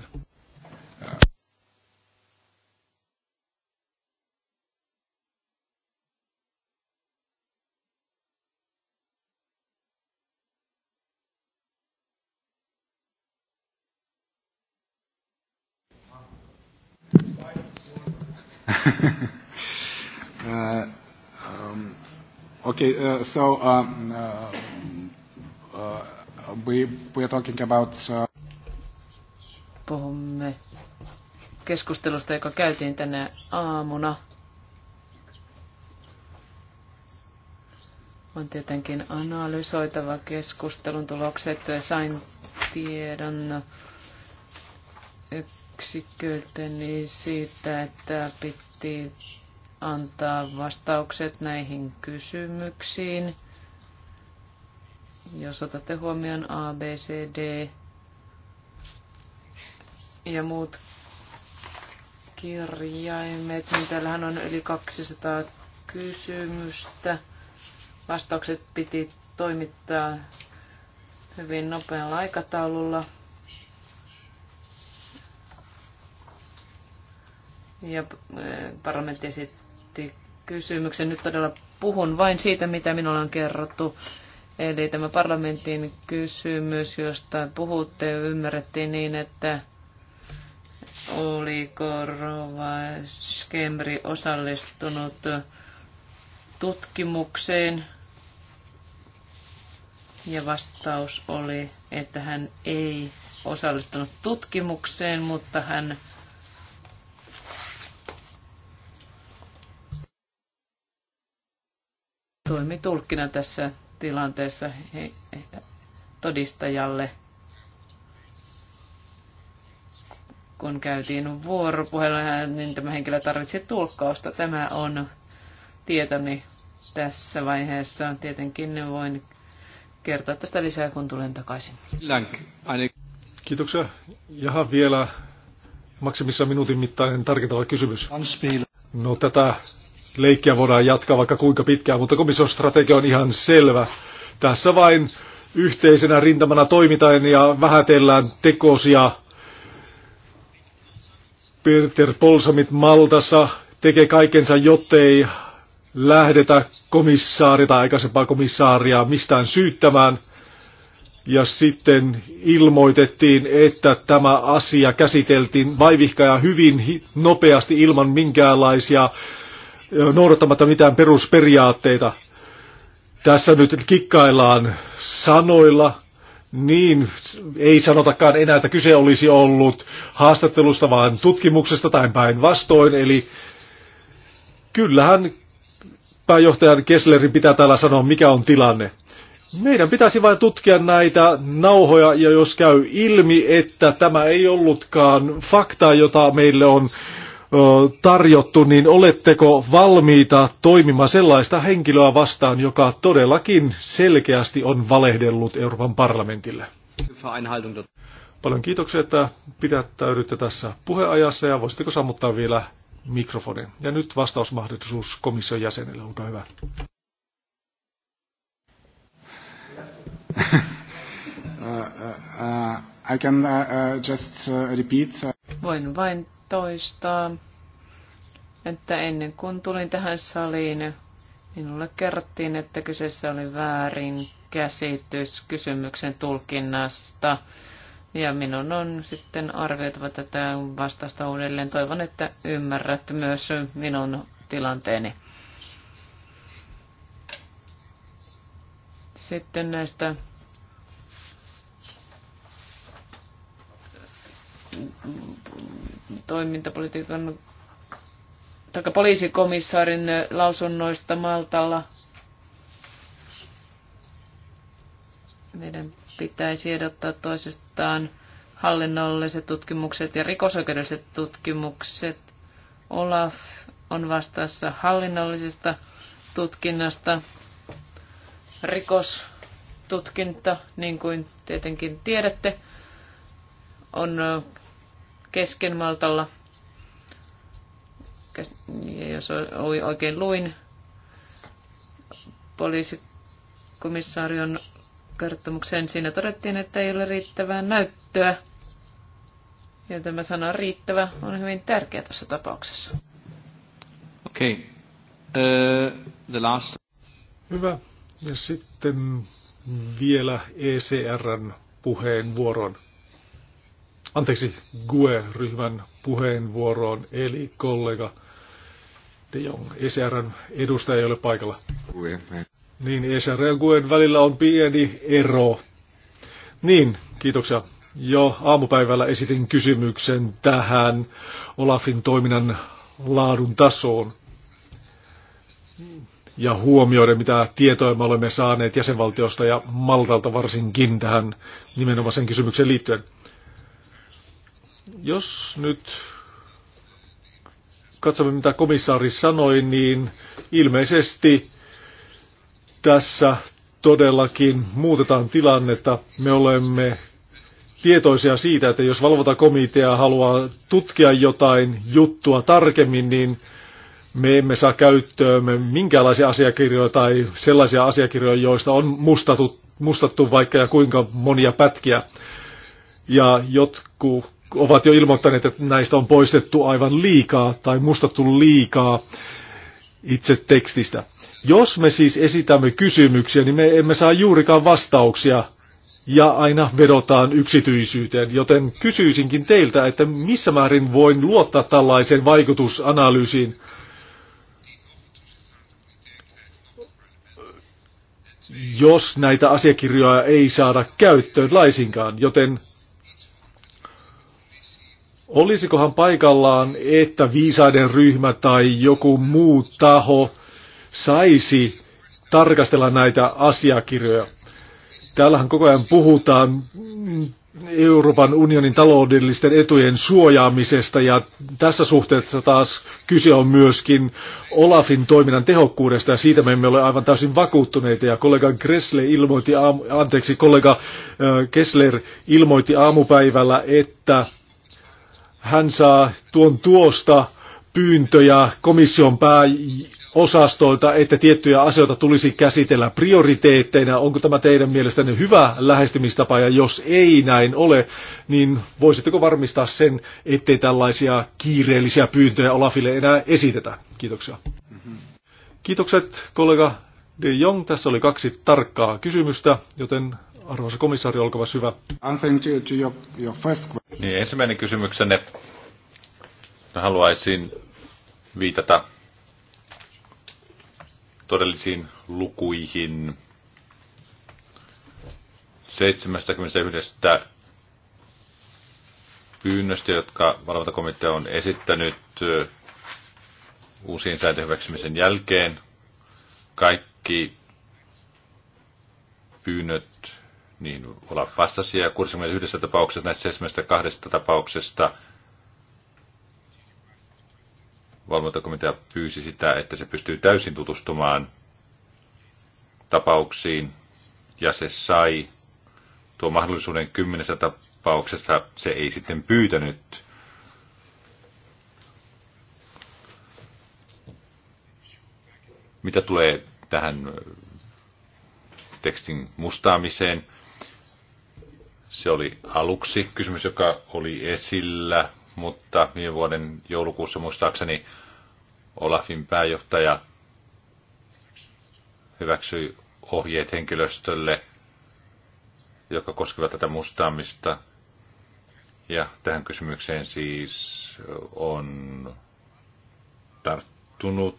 Uh, um, okay, uh, so um, uh, uh, we, we are talking about... Uh... Puhumme keskustelusta, joka käytiin tänä aamuna. On tietenkin analysoitava keskustelun tulokset. Sain tiedon yksiköltäni siitä, että piti antaa vastaukset näihin kysymyksiin. Jos otatte huomioon A, B, C, D ja muut kirjaimet, niin täällähän on yli 200 kysymystä. Vastaukset piti toimittaa hyvin nopealla aikataululla. Ja eh, parlamentti esitti esitti kysymyksen. Nyt todella puhun vain siitä, mitä minulle on kerrottu. Eli tämä parlamentin kysymys, josta puhutte, ymmärrettiin niin, että oliko Rova Skemri osallistunut tutkimukseen. Ja vastaus oli, että hän ei osallistunut tutkimukseen, mutta hän toimi tulkkina tässä tilanteessa todistajalle, kun käytiin vuoropuhelua, niin tämä henkilö tarvitsi tulkkausta. Tämä on tietoni tässä vaiheessa. Tietenkin voin kertoa tästä lisää, kun tulen takaisin. Kiitoksia. Jaha, vielä maksimissa minuutin mittainen tarkentava kysymys. No tätä leikkiä voidaan jatkaa vaikka kuinka pitkään, mutta komission strategia on ihan selvä. Tässä vain yhteisenä rintamana toimitaan ja vähätellään tekosia. Peter Polsamit Maltassa tekee kaikensa, jottei lähdetä komissaari tai aikaisempaa komissaaria mistään syyttämään. Ja sitten ilmoitettiin, että tämä asia käsiteltiin vaivihkaa ja hyvin nopeasti ilman minkäänlaisia noudattamatta mitään perusperiaatteita. Tässä nyt kikkaillaan sanoilla, niin ei sanotakaan enää, että kyse olisi ollut haastattelusta, vaan tutkimuksesta tai päinvastoin. Eli kyllähän pääjohtajan Kesslerin pitää täällä sanoa, mikä on tilanne. Meidän pitäisi vain tutkia näitä nauhoja, ja jos käy ilmi, että tämä ei ollutkaan fakta, jota meille on äh, tarjottu, niin oletteko valmiita toimimaan sellaista henkilöä vastaan, joka todellakin selkeästi on valehdellut Euroopan parlamentille? Paljon kiitoksia, että pidättäydytte tässä puheajassa ja voisitteko sammuttaa vielä mikrofonin. Ja nyt vastausmahdollisuus komission jäsenille, olkaa hyvä. Uh, uh, uh, I can just repeat. Voin vain toistaa, että ennen kuin tulin tähän saliin, minulle kerrottiin, että kyseessä oli väärin käsitys kysymyksen tulkinnasta. Ja minun on sitten arvioitava tätä vastausta uudelleen. Toivon, että ymmärrät myös minun tilanteeni. Sitten näistä toimintapolitiikan tai poliisikomissaarin lausunnoista Maltalla. Meidän pitäisi edottaa toisestaan hallinnolliset tutkimukset ja rikosoikeudelliset tutkimukset. Olaf on vastaassa hallinnollisesta tutkinnasta. Rikostutkinta, niin kuin tietenkin tiedätte, on kesken Maltalla. Ja jos oikein luin, poliisikomissaarion kertomuksen siinä todettiin, että ei ole riittävää näyttöä. Ja tämä sana riittävä on hyvin tärkeä tässä tapauksessa. Okei. Okay. Uh, the last. Hyvä. Ja sitten vielä ECRn puheenvuoron anteeksi, GUE-ryhmän puheenvuoroon, eli kollega De Jong, ECRn edustaja ei ole paikalla. Niin, ECR ja GUEn välillä on pieni ero. Niin, kiitoksia. Jo aamupäivällä esitin kysymyksen tähän Olafin toiminnan laadun tasoon ja huomioiden, mitä tietoja me olemme saaneet jäsenvaltiosta ja Maltalta varsinkin tähän nimenomaisen kysymykseen liittyen. Jos nyt katsomme, mitä komissaari sanoi, niin ilmeisesti tässä todellakin muutetaan tilannetta. Me olemme tietoisia siitä, että jos valvontakomitea haluaa tutkia jotain juttua tarkemmin, niin me emme saa käyttöön minkäänlaisia asiakirjoja tai sellaisia asiakirjoja, joista on mustattu, mustattu vaikka ja kuinka monia pätkiä. Ja jotkut ovat jo ilmoittaneet, että näistä on poistettu aivan liikaa tai mustattu liikaa itse tekstistä. Jos me siis esitämme kysymyksiä, niin me emme saa juurikaan vastauksia ja aina vedotaan yksityisyyteen, joten kysyisinkin teiltä, että missä määrin voin luottaa tällaiseen vaikutusanalyysiin. jos näitä asiakirjoja ei saada käyttöön laisinkaan, joten Olisikohan paikallaan, että viisaiden ryhmä tai joku muu taho saisi tarkastella näitä asiakirjoja? Täällähän koko ajan puhutaan Euroopan unionin taloudellisten etujen suojaamisesta ja tässä suhteessa taas kyse on myöskin Olafin toiminnan tehokkuudesta ja siitä me emme ole aivan täysin vakuuttuneita ja kollega Gressle ilmoitti, aamu, anteeksi, kollega Kessler ilmoitti aamupäivällä, että hän saa tuon tuosta pyyntöjä komission pääosastoilta, että tiettyjä asioita tulisi käsitellä prioriteetteina. Onko tämä teidän mielestänne hyvä lähestymistapa ja jos ei näin ole, niin voisitteko varmistaa sen, ettei tällaisia kiireellisiä pyyntöjä Olafille enää esitetä? Kiitoksia. Kiitokset kollega De Jong. Tässä oli kaksi tarkkaa kysymystä, joten Arvoisa komissaari, olkaa hyvä. Niin, ensimmäinen kysymyksenne. Mä haluaisin viitata todellisiin lukuihin 71 pyynnöstä, jotka valvontakomitea on esittänyt uusien sääntöjen hyväksymisen jälkeen. Kaikki pyynnöt niin olla vastasi ja kurssimme yhdessä tapauksessa näistä seitsemästä kahdesta tapauksesta valvontakomitea pyysi sitä, että se pystyy täysin tutustumaan tapauksiin ja se sai tuo mahdollisuuden kymmenessä tapauksessa se ei sitten pyytänyt Mitä tulee tähän tekstin mustaamiseen, se oli aluksi kysymys, joka oli esillä, mutta viime vuoden joulukuussa muistaakseni Olafin pääjohtaja hyväksyi ohjeet henkilöstölle, joka koskevat tätä mustaamista. Ja tähän kysymykseen siis on tarttunut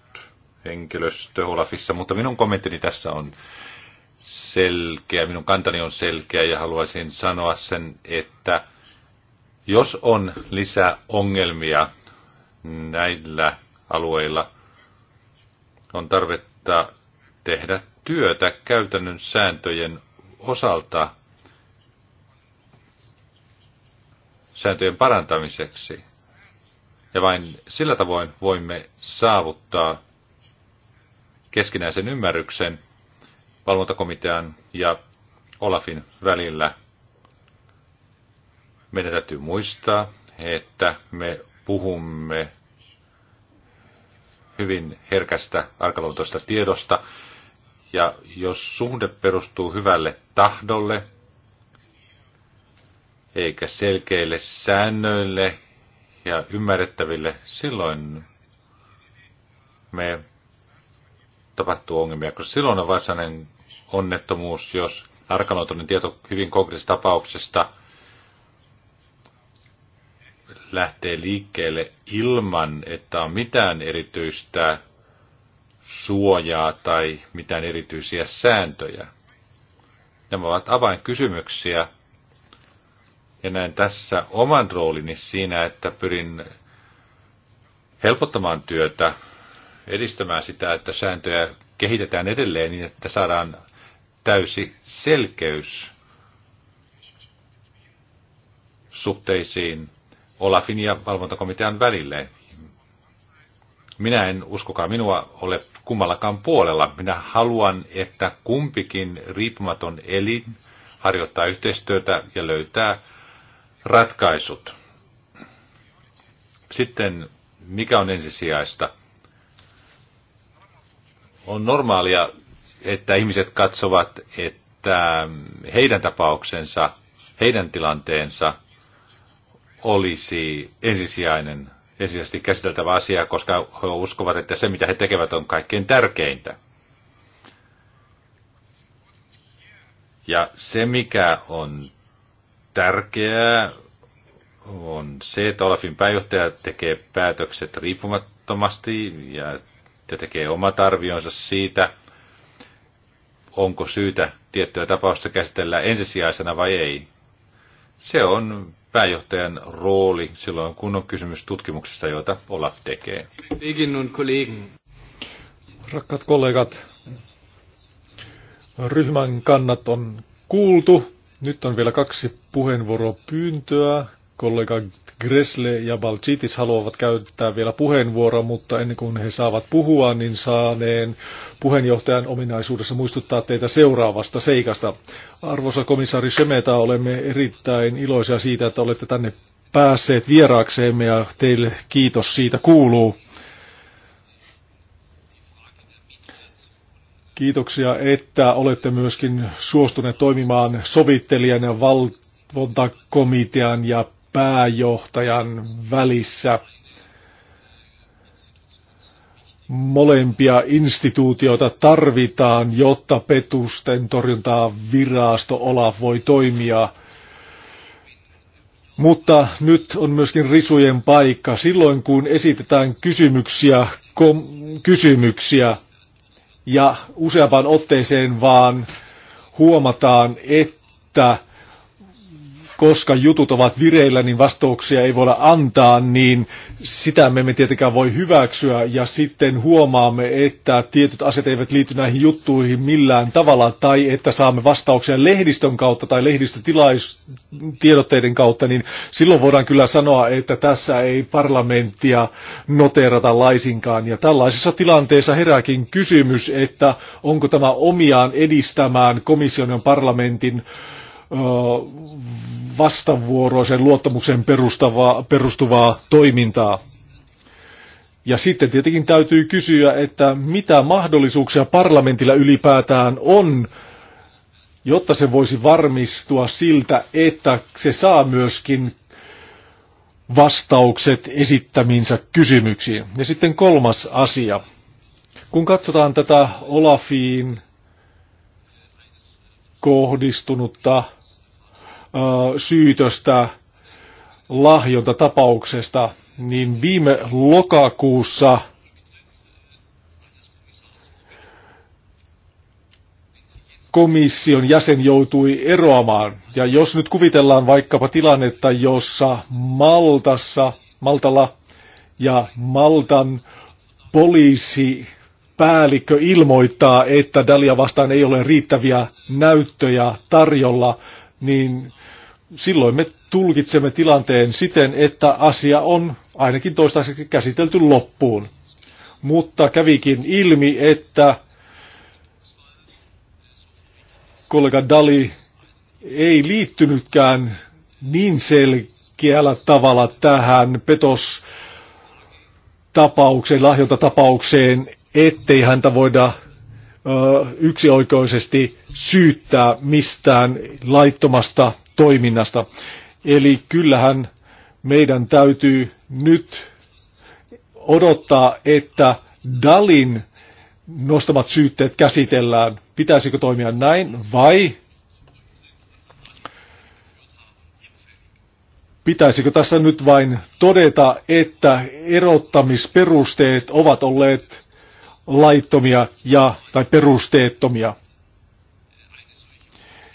henkilöstö Olafissa, mutta minun kommenttini tässä on selkeä, minun kantani on selkeä ja haluaisin sanoa sen, että jos on lisää ongelmia näillä alueilla, on tarvetta tehdä työtä käytännön sääntöjen osalta sääntöjen parantamiseksi. Ja vain sillä tavoin voimme saavuttaa keskinäisen ymmärryksen valvontakomitean ja Olafin välillä. Meidän täytyy muistaa, että me puhumme hyvin herkästä arkaluontoista tiedosta. Ja jos suhde perustuu hyvälle tahdolle, eikä selkeille säännöille ja ymmärrettäville, silloin me tapahtuu ongelmia, koska silloin on varsinainen onnettomuus, jos arkaluontoinen tieto hyvin konkreettisesta tapauksesta lähtee liikkeelle ilman, että on mitään erityistä suojaa tai mitään erityisiä sääntöjä. Nämä ovat avainkysymyksiä, ja näen tässä oman roolini siinä, että pyrin helpottamaan työtä edistämään sitä, että sääntöjä kehitetään edelleen niin, että saadaan täysi selkeys suhteisiin Olafin ja valvontakomitean välille. Minä en, uskokaa minua, ole kummallakaan puolella. Minä haluan, että kumpikin riippumaton elin harjoittaa yhteistyötä ja löytää ratkaisut. Sitten, mikä on ensisijaista? on normaalia, että ihmiset katsovat, että heidän tapauksensa, heidän tilanteensa olisi ensisijainen, ensisijaisesti käsiteltävä asia, koska he uskovat, että se mitä he tekevät on kaikkein tärkeintä. Ja se mikä on tärkeää on se, että Olafin pääjohtaja tekee päätökset riippumattomasti ja sitten tekee omat arvionsa siitä, onko syytä tiettyä tapausta käsitellä ensisijaisena vai ei. Se on pääjohtajan rooli silloin, kun on kysymys tutkimuksista, joita Olaf tekee. Rakkaat kollegat, ryhmän kannat on kuultu. Nyt on vielä kaksi puheenvuoropyyntöä kollega Gressle ja Balchitis haluavat käyttää vielä puheenvuoroa, mutta ennen kuin he saavat puhua, niin saaneen puheenjohtajan ominaisuudessa muistuttaa teitä seuraavasta seikasta. Arvoisa komissaari Semeta, olemme erittäin iloisia siitä, että olette tänne päässeet vieraakseemme ja teille kiitos siitä kuuluu. Kiitoksia, että olette myöskin suostuneet toimimaan sovittelijana valtioon valvontakomitean ja pääjohtajan välissä molempia instituutioita tarvitaan, jotta petusten torjuntaa virasto Olaf voi toimia. Mutta nyt on myöskin risujen paikka. Silloin kun esitetään kysymyksiä, kom, kysymyksiä ja useampaan otteeseen vaan huomataan, että koska jutut ovat vireillä, niin vastauksia ei voida antaa, niin sitä me emme tietenkään voi hyväksyä. Ja sitten huomaamme, että tietyt asiat eivät liity näihin juttuihin millään tavalla, tai että saamme vastauksia lehdistön kautta tai lehdistötilaistiedotteiden kautta, niin silloin voidaan kyllä sanoa, että tässä ei parlamenttia noteerata laisinkaan. Ja tällaisessa tilanteessa herääkin kysymys, että onko tämä omiaan edistämään komission ja parlamentin vastavuoroisen luottamuksen perustavaa, perustuvaa toimintaa. Ja sitten tietenkin täytyy kysyä, että mitä mahdollisuuksia parlamentilla ylipäätään on, jotta se voisi varmistua siltä, että se saa myöskin vastaukset esittämiinsä kysymyksiin. Ja sitten kolmas asia. Kun katsotaan tätä Olafiin kohdistunutta syytöstä lahjontatapauksesta, niin viime lokakuussa komission jäsen joutui eroamaan. Ja jos nyt kuvitellaan vaikkapa tilannetta, jossa Maltassa, Maltalla ja Maltan poliisi päällikkö ilmoittaa, että Dalia vastaan ei ole riittäviä näyttöjä tarjolla, niin silloin me tulkitsemme tilanteen siten, että asia on ainakin toistaiseksi käsitelty loppuun. Mutta kävikin ilmi, että kollega Dali ei liittynytkään niin selkeällä tavalla tähän petostapaukseen, lahjontatapaukseen, ettei häntä voida yksioikoisesti syyttää mistään laittomasta toiminnasta. Eli kyllähän meidän täytyy nyt odottaa, että Dalin nostamat syytteet käsitellään. Pitäisikö toimia näin vai pitäisikö tässä nyt vain todeta, että erottamisperusteet ovat olleet laittomia ja tai perusteettomia.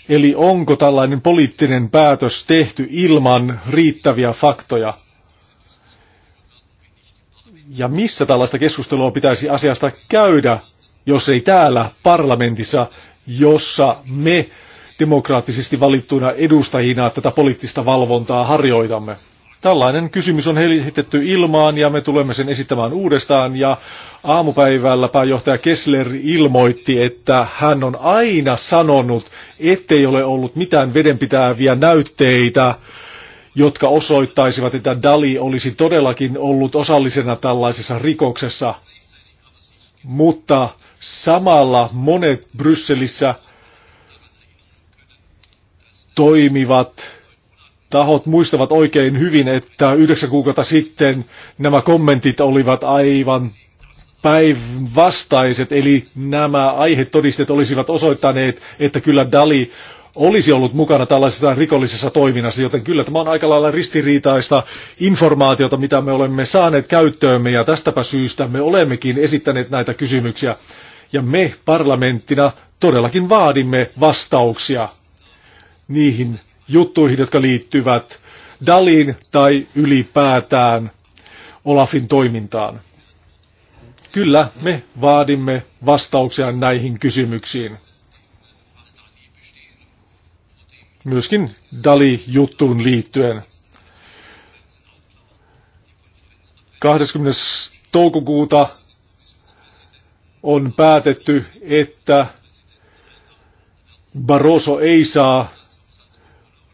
Eli onko tällainen poliittinen päätös tehty ilman riittäviä faktoja? Ja missä tällaista keskustelua pitäisi asiasta käydä, jos ei täällä parlamentissa, jossa me demokraattisesti valittuina edustajina tätä poliittista valvontaa harjoitamme? Tällainen kysymys on heitetty ilmaan ja me tulemme sen esittämään uudestaan ja aamupäivällä pääjohtaja Kessler ilmoitti, että hän on aina sanonut, ettei ole ollut mitään vedenpitäviä näytteitä, jotka osoittaisivat, että Dali olisi todellakin ollut osallisena tällaisessa rikoksessa. Mutta samalla monet Brysselissä toimivat tahot muistavat oikein hyvin, että yhdeksän kuukautta sitten nämä kommentit olivat aivan päinvastaiset, eli nämä aihetodisteet olisivat osoittaneet, että kyllä Dali olisi ollut mukana tällaisessa rikollisessa toiminnassa, joten kyllä tämä on aika lailla ristiriitaista informaatiota, mitä me olemme saaneet käyttöömme, ja tästäpä syystä me olemmekin esittäneet näitä kysymyksiä, ja me parlamenttina todellakin vaadimme vastauksia niihin juttuihin, jotka liittyvät Daliin tai ylipäätään Olafin toimintaan. Kyllä, me vaadimme vastauksia näihin kysymyksiin. Myöskin Dali-juttuun liittyen. 20. toukokuuta on päätetty, että Barroso ei saa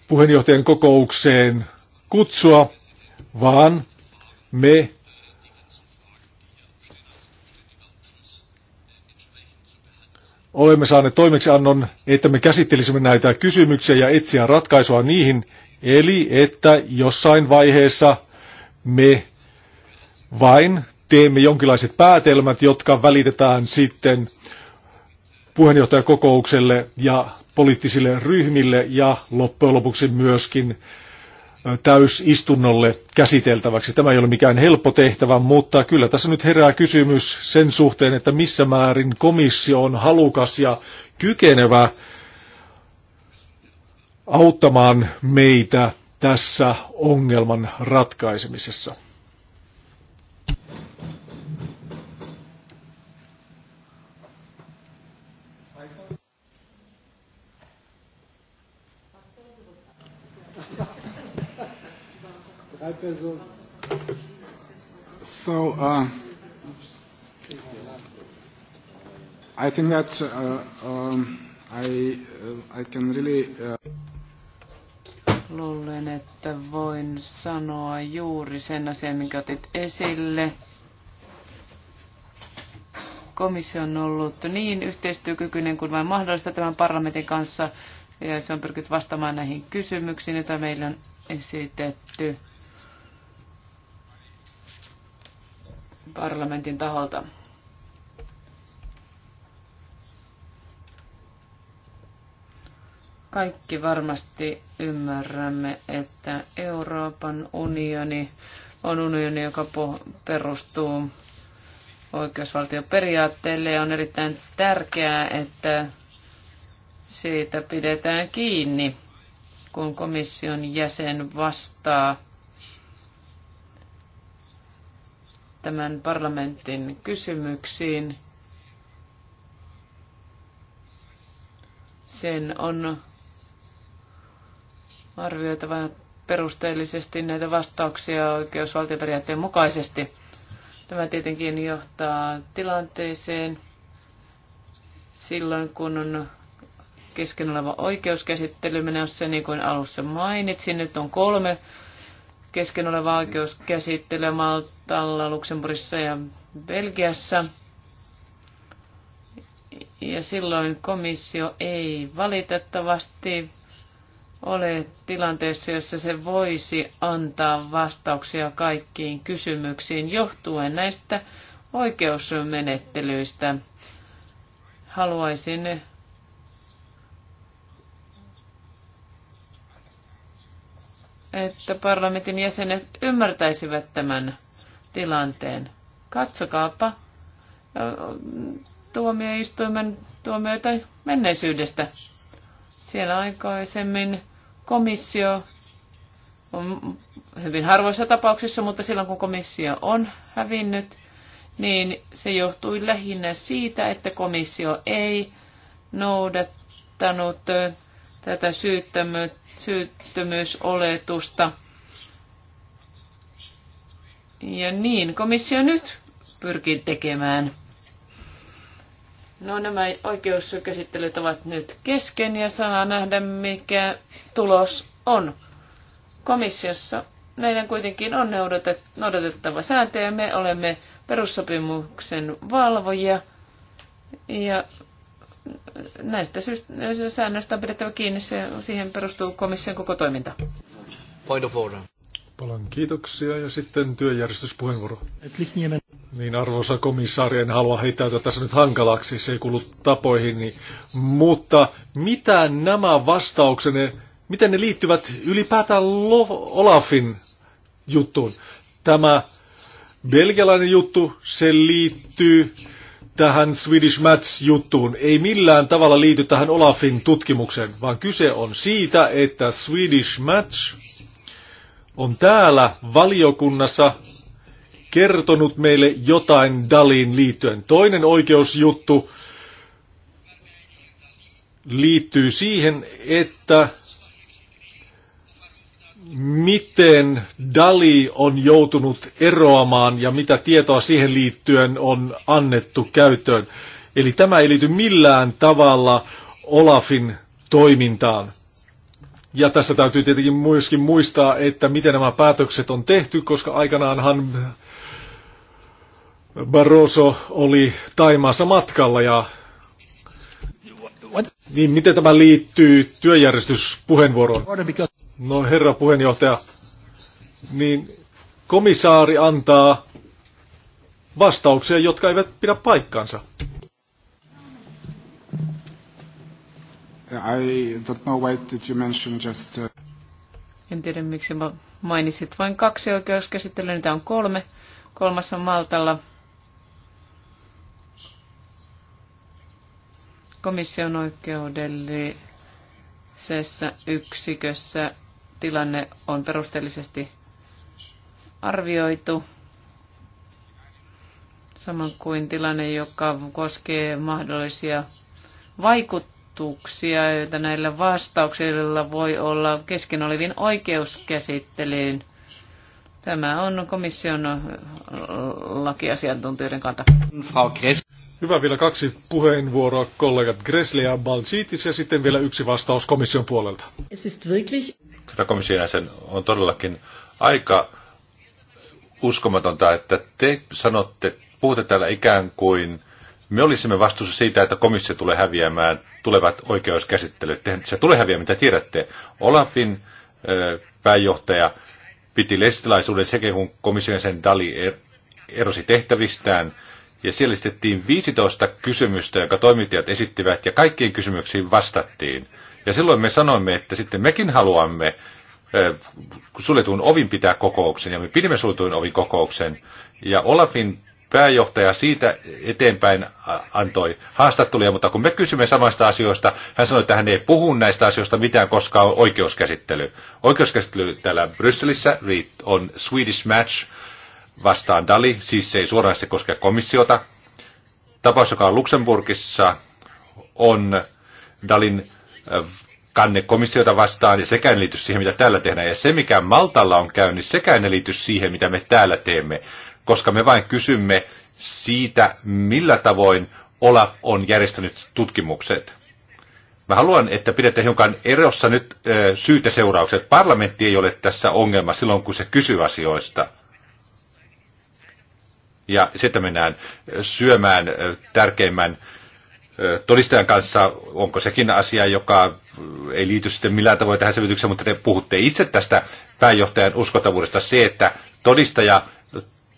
puheenjohtajan kokoukseen kutsua, vaan me olemme saaneet toimeksiannon, että me käsittelisimme näitä kysymyksiä ja etsiä ratkaisua niihin, eli että jossain vaiheessa me vain teemme jonkinlaiset päätelmät, jotka välitetään sitten puheenjohtajakokoukselle ja poliittisille ryhmille ja loppujen lopuksi myöskin täysistunnolle käsiteltäväksi. Tämä ei ole mikään helppo tehtävä, mutta kyllä tässä nyt herää kysymys sen suhteen, että missä määrin komissio on halukas ja kykenevä auttamaan meitä tässä ongelman ratkaisemisessa. So, uh, I think that uh, um, I, uh, I can really... Uh... Luulen, että voin sanoa juuri sen asian, minkä otit esille. Komissio on ollut niin yhteistyökykyinen kuin vain mahdollista tämän parlamentin kanssa, ja se on pyrkinyt vastaamaan näihin kysymyksiin, joita meillä on esitetty parlamentin taholta. Kaikki varmasti ymmärrämme, että Euroopan unioni on unioni, joka perustuu oikeusvaltioperiaatteelle ja on erittäin tärkeää, että siitä pidetään kiinni, kun komission jäsen vastaa tämän parlamentin kysymyksiin. Sen on arvioitava perusteellisesti näitä vastauksia oikeusvaltioperiaatteen mukaisesti. Tämä tietenkin johtaa tilanteeseen silloin, kun on kesken oleva oikeuskäsittely menossa, niin kuin alussa mainitsin. Nyt on kolme kesken oleva oikeus käsittelyä Maltalla, Luxemburgissa ja Belgiassa. Ja silloin komissio ei valitettavasti ole tilanteessa, jossa se voisi antaa vastauksia kaikkiin kysymyksiin johtuen näistä oikeusmenettelyistä. Haluaisin että parlamentin jäsenet ymmärtäisivät tämän tilanteen. Katsokaapa tuomioistuimen tuomioita menneisyydestä. Siellä aikaisemmin komissio on hyvin harvoissa tapauksissa, mutta silloin kun komissio on hävinnyt, niin se johtui lähinnä siitä, että komissio ei noudattanut tätä syyttömy- syyttömyysoletusta. Ja niin, komissio nyt pyrkii tekemään. No nämä oikeuskäsittelyt ovat nyt kesken ja saa nähdä, mikä tulos on. Komissiossa meidän kuitenkin on noudatettava sääntöjä. Me olemme perussopimuksen valvojia ja näistä säännöistä on pidettävä kiinni, se, siihen perustuu komission koko toiminta. Point of order. Paljon kiitoksia ja sitten työjärjestyspuheenvuoro. Niin, niin arvoisa komissaari, en halua heittäytyä tässä nyt hankalaksi, se ei kuulu tapoihin, niin- mutta mitä nämä vastauksenne, miten ne liittyvät ylipäätään Olafin juttuun? Tämä belgialainen juttu, se liittyy tähän Swedish Match-juttuun ei millään tavalla liity tähän Olafin tutkimukseen, vaan kyse on siitä, että Swedish Match on täällä valiokunnassa kertonut meille jotain Daliin liittyen. Toinen oikeusjuttu liittyy siihen, että miten Dali on joutunut eroamaan ja mitä tietoa siihen liittyen on annettu käyttöön. Eli tämä ei liity millään tavalla Olafin toimintaan. Ja tässä täytyy tietenkin myöskin muistaa, että miten nämä päätökset on tehty, koska aikanaanhan Barroso oli Taimaassa matkalla ja niin miten tämä liittyy työjärjestyspuheenvuoroon? No herra puheenjohtaja, niin komissaari antaa vastauksia, jotka eivät pidä paikkaansa. I don't know why did you mention just... Uh, en tiedä miksi mä mainitsit vain kaksi oikeuskäsittelyä, niitä on kolme. Kolmas on Maltalla. Komission oikeudellisessa yksikössä tilanne on perusteellisesti arvioitu. Samoin kuin tilanne, joka koskee mahdollisia vaikutuksia, joita näillä vastauksilla voi olla kesken olevin oikeuskäsittelyyn. Tämä on komission lakiasiantuntijoiden kanta. Frau Hyvä, vielä kaksi puheenvuoroa kollegat Gressle ja Balchitis ja sitten vielä yksi vastaus komission puolelta. Tätä komission jäsen on todellakin aika uskomatonta, että te sanotte, puhutte täällä ikään kuin me olisimme vastuussa siitä, että komissio tulee häviämään tulevat oikeuskäsittelyt. Se tulee häviämään, mitä tiedätte. Olafin pääjohtaja piti lestilaisuuden sekä kun komission sen Dali er- erosi tehtävistään – ja siellä esitettiin 15 kysymystä, jonka toimittajat esittivät, ja kaikkiin kysymyksiin vastattiin. Ja silloin me sanoimme, että sitten mekin haluamme suljetun ovin pitää kokouksen, ja me pidimme suljetun ovin kokouksen. Ja Olafin pääjohtaja siitä eteenpäin antoi haastatteluja, mutta kun me kysymme samasta asioista, hän sanoi, että hän ei puhu näistä asioista mitään, koska on oikeuskäsittely. Oikeuskäsittely täällä Brysselissä on Swedish Match, vastaan Dali, siis se ei suoraan se koske komissiota. Tapaus, joka on Luxemburgissa, on Dalin kanne komissiota vastaan ja sekään liity siihen, mitä täällä tehdään. Ja se, mikä Maltalla on niin sekään liity siihen, mitä me täällä teemme, koska me vain kysymme siitä, millä tavoin Olaf on järjestänyt tutkimukset. Mä haluan, että pidätte hiukan erossa nyt syyteseuraukset. Parlamentti ei ole tässä ongelma silloin, kun se kysyy asioista ja sitten mennään syömään tärkeimmän todistajan kanssa, onko sekin asia, joka ei liity sitten millään tavoin tähän selvitykseen, mutta te puhutte itse tästä pääjohtajan uskottavuudesta. Se, että todistaja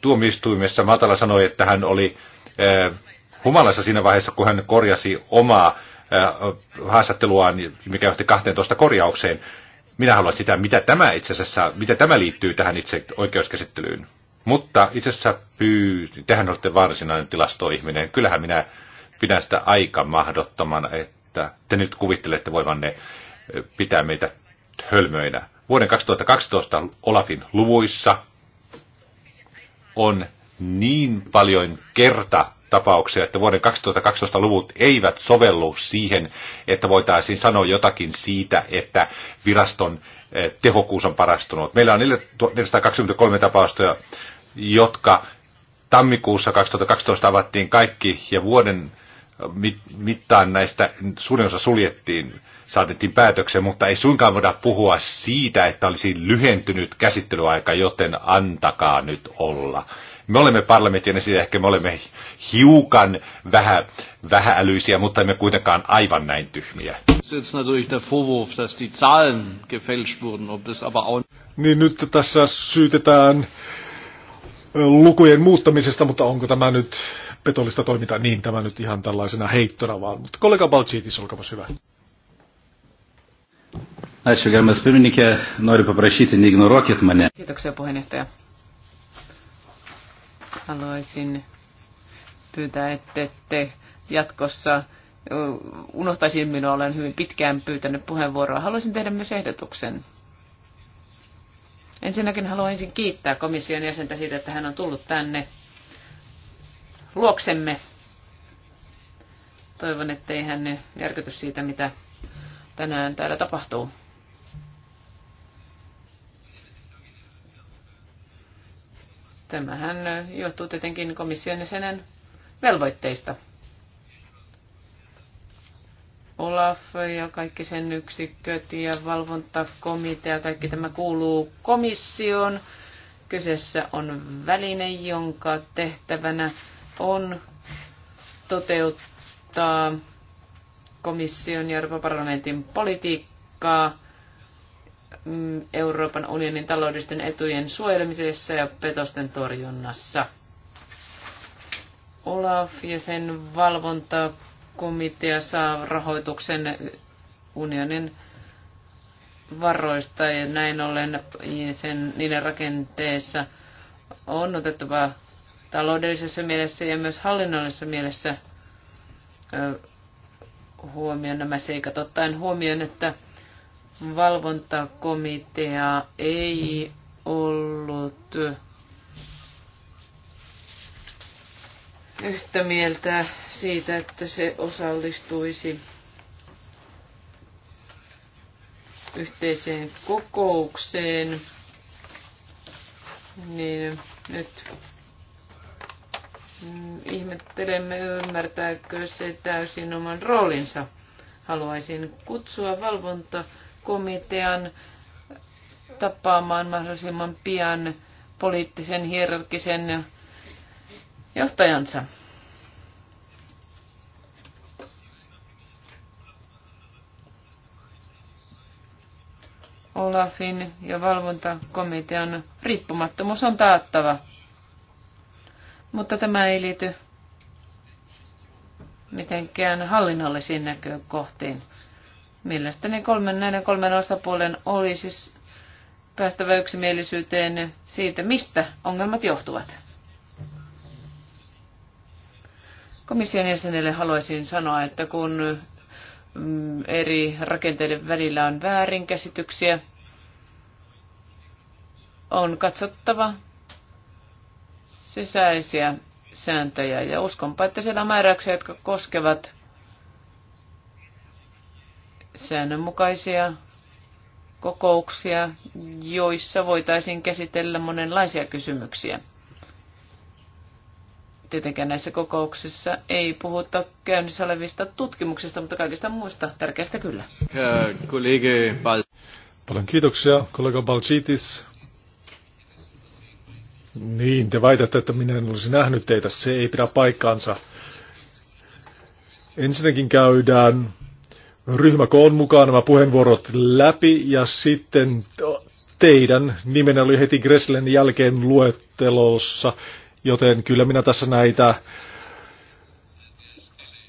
tuomioistuimessa Matala sanoi, että hän oli humalassa siinä vaiheessa, kun hän korjasi omaa haastatteluaan, mikä johti 12 korjaukseen. Minä haluan sitä, mitä tämä itse asiassa, mitä tämä liittyy tähän itse oikeuskäsittelyyn. Mutta itse asiassa pyy... Tehän olette varsinainen tilastoihminen. Kyllähän minä pidän sitä aika mahdottomana, että te nyt kuvittelette voivanne pitää meitä hölmöinä. Vuoden 2012 Olafin luvuissa on niin paljon kerta tapauksia, että vuoden 2012 luvut eivät sovellu siihen, että voitaisiin sanoa jotakin siitä, että viraston tehokkuus on parastunut. Meillä on 423 tapausta jotka tammikuussa 2012 avattiin kaikki ja vuoden mittaan näistä suurin osa suljettiin, saatettiin päätökseen, mutta ei suinkaan voida puhua siitä, että olisi lyhentynyt käsittelyaika, joten antakaa nyt olla. Me olemme parlamentin esille, ehkä me olemme hiukan vähä, vähäälyisiä, mutta emme kuitenkaan aivan näin tyhmiä. Niin nyt tässä syytetään lukujen muuttamisesta, mutta onko tämä nyt petollista toimintaa? Niin, tämä nyt ihan tällaisena heittona vaan. Mutta kollega Balchitis, olkaa hyvä. Kiitoksia, puheenjohtaja. Haluaisin pyytää, että te jatkossa unohtaisin minua, olen hyvin pitkään pyytänyt puheenvuoroa. Haluaisin tehdä myös ehdotuksen. Ensinnäkin haluan ensin kiittää komission jäsentä siitä, että hän on tullut tänne luoksemme. Toivon, ettei hän järkyty siitä, mitä tänään täällä tapahtuu. Tämähän johtuu tietenkin komission jäsenen velvoitteista Olaf ja kaikki sen yksiköt ja valvontakomitea, kaikki tämä kuuluu komission. Kyseessä on väline, jonka tehtävänä on toteuttaa komission ja Euroopan parlamentin politiikkaa mm, Euroopan unionin taloudellisten etujen suojelemisessa ja petosten torjunnassa. Olaf ja sen valvonta komitea saa rahoituksen unionin varoista ja näin ollen sen, niiden rakenteessa on otettava taloudellisessa mielessä ja myös hallinnollisessa mielessä huomioon nämä seikat, ottaen huomioon, että valvontakomitea ei ollut yhtä mieltä siitä, että se osallistuisi yhteiseen kokoukseen. Niin nyt ihmettelemme, ymmärtääkö se täysin oman roolinsa. Haluaisin kutsua valvontakomitean tapaamaan mahdollisimman pian poliittisen hierarkisen johtajansa. Olafin ja valvontakomitean riippumattomuus on taattava. Mutta tämä ei liity mitenkään hallinnollisiin näkökohtiin. Mielestäni kolmen, näiden kolmen osapuolen olisi päästävä yksimielisyyteen siitä, mistä ongelmat johtuvat. Komission jäsenelle haluaisin sanoa, että kun mm, eri rakenteiden välillä on väärinkäsityksiä, on katsottava sisäisiä sääntöjä. Ja uskonpa, että siellä on määräyksiä, jotka koskevat säännönmukaisia kokouksia, joissa voitaisiin käsitellä monenlaisia kysymyksiä. Tietenkään näissä kokouksissa ei puhuta käynnissä olevista tutkimuksista, mutta kaikista muista tärkeistä kyllä. Paljon kiitoksia, kollega Balchitis. Niin, te väitätte, että minä en olisi nähnyt teitä. Se ei pidä paikkaansa. Ensinnäkin käydään ryhmäkoon mukaan nämä puheenvuorot läpi ja sitten teidän nimenä oli heti Gresslen jälkeen luettelossa Joten kyllä minä tässä näitä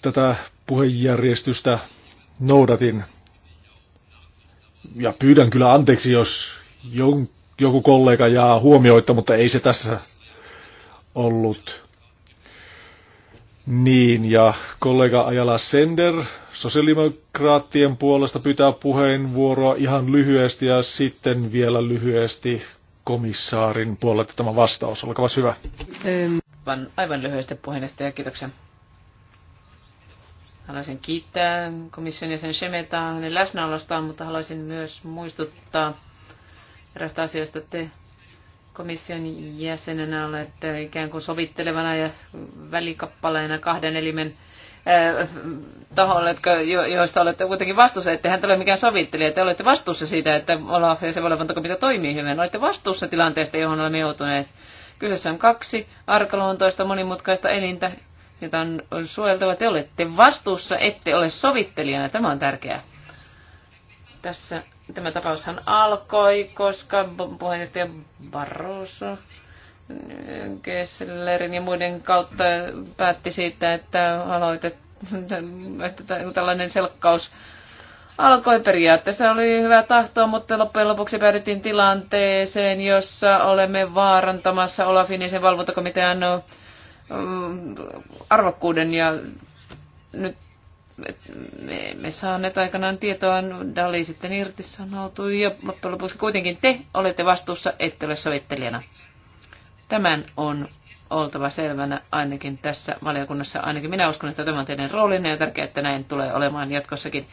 tätä puhejärjestystä noudatin. Ja pyydän kyllä anteeksi, jos jon, joku kollega jää huomioitta, mutta ei se tässä ollut. Niin, ja kollega Ajala Sender sosiaalidemokraattien puolesta pyytää puheenvuoroa ihan lyhyesti ja sitten vielä lyhyesti komissaarin puolelta tämä vastaus. Olkaa hyvä. Aivan, aivan lyhyesti puheenjohtaja, kiitoksia. Haluaisin kiittää komission jäsen Shemeta hänen läsnäolostaan, mutta haluaisin myös muistuttaa erästä asiasta. Te komission jäsenenä olette ikään kuin sovittelevana ja välikappaleena kahden elimen Äh, taholle, jotka, joista olette kuitenkin vastuussa, että hän ole mikään sovittelija. Te olette vastuussa siitä, että Olaf ja se valvontakomitea toimii hyvin. Olette vastuussa tilanteesta, johon olemme joutuneet. Kyseessä on kaksi arkaluontoista monimutkaista elintä, jota on suojeltava. Te olette vastuussa, ette ole sovittelijana. Tämä on tärkeää. Tässä tämä tapaushan alkoi, koska puheenjohtaja Barroso Kesslerin ja muiden kautta päätti siitä, että aloitet, että tällainen selkkaus alkoi periaatteessa. Oli hyvä tahto, mutta loppujen lopuksi päädyttiin tilanteeseen, jossa olemme vaarantamassa Olafin sen valvontakomitean arvokkuuden ja nyt me emme saaneet aikanaan tietoa, Dali sitten irtisanoutui ja loppujen lopuksi kuitenkin te olette vastuussa, ette ole sovittelijana. Tämän on oltava selvänä ainakin tässä valiokunnassa. Ainakin minä uskon, että tämä on teidän roolinne ja tärkeää, että näin tulee olemaan jatkossakin.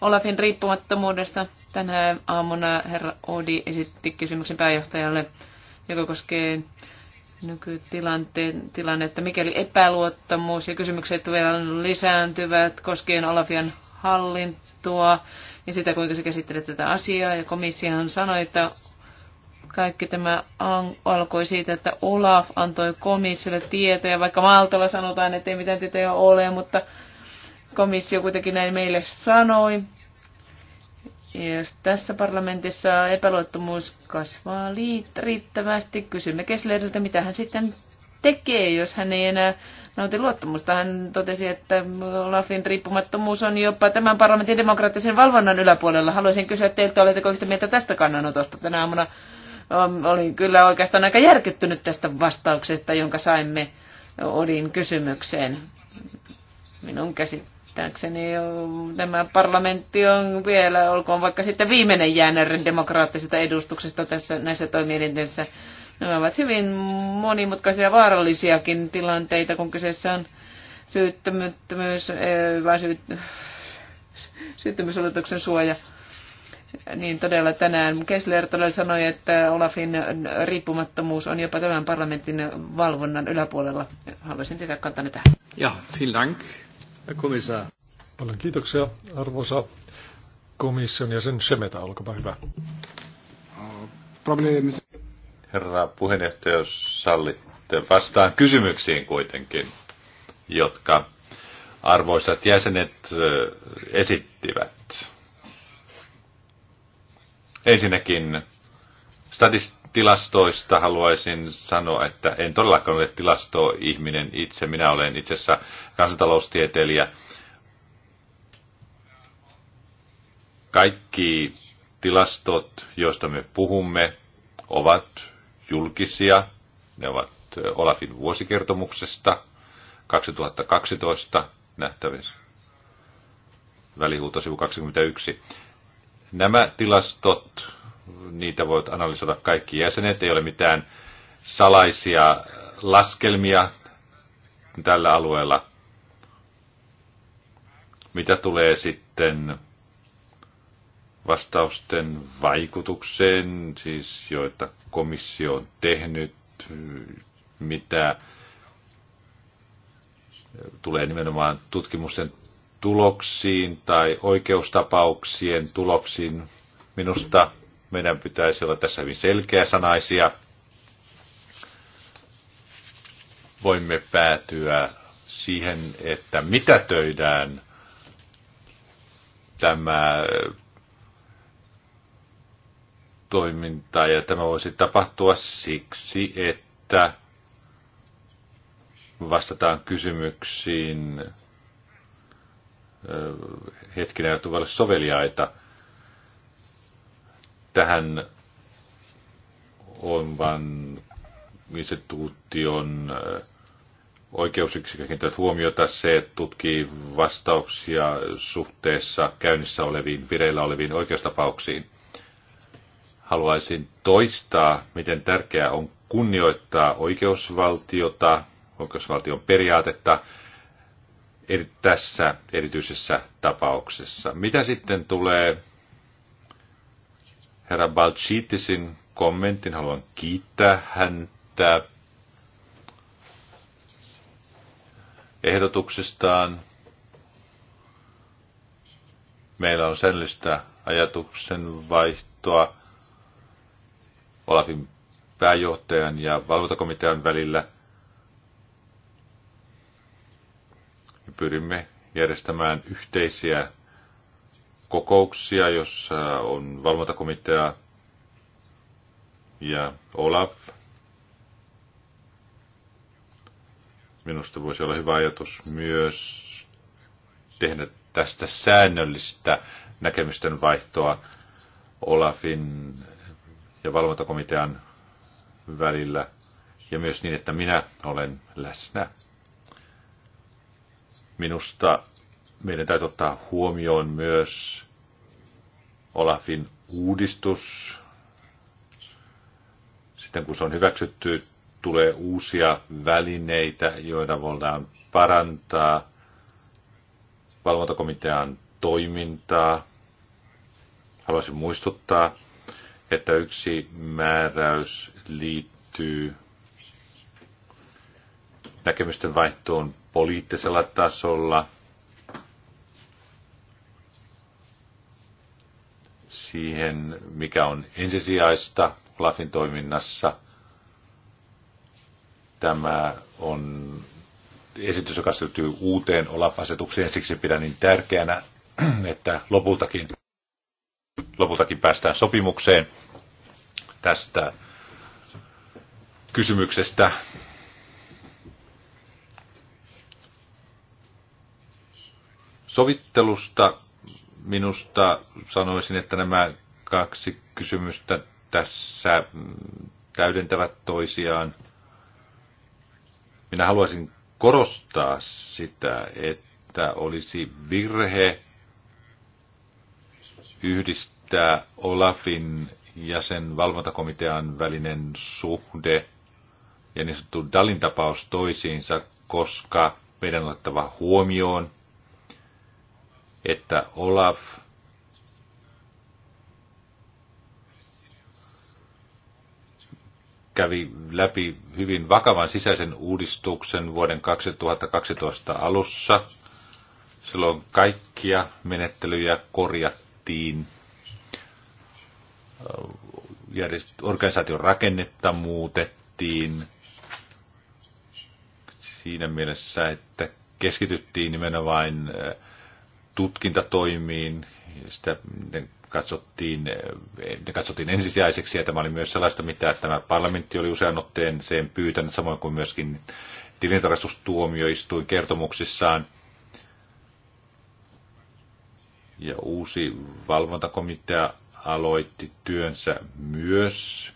Olafin riippumattomuudesta tänään aamuna herra Odi esitti kysymyksen pääjohtajalle, joka koskee nykytilannetta, mikäli epäluottamus ja kysymykset vielä lisääntyvät koskien Olafian hallintoa ja sitä, kuinka se käsittelee tätä asiaa. Ja komissiohan sanoi, että kaikki tämä alkoi siitä, että Olaf antoi komissiolle tietoja, vaikka Maltalla sanotaan, että ei mitään tietoja ole, mutta komissio kuitenkin näin meille sanoi. Ja jos tässä parlamentissa epäluottamus kasvaa riittävästi, kysymme Kessleriltä, mitä hän sitten tekee, jos hän ei enää nauti luottamusta. Hän totesi, että Olafin riippumattomuus on jopa tämän parlamentin demokraattisen valvonnan yläpuolella. Haluaisin kysyä teiltä, oletteko yhtä mieltä tästä kannanotosta tänä aamuna? Olin kyllä oikeastaan aika järkyttynyt tästä vastauksesta, jonka saimme Odin kysymykseen. Minun käsittääkseni tämä parlamentti on vielä, olkoon vaikka sitten viimeinen jäänärin demokraattisesta edustuksesta tässä näissä toimielinteissä. Nämä ovat hyvin monimutkaisia ja vaarallisiakin tilanteita, kun kyseessä on syyttömyys, eh, vai syyt, syyttömyysolotuksen suoja niin todella tänään Kessler todella sanoi, että Olafin riippumattomuus on jopa tämän parlamentin valvonnan yläpuolella. Haluaisin tietää kantanne tähän. Ja, vielen dank, komissaar. Paljon kiitoksia, arvoisa komission jäsen Semeta, olkaa hyvä. Herra puheenjohtaja, jos sallitte, vastaan kysymyksiin kuitenkin, jotka arvoisat jäsenet eh, esittivät Ensinnäkin statistilastoista haluaisin sanoa, että en todellakaan ole tilastoihminen itse. Minä olen itse asiassa kansantaloustieteilijä. Kaikki tilastot, joista me puhumme, ovat julkisia. Ne ovat Olafin vuosikertomuksesta 2012 nähtävissä. Välihuuto sivu 21. Nämä tilastot, niitä voit analysoida kaikki jäsenet, ei ole mitään salaisia laskelmia tällä alueella. Mitä tulee sitten vastausten vaikutukseen, siis joita komissio on tehnyt, mitä tulee nimenomaan tutkimusten tuloksiin tai oikeustapauksien tuloksiin. Minusta meidän pitäisi olla tässä hyvin selkeäsanaisia. Voimme päätyä siihen, että mitä töidään tämä toiminta ja tämä voisi tapahtua siksi, että vastataan kysymyksiin hetkinen joutuu olla soveliaita. Tähän on vain instituution oikeusyksikökin kiinnittävät huomiota. Se tutkii vastauksia suhteessa käynnissä oleviin, vireillä oleviin oikeustapauksiin. Haluaisin toistaa, miten tärkeää on kunnioittaa oikeusvaltiota, oikeusvaltion periaatetta, eri, tässä erityisessä tapauksessa. Mitä sitten tulee herra Balchitisin kommentin, haluan kiittää häntä ehdotuksistaan. Meillä on säännöllistä ajatuksen vaihtoa Olafin pääjohtajan ja valvontakomitean välillä – pyrimme järjestämään yhteisiä kokouksia, jossa on valvontakomitea ja Olaf. Minusta voisi olla hyvä ajatus myös tehdä tästä säännöllistä näkemysten vaihtoa Olafin ja valvontakomitean välillä ja myös niin, että minä olen läsnä Minusta meidän täytyy ottaa huomioon myös Olafin uudistus. Sitten kun se on hyväksytty, tulee uusia välineitä, joita voidaan parantaa valvontakomitean toimintaa. Haluaisin muistuttaa, että yksi määräys liittyy näkemysten vaihtoon poliittisella tasolla. siihen, mikä on ensisijaista Lafin toiminnassa. Tämä on esitys, joka syntyy uuteen Olaf-asetukseen. Siksi pidän niin tärkeänä, että lopultakin, lopultakin päästään sopimukseen tästä kysymyksestä Sovittelusta minusta sanoisin, että nämä kaksi kysymystä tässä täydentävät toisiaan. Minä haluaisin korostaa sitä, että olisi virhe yhdistää Olafin ja sen valvontakomitean välinen suhde ja niin sanottu Dalin tapaus toisiinsa, koska meidän on otettava huomioon että Olaf kävi läpi hyvin vakavan sisäisen uudistuksen vuoden 2012 alussa. Silloin kaikkia menettelyjä korjattiin, organisaation rakennetta muutettiin siinä mielessä, että keskityttiin nimenomaan äh, tutkintatoimiin. Sitä ne katsottiin, ne katsottiin ensisijaiseksi ja tämä oli myös sellaista, mitä tämä parlamentti oli usean otteen sen pyytänyt, samoin kuin myöskin tilintarkastustuomioistuin kertomuksissaan. Ja uusi valvontakomitea aloitti työnsä myös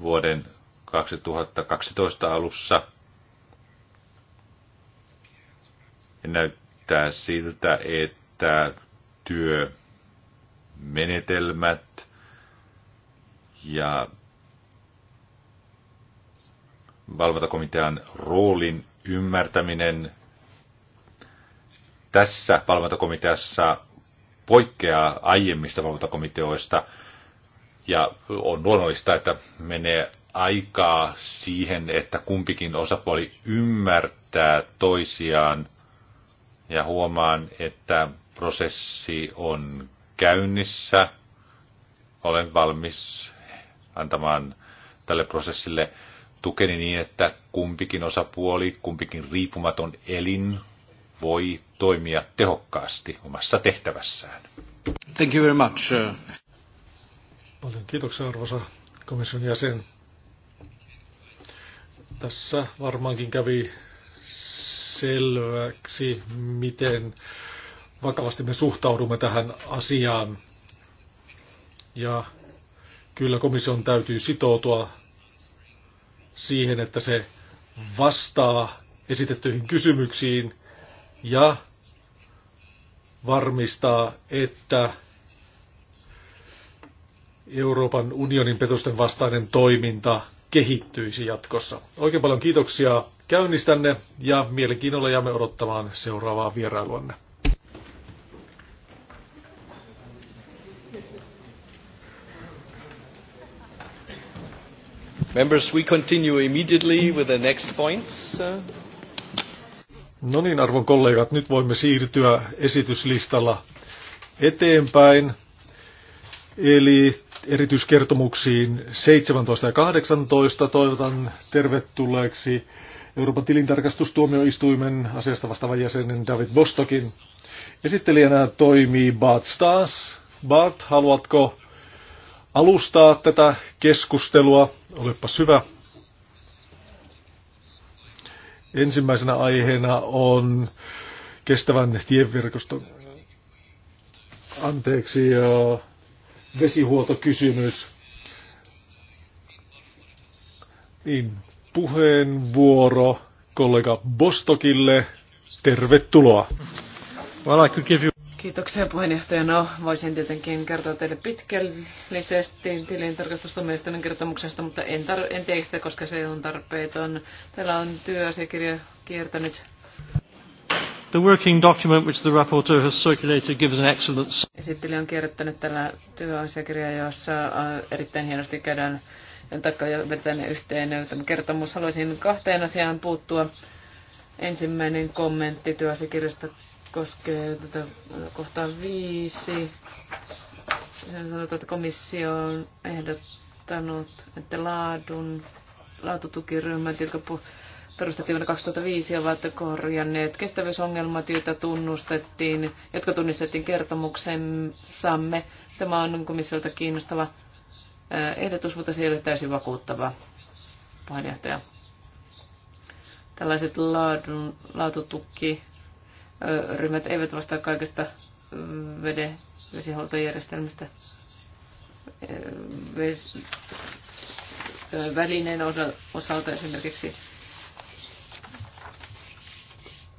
vuoden 2012 alussa. Ja näyt, näyttää siltä, että työmenetelmät ja valvontakomitean roolin ymmärtäminen tässä valvontakomiteassa poikkeaa aiemmista valvontakomiteoista ja on luonnollista, että menee aikaa siihen, että kumpikin osapuoli ymmärtää toisiaan ja huomaan, että prosessi on käynnissä. Olen valmis antamaan tälle prosessille tukeni niin, että kumpikin osapuoli, kumpikin riippumaton elin voi toimia tehokkaasti omassa tehtävässään. Thank you very much. Uh, Paljon kiitoksia arvoisa komission jäsen. Tässä varmaankin kävi selväksi, miten vakavasti me suhtaudumme tähän asiaan. Ja kyllä komission täytyy sitoutua siihen, että se vastaa esitettyihin kysymyksiin ja varmistaa, että Euroopan unionin petosten vastainen toiminta kehittyisi jatkossa. Oikein paljon kiitoksia käynnistänne ja mielenkiinnolla jäämme odottamaan seuraavaa vierailuanne. Members, we continue immediately with the next points. No niin, arvon kollegat, nyt voimme siirtyä esityslistalla eteenpäin. Eli erityiskertomuksiin 17 ja 18. Toivotan tervetulleeksi Euroopan tilintarkastustuomioistuimen asiasta vastaavan jäsenen David Bostokin. Esittelijänä toimii Bart Stas. Bart, haluatko alustaa tätä keskustelua? Olepa hyvä. Ensimmäisenä aiheena on kestävän tieverkoston... Anteeksi, joo vesihuoltokysymys. Niin, puheenvuoro kollega Bostokille. Tervetuloa. Kiitoksia puheenjohtaja. No, voisin tietenkin kertoa teille pitkällisesti tilintarkastustuomioistuimen kertomuksesta, mutta en, tar- en tee sitä, koska se on tarpeeton. Täällä on työasiakirja kiertänyt The working document which the rapporteur has circulated gives an excellent... Esittely on kierrättänyt tällä työasiakirjaa, jossa äh, erittäin hienosti käydään takaa ja vetään yhteen äh, tämä kertomus. Haluaisin kahteen asiaan puuttua. Ensimmäinen kommentti työasiakirjasta koskee tätä äh, kohtaa viisi. Sen sanotaan, että komissio on ehdottanut, että laadun, laatutukiryhmät, jotka pu- perustettiin vuonna 2005 ovat korjanneet kestävyysongelmat, joita tunnustettiin, jotka tunnistettiin kertomuksemme. Tämä on komissiolta kiinnostava eh, ehdotus, mutta se ei ole täysin vakuuttava puheenjohtaja. Tällaiset laadun, laatutukkiryhmät eh, eivät vastaa kaikesta eh, veden vesihuoltojärjestelmästä välineen osalta esimerkiksi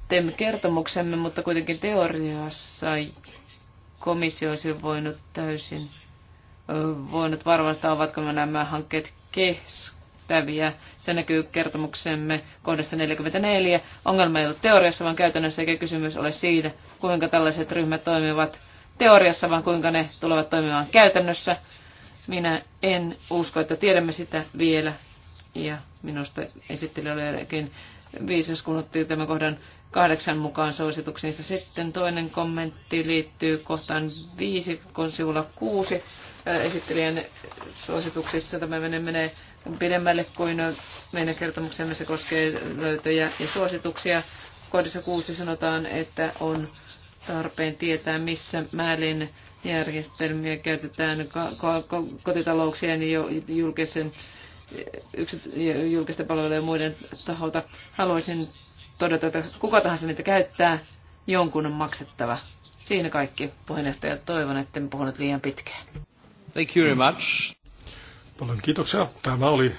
teemme kertomuksemme, mutta kuitenkin teoriassa komissio olisi voinut täysin voinut varmistaa, ovatko nämä hankkeet kestäviä. Se näkyy kertomuksemme kohdassa 44. Ongelma ei ole teoriassa, vaan käytännössä eikä kysymys ole siitä, kuinka tällaiset ryhmät toimivat teoriassa, vaan kuinka ne tulevat toimimaan käytännössä. Minä en usko, että tiedämme sitä vielä. Ja minusta esittely jotenkin viisas, kun otti tämän kohdan kahdeksan mukaan suosituksiinsa. Sitten toinen kommentti liittyy kohtaan viisi, kun sivulla kuusi äh, esittelijän suosituksissa. Tämä menee, menee pidemmälle kuin meidän kertomuksemme. Se koskee löytöjä ja suosituksia. Kohdassa kuusi sanotaan, että on tarpeen tietää, missä määrin järjestelmiä käytetään kotitalouksien ja julkisen julkisten palvelujen ja muiden taholta. Haluaisin todeta, että kuka tahansa niitä käyttää, jonkun on maksettava. Siinä kaikki, puheenjohtaja. Toivon, että en puhunut liian pitkään. Thank you very much. Paljon kiitoksia. Tämä oli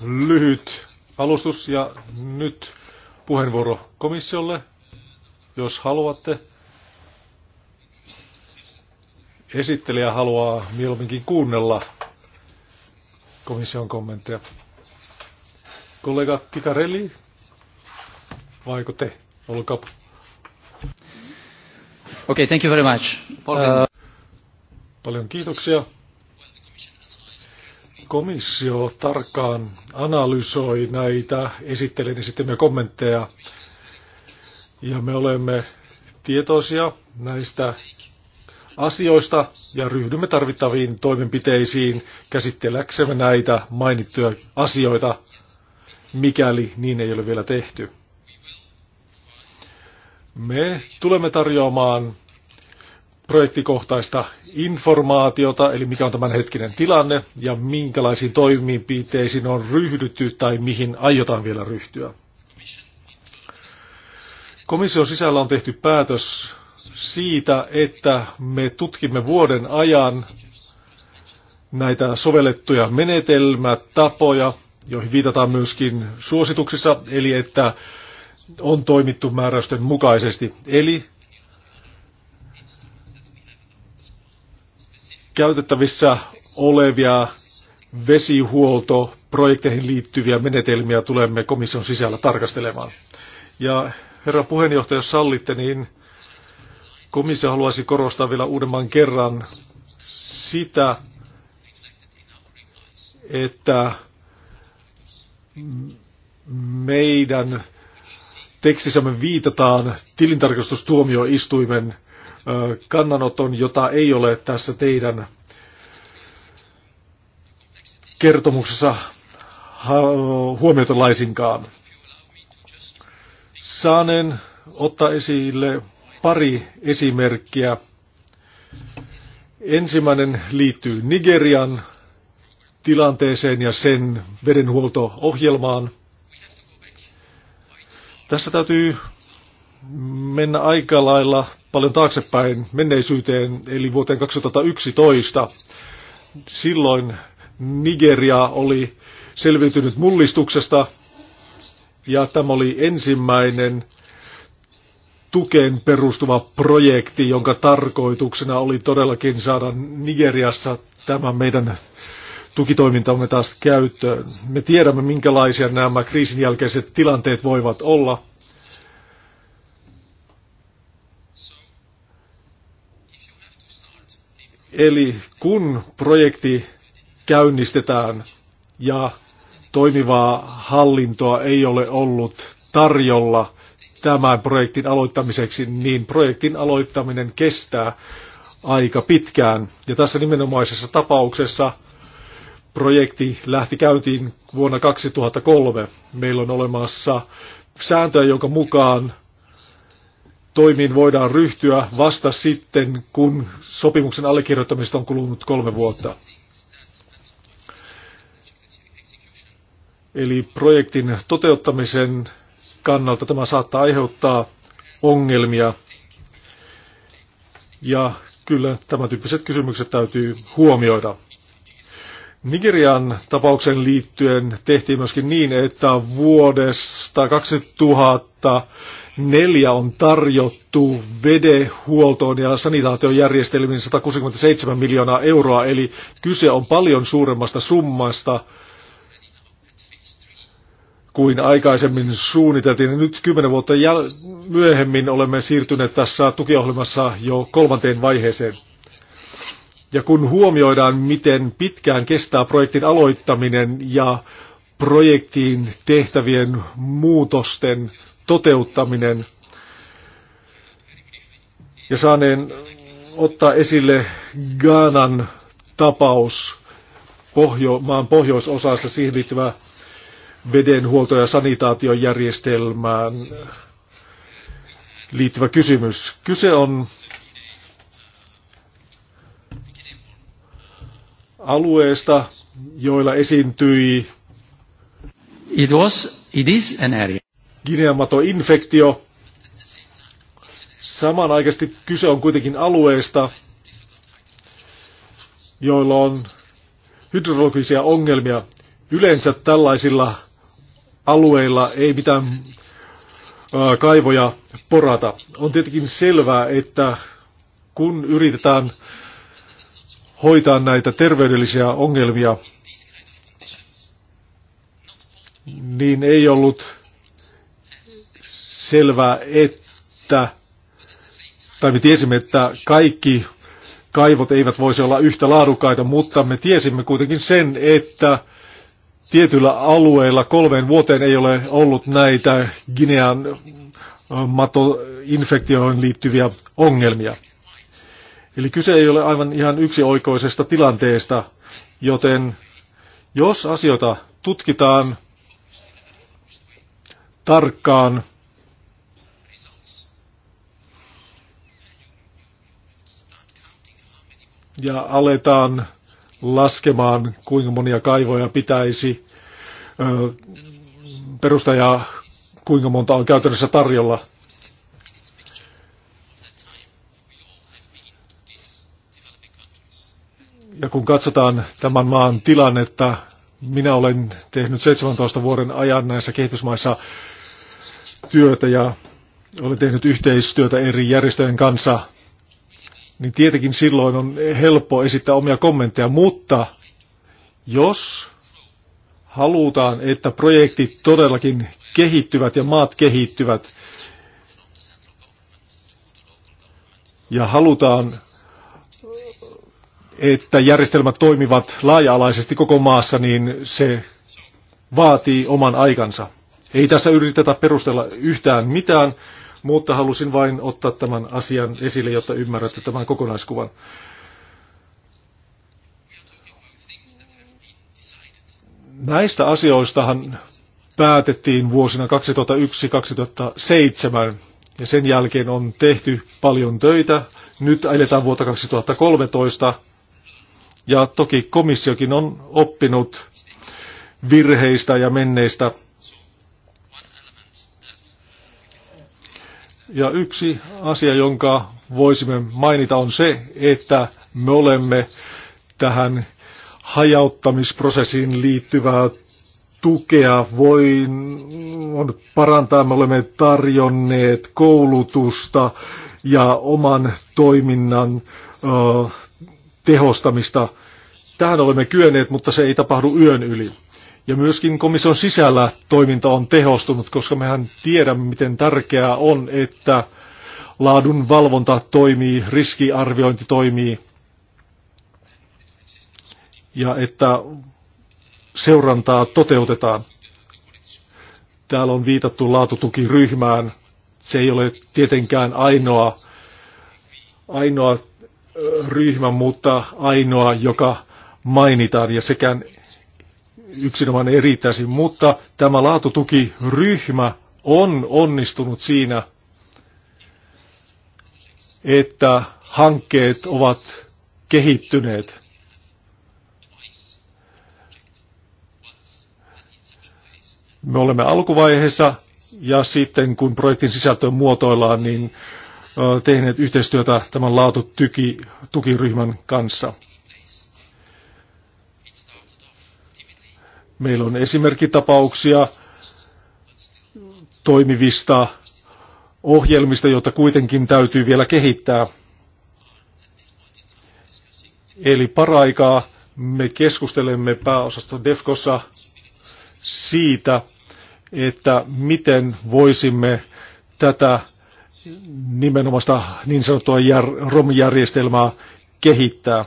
lyhyt alustus ja nyt puheenvuoro komissiolle, jos haluatte. Esittelijä haluaa mieluumminkin kuunnella komission kommentteja. Kollega Kikarelli, vaiko te? Olkaa. Okay, thank you very much. Uh... Paljon kiitoksia. Komissio tarkkaan analysoi näitä esittelen esittämiä kommentteja ja me olemme tietoisia näistä asioista ja ryhdymme tarvittaviin toimenpiteisiin käsitteläksemme näitä mainittuja asioita, mikäli niin ei ole vielä tehty. Me tulemme tarjoamaan projektikohtaista informaatiota, eli mikä on tämänhetkinen tilanne ja minkälaisiin toimenpiteisiin on ryhdytty tai mihin aiotaan vielä ryhtyä. Komission sisällä on tehty päätös siitä, että me tutkimme vuoden ajan näitä sovellettuja menetelmätapoja, joihin viitataan myöskin suosituksissa, eli että on toimittu määräysten mukaisesti. Eli käytettävissä olevia vesihuoltoprojekteihin liittyviä menetelmiä tulemme komission sisällä tarkastelemaan. Ja herra puheenjohtaja, jos sallitte, niin Komissio haluaisi korostaa vielä uudemman kerran sitä, että meidän tekstissämme viitataan tilintarkastustuomioistuimen kannanoton, jota ei ole tässä teidän kertomuksessa huomiota laisinkaan. Saanen ottaa esille pari esimerkkiä. Ensimmäinen liittyy Nigerian tilanteeseen ja sen vedenhuolto-ohjelmaan. Tässä täytyy mennä aika lailla paljon taaksepäin menneisyyteen, eli vuoteen 2011. Silloin Nigeria oli selviytynyt mullistuksesta, ja tämä oli ensimmäinen tukeen perustuva projekti, jonka tarkoituksena oli todellakin saada Nigeriassa tämä meidän tukitoimintamme taas käyttöön. Me tiedämme, minkälaisia nämä kriisin jälkeiset tilanteet voivat olla. Eli kun projekti käynnistetään ja toimivaa hallintoa ei ole ollut tarjolla, tämän projektin aloittamiseksi, niin projektin aloittaminen kestää aika pitkään. Ja tässä nimenomaisessa tapauksessa projekti lähti käyntiin vuonna 2003. Meillä on olemassa sääntöjä, jonka mukaan toimiin voidaan ryhtyä vasta sitten, kun sopimuksen allekirjoittamista on kulunut kolme vuotta. Eli projektin toteuttamisen kannalta tämä saattaa aiheuttaa ongelmia. Ja kyllä tämän tyyppiset kysymykset täytyy huomioida. Nigerian tapauksen liittyen tehtiin myöskin niin, että vuodesta 2004 on tarjottu vedehuoltoon ja sanitaatiojärjestelmiin 167 miljoonaa euroa, eli kyse on paljon suuremmasta summasta – kuin aikaisemmin suunniteltiin. Nyt kymmenen vuotta jäl- myöhemmin olemme siirtyneet tässä tukiohjelmassa jo kolmanteen vaiheeseen. Ja kun huomioidaan, miten pitkään kestää projektin aloittaminen ja projektiin tehtävien muutosten toteuttaminen, ja saaneen ottaa esille Gaanan tapaus Pohjo- maan pohjoisosassa siihen liittyvä vedenhuolto- ja sanitaatiojärjestelmään liittyvä kysymys. Kyse on alueesta, joilla esiintyi It was, it is an area. Gineamato-infektio. Samanaikaisesti kyse on kuitenkin alueesta, joilla on hydrologisia ongelmia. Yleensä tällaisilla alueilla ei mitään kaivoja porata. On tietenkin selvää, että kun yritetään hoitaa näitä terveydellisiä ongelmia, niin ei ollut selvää, että, tai me tiesimme, että kaikki kaivot eivät voisi olla yhtä laadukkaita, mutta me tiesimme kuitenkin sen, että tietyillä alueilla kolmeen vuoteen ei ole ollut näitä Ginean matoinfektioihin liittyviä ongelmia. Eli kyse ei ole aivan ihan yksioikoisesta tilanteesta, joten jos asioita tutkitaan tarkkaan, ja aletaan laskemaan, kuinka monia kaivoja pitäisi perustaa ja kuinka monta on käytännössä tarjolla. Ja kun katsotaan tämän maan tilannetta, minä olen tehnyt 17 vuoden ajan näissä kehitysmaissa työtä ja olen tehnyt yhteistyötä eri järjestöjen kanssa – niin tietenkin silloin on helppo esittää omia kommentteja, mutta jos halutaan, että projektit todellakin kehittyvät ja maat kehittyvät, ja halutaan, että järjestelmät toimivat laaja-alaisesti koko maassa, niin se vaatii oman aikansa. Ei tässä yritetä perustella yhtään mitään, mutta halusin vain ottaa tämän asian esille, jotta ymmärrätte tämän kokonaiskuvan. Näistä asioistahan päätettiin vuosina 2001-2007 ja sen jälkeen on tehty paljon töitä. Nyt eletään vuotta 2013 ja toki komissiokin on oppinut virheistä ja menneistä Ja yksi asia, jonka voisimme mainita, on se, että me olemme tähän hajauttamisprosessiin liittyvää tukea voin on parantaa. Me olemme tarjonneet koulutusta ja oman toiminnan ö, tehostamista. Tähän olemme kyenneet, mutta se ei tapahdu yön yli. Ja myöskin komission sisällä toiminta on tehostunut, koska mehän tiedämme, miten tärkeää on, että laadun valvonta toimii, riskiarviointi toimii ja että seurantaa toteutetaan. Täällä on viitattu laatutukiryhmään. Se ei ole tietenkään ainoa, ainoa ryhmä, mutta ainoa, joka mainitaan ja sekään yksinomaan ei riittäisi, mutta tämä laatutukiryhmä on onnistunut siinä, että hankkeet ovat kehittyneet. Me olemme alkuvaiheessa ja sitten kun projektin sisältö muotoillaan, niin tehneet yhteistyötä tämän laatutukiryhmän kanssa. Meillä on esimerkkitapauksia toimivista ohjelmista, joita kuitenkin täytyy vielä kehittää. Eli paraikaa me keskustelemme pääosasto DEFKossa siitä, että miten voisimme tätä nimenomaista niin sanottua ROM-järjestelmää kehittää.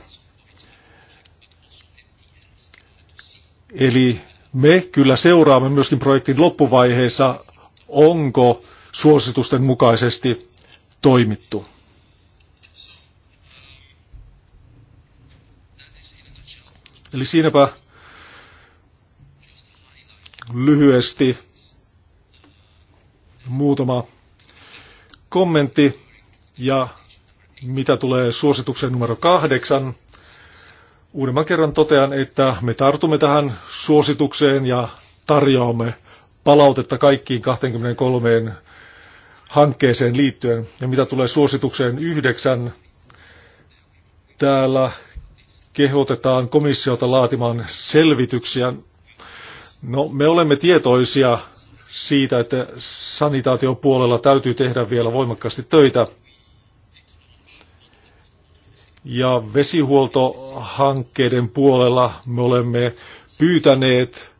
Eli me kyllä seuraamme myöskin projektin loppuvaiheessa, onko suositusten mukaisesti toimittu. Eli siinäpä lyhyesti muutama kommentti ja mitä tulee suosituksen numero kahdeksan, Uudemman kerran totean, että me tartumme tähän suositukseen ja tarjoamme palautetta kaikkiin 23 hankkeeseen liittyen. Ja mitä tulee suositukseen yhdeksän, täällä kehotetaan komissiota laatimaan selvityksiä. No, me olemme tietoisia siitä, että sanitaatiopuolella täytyy tehdä vielä voimakkaasti töitä. Ja vesihuoltohankkeiden puolella me olemme pyytäneet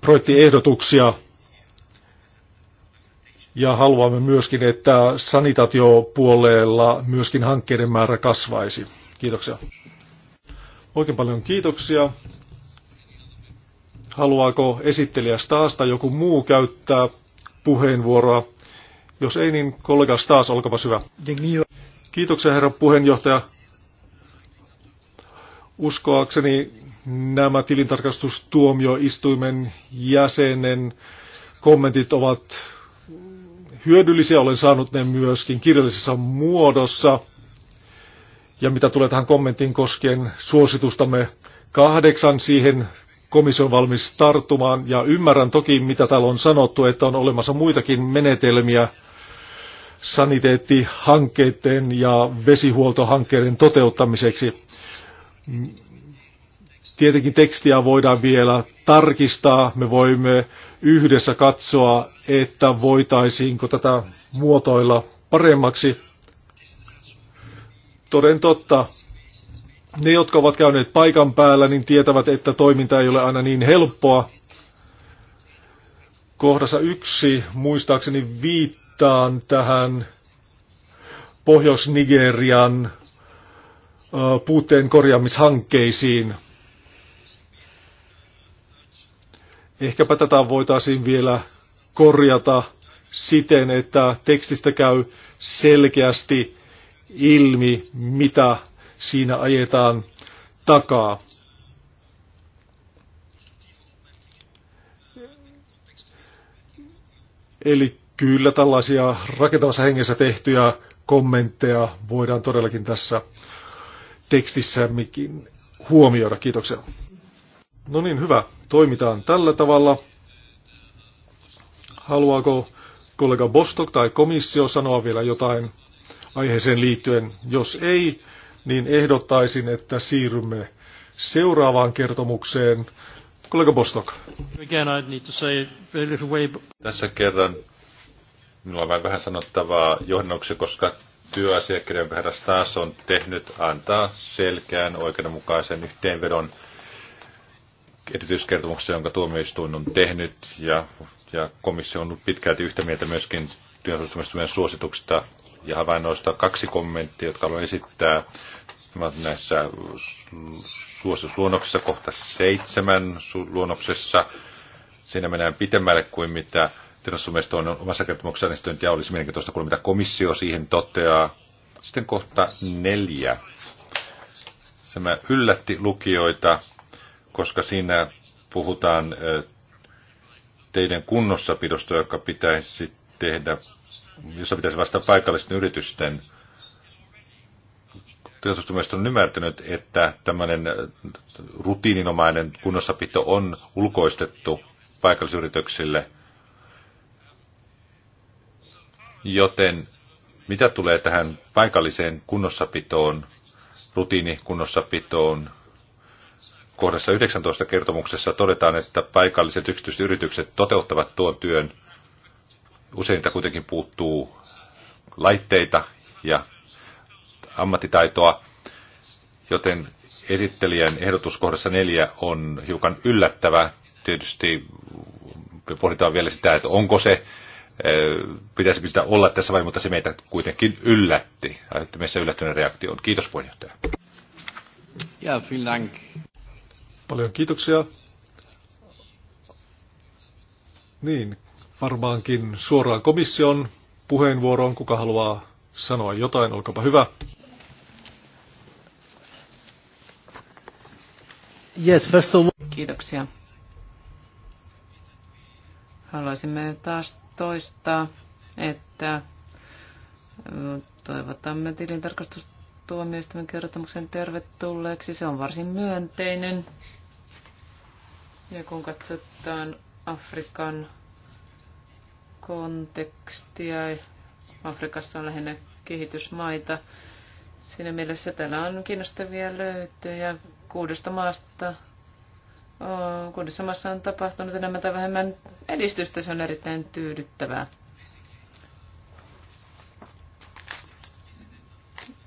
projektiehdotuksia ja haluamme myöskin, että sanitaatiopuolella myöskin hankkeiden määrä kasvaisi. Kiitoksia. Oikein paljon kiitoksia. Haluaako esittelijä Staasta joku muu käyttää puheenvuoroa? Jos ei, niin kollega taas, olkapa hyvä. Kiitoksia herra puheenjohtaja. Uskoakseni nämä tilintarkastustuomioistuimen jäsenen kommentit ovat hyödyllisiä. Olen saanut ne myöskin kirjallisessa muodossa. Ja mitä tulee tähän kommenttiin koskien suositustamme kahdeksan, siihen komission valmis tarttumaan. Ja ymmärrän toki, mitä täällä on sanottu, että on olemassa muitakin menetelmiä, saniteettihankkeiden ja vesihuoltohankkeiden toteuttamiseksi. Tietenkin tekstiä voidaan vielä tarkistaa. Me voimme yhdessä katsoa, että voitaisiinko tätä muotoilla paremmaksi. Toden totta, ne, jotka ovat käyneet paikan päällä, niin tietävät, että toiminta ei ole aina niin helppoa. Kohdassa yksi muistaakseni viittaa viittaan tähän Pohjois-Nigerian puutteen korjaamishankkeisiin. Ehkäpä tätä voitaisiin vielä korjata siten, että tekstistä käy selkeästi ilmi, mitä siinä ajetaan takaa. Eli Kyllä tällaisia rakentavassa hengessä tehtyjä kommentteja voidaan todellakin tässä tekstissämmekin huomioida. Kiitoksia. No niin, hyvä. Toimitaan tällä tavalla. Haluaako kollega Bostock tai komissio sanoa vielä jotain aiheeseen liittyen? Jos ei, niin ehdottaisin, että siirrymme seuraavaan kertomukseen. Kollega Bostock. Again, I'd need to say a little way... Tässä kerran Minulla on vain vähän sanottavaa johdannuksia, koska työasiakirjan herra taas on tehnyt antaa selkeän oikeudenmukaisen yhteenvedon erityiskertomuksesta, jonka tuomioistuin on tehnyt, ja, ja komissio on ollut pitkälti yhtä mieltä myöskin työsuojelustumisen suosituksista ja havainnoista. Kaksi kommenttia, jotka haluan esittää näissä suositusluonnoksissa, kohta seitsemän luonnoksessa. Siinä mennään pitemmälle kuin mitä mielestä on omassa kertomuksessa, esittänyt, ja olisi mielenkiintoista kuulla, mitä komissio siihen toteaa. Sitten kohta neljä. Se mä yllätti lukijoita, koska siinä puhutaan teidän kunnossapidosta, joka pitäisi tehdä, jossa pitäisi vastata paikallisten yritysten. Tietoistumista on ymmärtänyt, että tämmöinen rutiininomainen kunnossapito on ulkoistettu paikallisyrityksille – Joten mitä tulee tähän paikalliseen kunnossapitoon, rutiinikunnossapitoon, kohdassa 19 kertomuksessa todetaan, että paikalliset yksityiset yritykset toteuttavat tuon työn. Useinta kuitenkin puuttuu laitteita ja ammattitaitoa, joten esittelijän ehdotus kohdassa neljä on hiukan yllättävä. Tietysti pohditaan vielä sitä, että onko se Pitäisi pitää olla tässä vai, mutta se meitä kuitenkin yllätti, aiheutti meissä yllättyneen reaktion. Kiitos puheenjohtaja. Ja, dank. Paljon kiitoksia. Niin, varmaankin suoraan komission puheenvuoroon. Kuka haluaa sanoa jotain, olkapa hyvä. Yes, first of all... Kiitoksia. Haluaisimme taas toistaa, että toivotamme tilintarkastustuomioistuimen kertomuksen tervetulleeksi. Se on varsin myönteinen. Ja kun katsotaan Afrikan kontekstia, Afrikassa on lähinnä kehitysmaita. Siinä mielessä täällä on kiinnostavia löytöjä kuudesta maasta kuudessa on tapahtunut enemmän tai vähemmän edistystä. Se on erittäin tyydyttävää.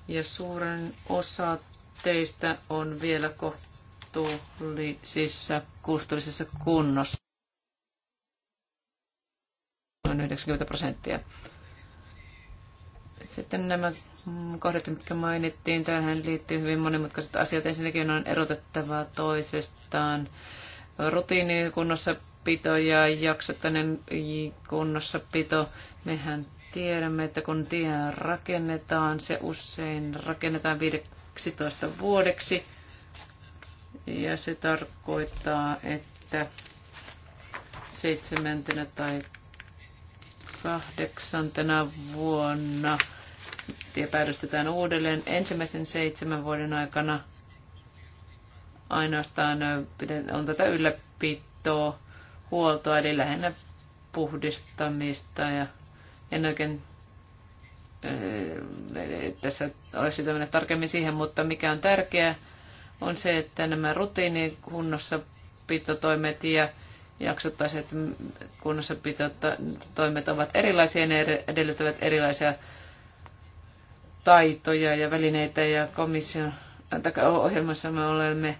Ja suuren osa teistä on vielä kohtuullisissa kulttuurisessa kunnossa. Noin 90 prosenttia. Sitten nämä kohdat, mitkä mainittiin, tähän liittyy hyvin monimutkaiset asiat. Ensinnäkin on erotettava toisestaan pito ja jaksottainen pito. Mehän tiedämme, että kun tie rakennetaan, se usein rakennetaan 15 vuodeksi. Ja se tarkoittaa, että seitsemäntenä tai kahdeksantena vuonna tie päädystetään uudelleen ensimmäisen seitsemän vuoden aikana. Ainoastaan on tätä ylläpitoa, huoltoa, eli lähinnä puhdistamista ja en oikein tässä olisi mennä tarkemmin siihen, mutta mikä on tärkeää on se, että nämä rutiinikunnossa pitotoimet ja että jaksottaiset toimet ovat erilaisia ja ne edellyttävät erilaisia taitoja ja välineitä ja komission ohjelmassa me olemme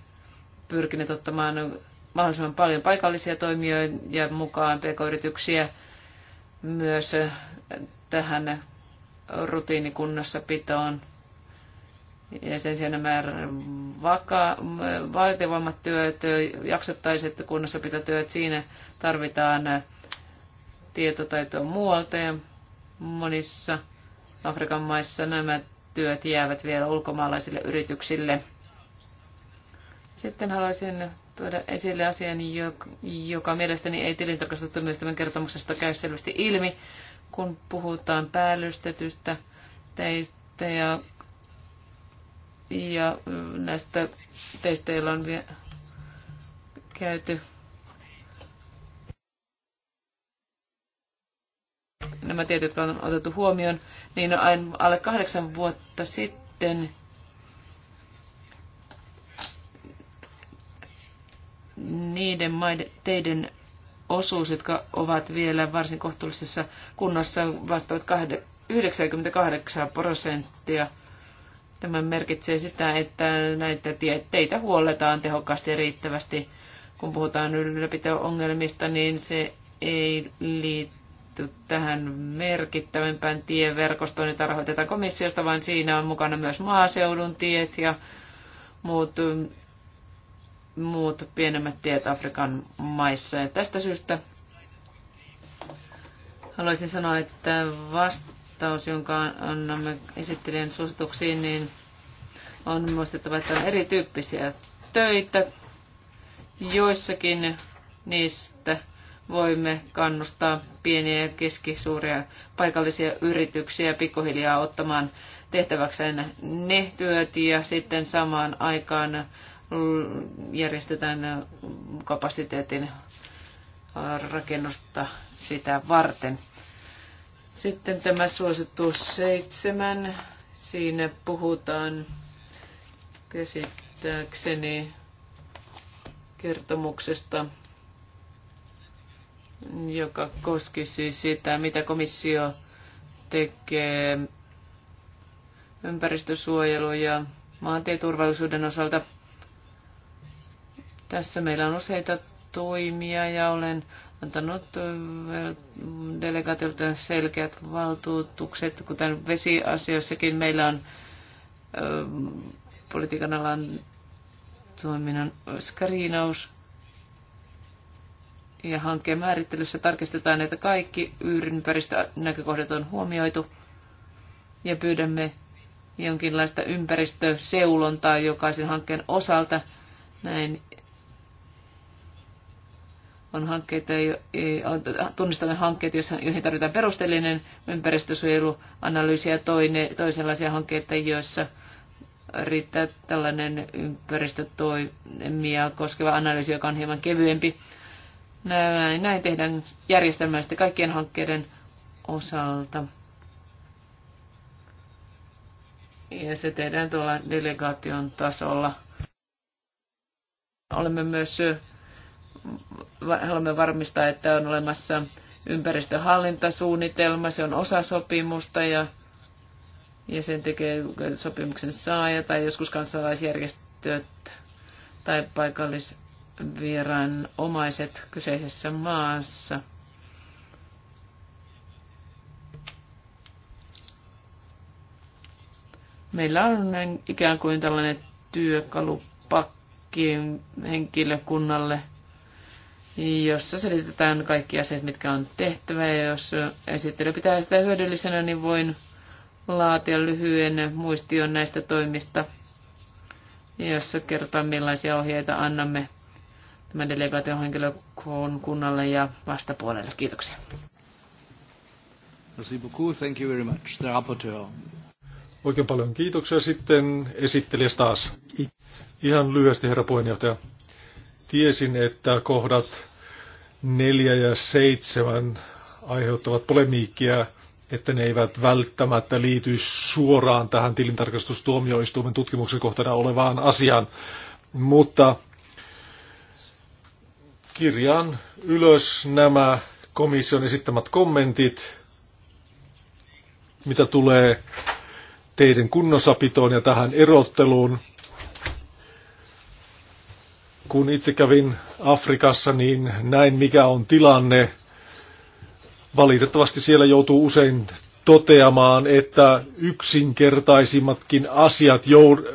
pyrkineet ottamaan mahdollisimman paljon paikallisia toimijoita ja mukaan pk-yrityksiä myös tähän rutiinikunnassa pitoon. Ja sen sijaan nämä vaka, vaativammat työt, pitää työt siinä tarvitaan tietotaitoa muualta ja monissa Afrikan maissa nämä työt jäävät vielä ulkomaalaisille yrityksille. Sitten haluaisin tuoda esille asian, joka mielestäni ei tilintarkastustuomioistuimen kertomuksesta käy selvästi ilmi, kun puhutaan päällystetystä teistä ja ja näistä testeillä on vielä käyty nämä tietyt, jotka on otettu huomioon, niin no, alle kahdeksan vuotta sitten niiden maiden, teiden osuus, jotka ovat vielä varsin kohtuullisessa kunnossa, vastaavat 98 prosenttia – Tämä merkitsee sitä, että näitä tieteitä huolletaan tehokkaasti ja riittävästi. Kun puhutaan ylläpito-ongelmista, niin se ei liitty tähän merkittävämpään tieverkostoon, jota rahoitetaan komissiosta, vaan siinä on mukana myös maaseudun tiet ja muut, muut pienemmät tiet Afrikan maissa. Ja tästä syystä haluaisin sanoa, että vast, vastaus, jonka annamme esittelijän suosituksiin, niin on muistettava, että on erityyppisiä töitä. Joissakin niistä voimme kannustaa pieniä ja keskisuuria paikallisia yrityksiä pikkuhiljaa ottamaan tehtäväkseen ne työt ja sitten samaan aikaan järjestetään kapasiteetin rakennusta sitä varten. Sitten tämä suosittu seitsemän. Siinä puhutaan käsittääkseni kertomuksesta, joka koskisi sitä, mitä komissio tekee ympäristösuojelu ja maantieturvallisuuden osalta. Tässä meillä on useita toimia ja olen antanut delegaatilta selkeät valtuutukset, kuten vesiasioissakin meillä on politiikan alan toiminnan skriinaus. Ja hankkeen määrittelyssä tarkistetaan, että kaikki ympäristönäkökohdat on huomioitu ja pyydämme jonkinlaista ympäristöseulontaa jokaisen hankkeen osalta. Näin on hankkeita, tunnistamme hankkeet, joihin tarvitaan perusteellinen ympäristösuojeluanalyysi ja toinen toisenlaisia hankkeita, joissa riittää tällainen ympäristötoimia koskeva analyysi, joka on hieman kevyempi. Näin, näin tehdään järjestelmällisesti kaikkien hankkeiden osalta. Ja se tehdään tuolla delegaation tasolla. Olemme myös haluamme varmistaa, että on olemassa ympäristöhallintasuunnitelma, se on osa sopimusta ja, ja sen tekee sopimuksen saaja tai joskus kansalaisjärjestöt tai omaiset kyseisessä maassa. Meillä on ikään kuin tällainen työkalupakki henkilökunnalle – jossa selitetään kaikki asiat, mitkä on tehtävä. Ja jos esittely pitää sitä hyödyllisenä, niin voin laatia lyhyen muistion näistä toimista, jossa kerrotaan millaisia ohjeita annamme tämän delegaation henkilökunnan kunnalle ja vastapuolelle. Kiitoksia. Merci beaucoup. Thank you very much. The rapporteur. Oikein paljon kiitoksia sitten esittelijästä taas. Ihan lyhyesti, herra puheenjohtaja. Tiesin, että kohdat 4 ja 7 aiheuttavat polemiikkiä, että ne eivät välttämättä liity suoraan tähän tilintarkastustuomioistuimen tutkimuksen kohtana olevaan asiaan, mutta kirjaan ylös nämä komission esittämät kommentit, mitä tulee teidän kunnossapitoon ja tähän erotteluun. Kun itse kävin Afrikassa, niin näin mikä on tilanne. Valitettavasti siellä joutuu usein toteamaan, että yksinkertaisimmatkin asiat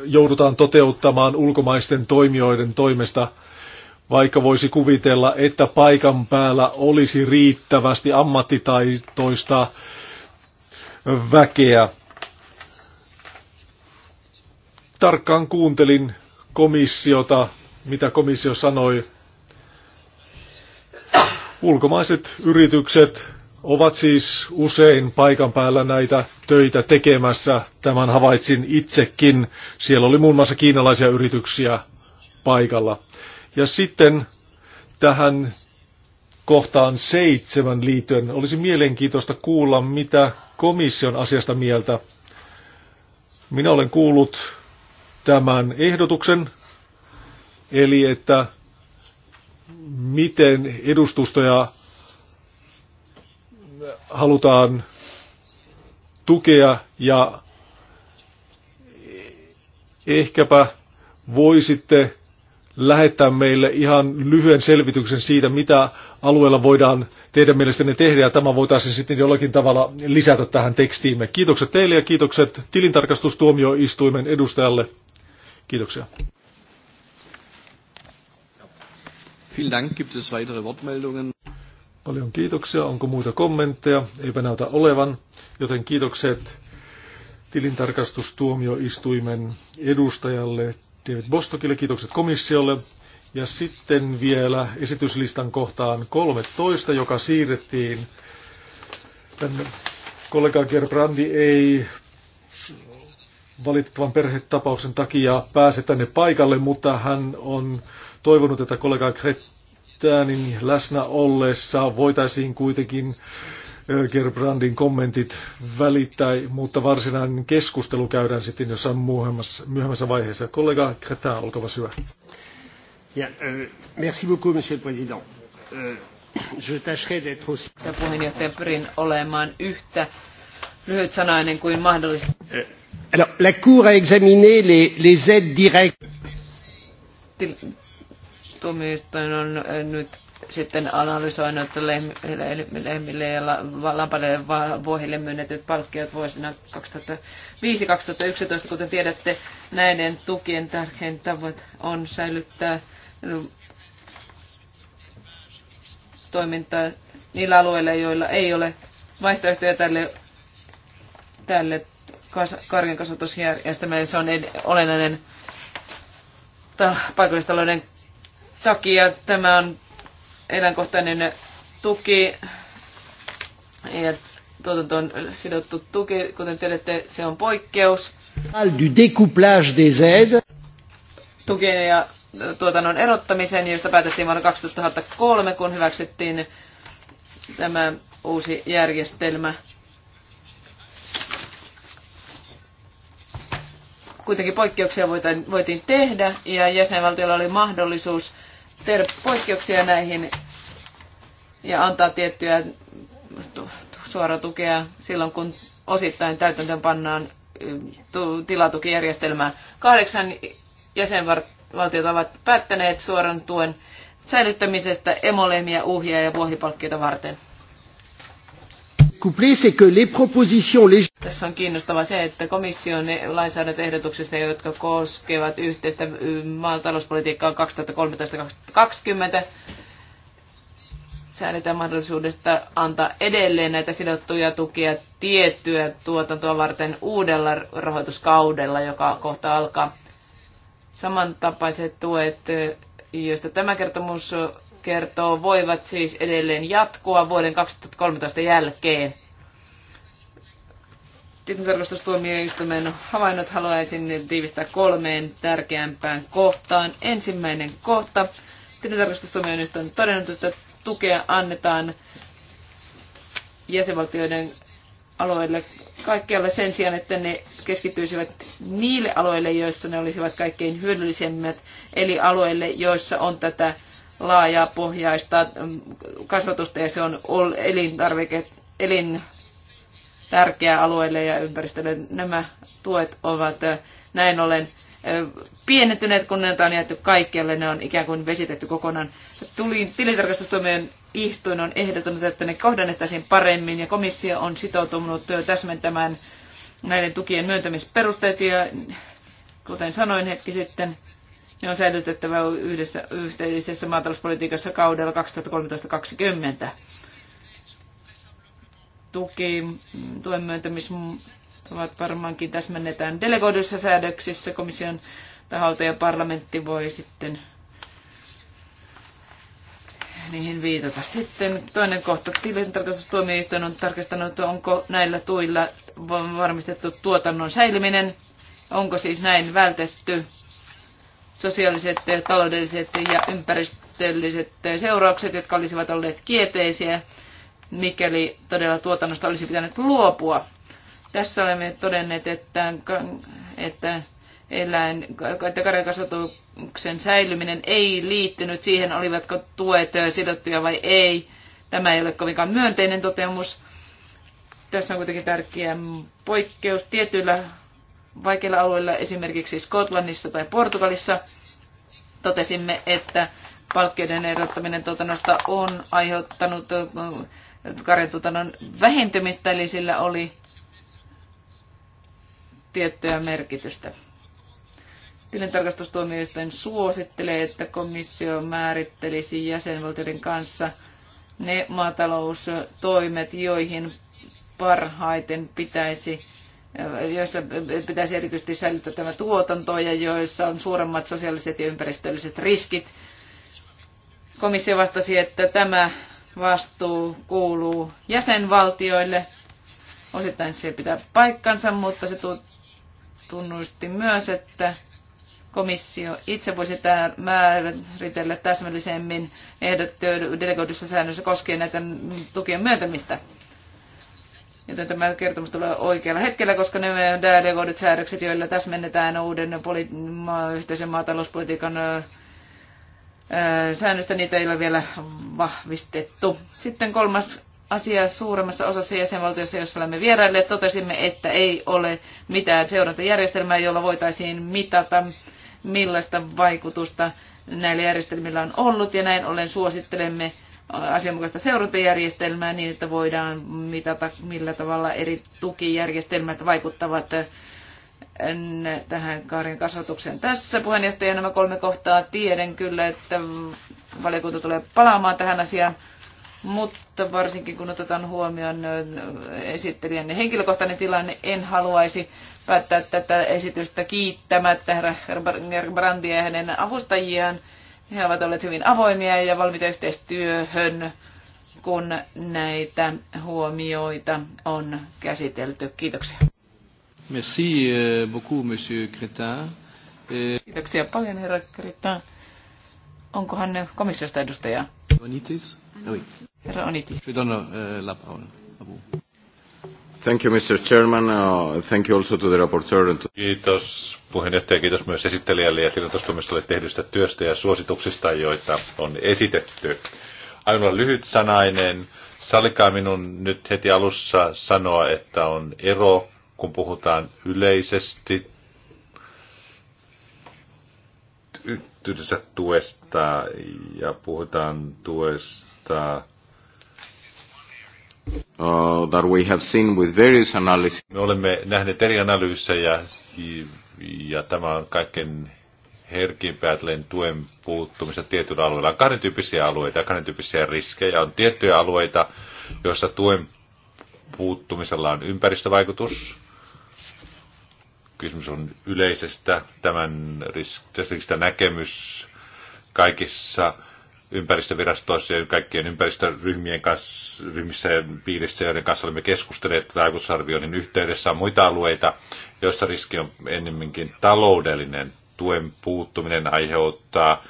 joudutaan toteuttamaan ulkomaisten toimijoiden toimesta, vaikka voisi kuvitella, että paikan päällä olisi riittävästi ammattitaitoista väkeä. Tarkkaan kuuntelin komissiota mitä komissio sanoi. Ulkomaiset yritykset ovat siis usein paikan päällä näitä töitä tekemässä. Tämän havaitsin itsekin. Siellä oli muun muassa kiinalaisia yrityksiä paikalla. Ja sitten tähän kohtaan seitsemän liittyen olisi mielenkiintoista kuulla, mitä komission asiasta mieltä. Minä olen kuullut tämän ehdotuksen Eli että miten edustustoja halutaan tukea ja ehkäpä voisitte lähettää meille ihan lyhyen selvityksen siitä, mitä alueella voidaan teidän mielestänne tehdä, ja tämä voitaisiin sitten jollakin tavalla lisätä tähän tekstiimme. Kiitokset teille ja kiitokset tilintarkastustuomioistuimen edustajalle. Kiitoksia. Vielen Dank. Gibt es weitere Wortmeldungen? Paljon kiitoksia. Onko muita kommentteja? Eipä näytä olevan, joten kiitokset tilintarkastustuomioistuimen edustajalle David Bostokille, kiitokset komissiolle. Ja sitten vielä esityslistan kohtaan 13, joka siirrettiin. Tänne kollega Gerbrandi ei valitettavan perhetapauksen takia pääse tänne paikalle, mutta hän on toivonut, että kollega Kretänin läsnä ollessa voitaisiin kuitenkin Gerbrandin kommentit välittää, mutta varsinainen keskustelu käydään sitten jossain myöhemmässä, vaiheessa. Kollega Kretä, olkaa hyvä. merci beaucoup, monsieur le président. je tâcherai d'être aussi... Puheenjohtaja, pyrin olemaan yhtä lyhyt sanainen kuin mahdollista. alors, la Cour a examiné les, les aides directes tuomioistuin on eh, nyt sitten analysoinut lehmille ja lampaille vuohille myönnetyt palkkiot vuosina 2005-2011. Kuten tiedätte, näiden tukien tärkein tavoite on säilyttää toimintaa niillä alueilla, joilla ei ole vaihtoehtoja tälle, tälle karjan Se on olennainen paikallistalouden takia tämä on eläinkohtainen tuki ja tuotantoon sidottu tuki, kuten tiedätte, se on poikkeus. Du découplage des aides. Tukien ja tuotannon erottamisen, josta päätettiin vuonna 2003, kun hyväksyttiin tämä uusi järjestelmä. Kuitenkin poikkeuksia voitiin tehdä ja jäsenvaltiolla oli mahdollisuus tehdä poikkeuksia näihin ja antaa tiettyä suoraa tukea silloin, kun osittain täytäntöön pannaan mm, tilatukijärjestelmää. Kahdeksan jäsenvaltiota ovat päättäneet suoran tuen säilyttämisestä emolehmiä, uhia ja vuohipalkkeita varten couplée, c'est que les propositions Tässä on kiinnostavaa se, että komission lainsäädäntöehdotuksista, jotka koskevat yhteistä maatalouspolitiikkaa 2013-2020, säädetään mahdollisuudesta antaa edelleen näitä sidottuja tukia tiettyä tuotantoa varten uudella rahoituskaudella, joka kohta alkaa. Samantapaiset tuet, joista tämä kertomus kertoo, voivat siis edelleen jatkua vuoden 2013 jälkeen. Tilintarkastustuomioistuimen havainnot haluaisin tiivistää kolmeen tärkeämpään kohtaan. Ensimmäinen kohta. Tilintarkastustuomioistuin on todennut, että tukea annetaan jäsenvaltioiden alueille kaikkialle sen sijaan, että ne keskittyisivät niille alueille, joissa ne olisivat kaikkein hyödyllisemmät, eli alueille, joissa on tätä laajaa pohjaista kasvatusta ja se on elintarvike, elin tärkeä alueelle ja ympäristölle. Nämä tuet ovat näin ollen pienentyneet, kun ne on jätty kaikkialle, ne on ikään kuin vesitetty kokonaan. Tuli, istuin on ehdottanut, että ne kohdannettaisiin paremmin ja komissio on sitoutunut täsmentämään näiden tukien myöntämisperusteet ja kuten sanoin hetki sitten, ne on säilytettävä yhdessä yhteisessä maatalouspolitiikassa kaudella 2013-2020. Tuki, tuen myöntämistavat varmaankin täsmennetään delegoiduissa säädöksissä komission taholta ja parlamentti voi sitten niihin viitata. Sitten toinen kohta. Tilintarkastustuomioistuin on tarkastanut, onko näillä tuilla varmistettu tuotannon säilyminen. Onko siis näin vältetty sosiaaliset, taloudelliset ja ympäristölliset seuraukset, jotka olisivat olleet kielteisiä, mikäli todella tuotannosta olisi pitänyt luopua. Tässä olemme todenneet, että, että eläin, että karjakasvatuksen säilyminen ei liittynyt siihen, olivatko tuet sidottuja vai ei. Tämä ei ole kovinkaan myönteinen toteamus. Tässä on kuitenkin tärkeä poikkeus. Tietyillä vaikeilla alueilla, esimerkiksi Skotlannissa tai Portugalissa, totesimme, että palkkioiden erottaminen tuotannosta on aiheuttanut äh, karjatuotannon vähentymistä, eli sillä oli tiettyä merkitystä. Tilintarkastustuomioistuin suosittelee, että komissio määrittelisi jäsenvaltioiden kanssa ne maataloustoimet, joihin parhaiten pitäisi joissa pitäisi erityisesti säilyttää tämä tuotanto ja joissa on suuremmat sosiaaliset ja ympäristölliset riskit. Komissio vastasi, että tämä vastuu kuuluu jäsenvaltioille. Osittain se pitää paikkansa, mutta se tunnusti myös, että komissio itse voisi määritellä täsmällisemmin ehdot delegoidussa säännössä koskien näitä tukien myöntämistä joten tämä kertomus tulee oikealla hetkellä, koska ne delegoidut säädökset, joilla täsmennetään uuden poli- ma- yhteisen maatalouspolitiikan säännöstä, niitä ei ole vielä vahvistettu. Sitten kolmas asia suuremmassa osassa jäsenvaltiossa, jossa olemme vierailleet, totesimme, että ei ole mitään seurantajärjestelmää, jolla voitaisiin mitata, millaista vaikutusta näillä järjestelmillä on ollut, ja näin ollen suosittelemme asianmukaista seurantajärjestelmää niin, että voidaan mitata, millä tavalla eri tukijärjestelmät vaikuttavat äh, tähän Kaarin kasvatukseen. Tässä puheenjohtaja nämä kolme kohtaa tiedän kyllä, että valiokunta tulee palaamaan tähän asiaan, mutta varsinkin kun otetaan huomioon äh, esittelijän henkilökohtainen tilanne, en haluaisi päättää tätä esitystä kiittämättä herra Brandia ja hänen avustajiaan. He ovat olleet hyvin avoimia ja valmiita yhteistyöhön, kun näitä huomioita on käsitelty. Kiitoksia. Merci euh, beaucoup, monsieur Cretin. Euh, Kiitoksia paljon, herra Cretin. Onkohan komissiosta edustaja? Onitis? Ah oui. Herra Onitis. Je donne euh, la parole à vous. Uh, kiitos puheenjohtaja, kiitos myös esittelijälle ja tilintostumistolle tehdystä työstä ja suosituksista, joita on esitetty. Ainoa lyhyt sanainen. Sallikaa minun nyt heti alussa sanoa, että on ero, kun puhutaan yleisesti tuesta ja puhutaan tuesta Uh, that we have seen with various analysis. Me olemme nähneet eri analyysejä ja tämä on kaiken herkimpää tuen puuttumista tietyillä alueilla. On kahden tyyppisiä alueita ja kahden tyyppisiä riskejä. On tiettyjä alueita, joissa tuen puuttumisella on ympäristövaikutus. Kysymys on yleisestä tämän riskistä näkemys kaikissa ympäristövirastoissa ja kaikkien ympäristöryhmien kanssa, ryhmissä ja piirissä, joiden kanssa olemme keskustelleet vaikutusarvioinnin yhteydessä, on muita alueita, joissa riski on ennemminkin taloudellinen. Tuen puuttuminen aiheuttaa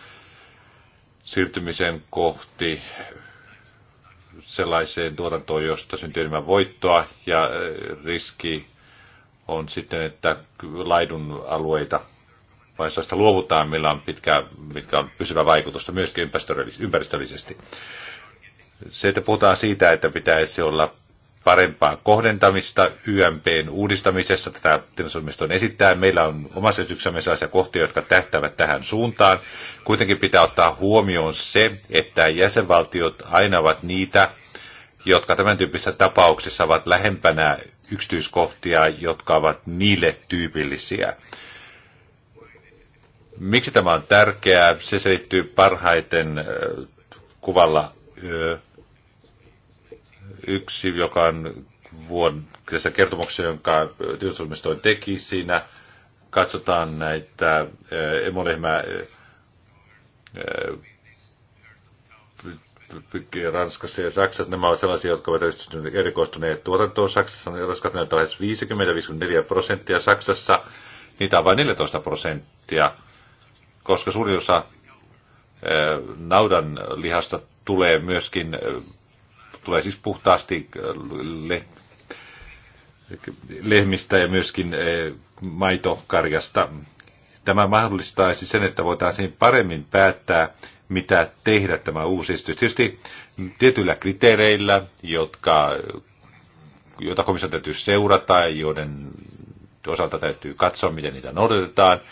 siirtymisen kohti sellaiseen tuotantoon, josta syntyy enemmän voittoa ja äh, riski on sitten, että laidun alueita vai sellaista luovutaan, millä on, pitkä, mitkä on pysyvä vaikutusta myöskin ympäristöllisesti. Se, että puhutaan siitä, että pitäisi olla parempaa kohdentamista YMPn uudistamisessa. Tätä tilastoimistoon esittää. Meillä on omassa esityksessämme sellaisia kohtia, jotka tähtävät tähän suuntaan. Kuitenkin pitää ottaa huomioon se, että jäsenvaltiot aina ovat niitä, jotka tämän tyyppisissä tapauksissa ovat lähempänä yksityiskohtia, jotka ovat niille tyypillisiä. Miksi tämä on tärkeää? Se selittyy parhaiten kuvalla yksi, joka on vuodessa tässä kertomuksessa, jonka tietosuojelmistoin teki siinä, katsotaan näitä emolehmää Ranskassa ja Saksassa. Nämä ovat sellaisia, jotka ovat erikoistuneet tuotantoon. Saksassa on raskat lähes 50-54 prosenttia. Saksassa niitä on vain 14 prosenttia koska suurin osa eh, naudan lihasta tulee myöskin, eh, tulee siis puhtaasti eh, le, lehmistä ja myöskin maitokarjasta. Tämä mahdollistaisi sen, että voitaisiin paremmin päättää, mitä tehdä tämä uusi esitys. Tietysti tietyillä kriteereillä, jotka, joita komissio täytyy seurata ja joiden osalta täytyy katsoa, miten niitä noudatetaan –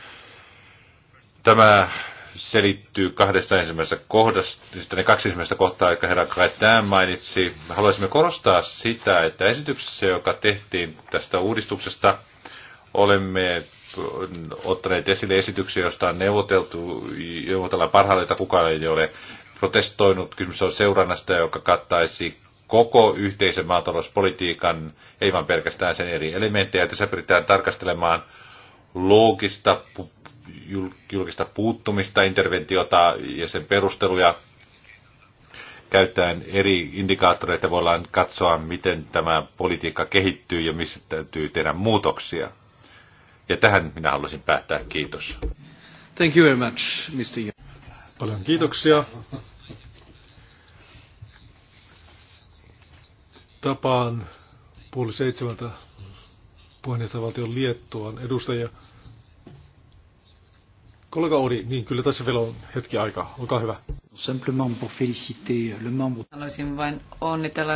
Tämä selittyy kahdesta ensimmäisestä kohdasta, siis ne kaksi ensimmäistä kohtaa, jotka herra Kaitään mainitsi. Haluaisimme korostaa sitä, että esityksessä, joka tehtiin tästä uudistuksesta, olemme ottaneet esille esityksiä, joista on neuvoteltu, neuvotellaan parhaalle, että kukaan ei ole protestoinut. Kysymys on seurannasta, joka kattaisi koko yhteisen maatalouspolitiikan, ei vain pelkästään sen eri elementtejä. Tässä pyritään tarkastelemaan loogista julkista puuttumista, interventiota ja sen perusteluja käyttäen eri indikaattoreita voidaan katsoa, miten tämä politiikka kehittyy ja missä täytyy tehdä muutoksia. Ja tähän minä haluaisin päättää. Kiitos. Thank you very much, Mr. Paljon kiitoksia. Tapaan puoli seitsemältä puheenjohtajavaltion Liettuan edustajia. Kollega ori, niin kyllä tässä vielä on hetki aikaa. Olkaa hyvä. Simplement pour féliciter le membre. Haluaisin vain onnitella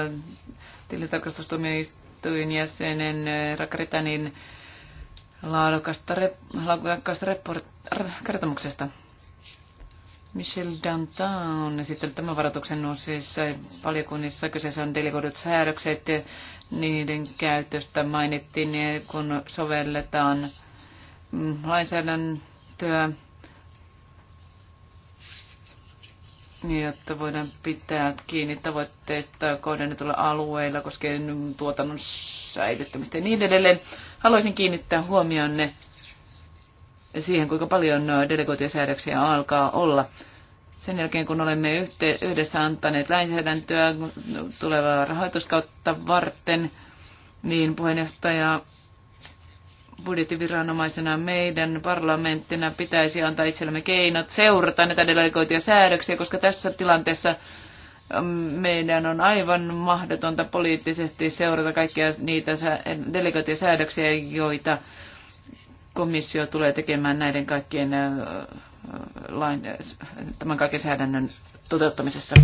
tilintarkastustuomioistuin jäsenen eh, Rakaritanin laadukasta, rep, laadukasta report, kertomuksesta. Michel Dantin on esittänyt tämän varoituksen uusissa valiokunnissa. Kyseessä on delegoidut säädökset. Niiden käytöstä mainittiin, eh, kun sovelletaan mm, lainsäädäntöä niin että voidaan pitää kiinni tavoitteista kohdennetulla alueilla koskien tuotannon säilyttämistä ja niin edelleen. Haluaisin kiinnittää huomionne siihen, kuinka paljon delegointisäädöksiä alkaa olla. Sen jälkeen, kun olemme yhte, yhdessä antaneet lainsäädäntöä tulevaa rahoituskautta varten, niin puheenjohtaja budjettiviranomaisena meidän parlamenttina pitäisi antaa itsellemme keinot seurata näitä delegoituja säädöksiä, koska tässä tilanteessa mm, meidän on aivan mahdotonta poliittisesti seurata kaikkia niitä delegoituja säädöksiä, joita komissio tulee tekemään näiden kaikkien lain, tämän kaiken säädännön toteuttamisessa.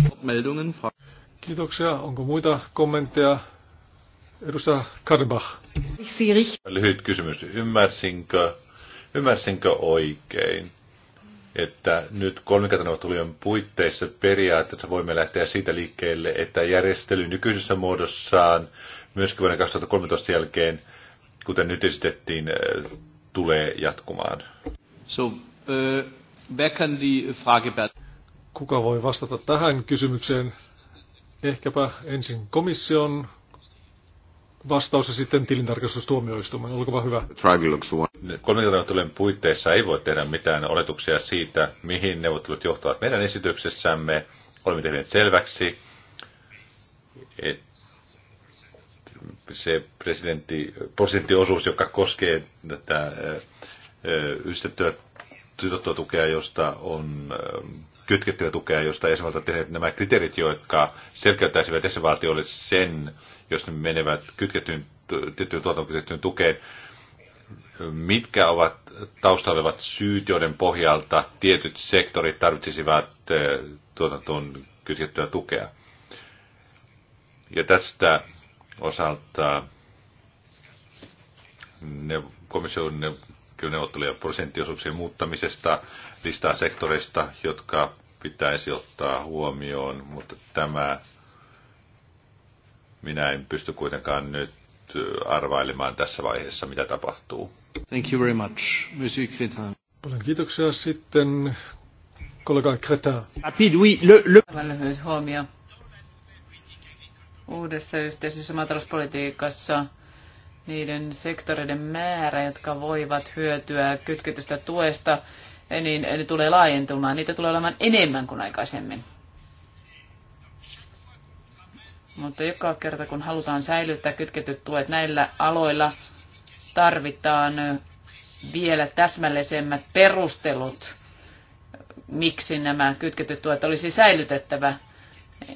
Kiitoksia. Onko muita kommentteja? Edustaja Karbach. Lyhyt kysymys. Ymmärsinkö, ymmärsinkö oikein, että nyt kolmikantaneuvottelujen puitteissa periaatteessa voimme lähteä siitä liikkeelle, että järjestely nykyisessä muodossaan myöskin vuoden 2013 jälkeen, kuten nyt esitettiin, äh, tulee jatkumaan. So, uh, die Frage Kuka voi vastata tähän kysymykseen? Ehkäpä ensin komission vastaus ja sitten tilintarkastustuomioistuimen. vaan hyvä. 30 puitteissa ei voi tehdä mitään oletuksia siitä, mihin neuvottelut johtavat. Meidän esityksessämme olemme tehneet selväksi, että se presidentti, prosenttiosuus, joka koskee tätä yhdistettyä tukea, josta on kytkettyä tukea, josta jäsenvaltiot tehneet nämä kriteerit, jotka selkeyttäisivät jäsenvaltioille sen, jos ne menevät kytkettyyn, tiettyyn tuotantokytkettyyn tukeen, mitkä ovat taustallevat syyt, joiden pohjalta tietyt sektorit tarvitsisivat eh, tuotantoon kytkettyä tukea. Ja tästä osalta ne, komission kyllä neuvotteluja prosenttiosuuksien muuttamisesta, listaa sektoreista, jotka pitäisi ottaa huomioon, mutta tämä minä en pysty kuitenkaan nyt äh, arvailemaan tässä vaiheessa, mitä tapahtuu. Thank you very much, Monsieur Cretin. Paljon kiitoksia sitten kollega Cretin. Rapid, oui, le, le... huomio. Uudessa yhteisessä maatalouspolitiikassa niiden sektoreiden määrä, jotka voivat hyötyä kytketystä tuesta, niin ne tulee laajentumaan. Niitä tulee olemaan enemmän kuin aikaisemmin. Mutta joka kerta, kun halutaan säilyttää kytketyt tuet näillä aloilla, tarvitaan vielä täsmällisemmät perustelut, miksi nämä kytketyt tuet olisi säilytettävä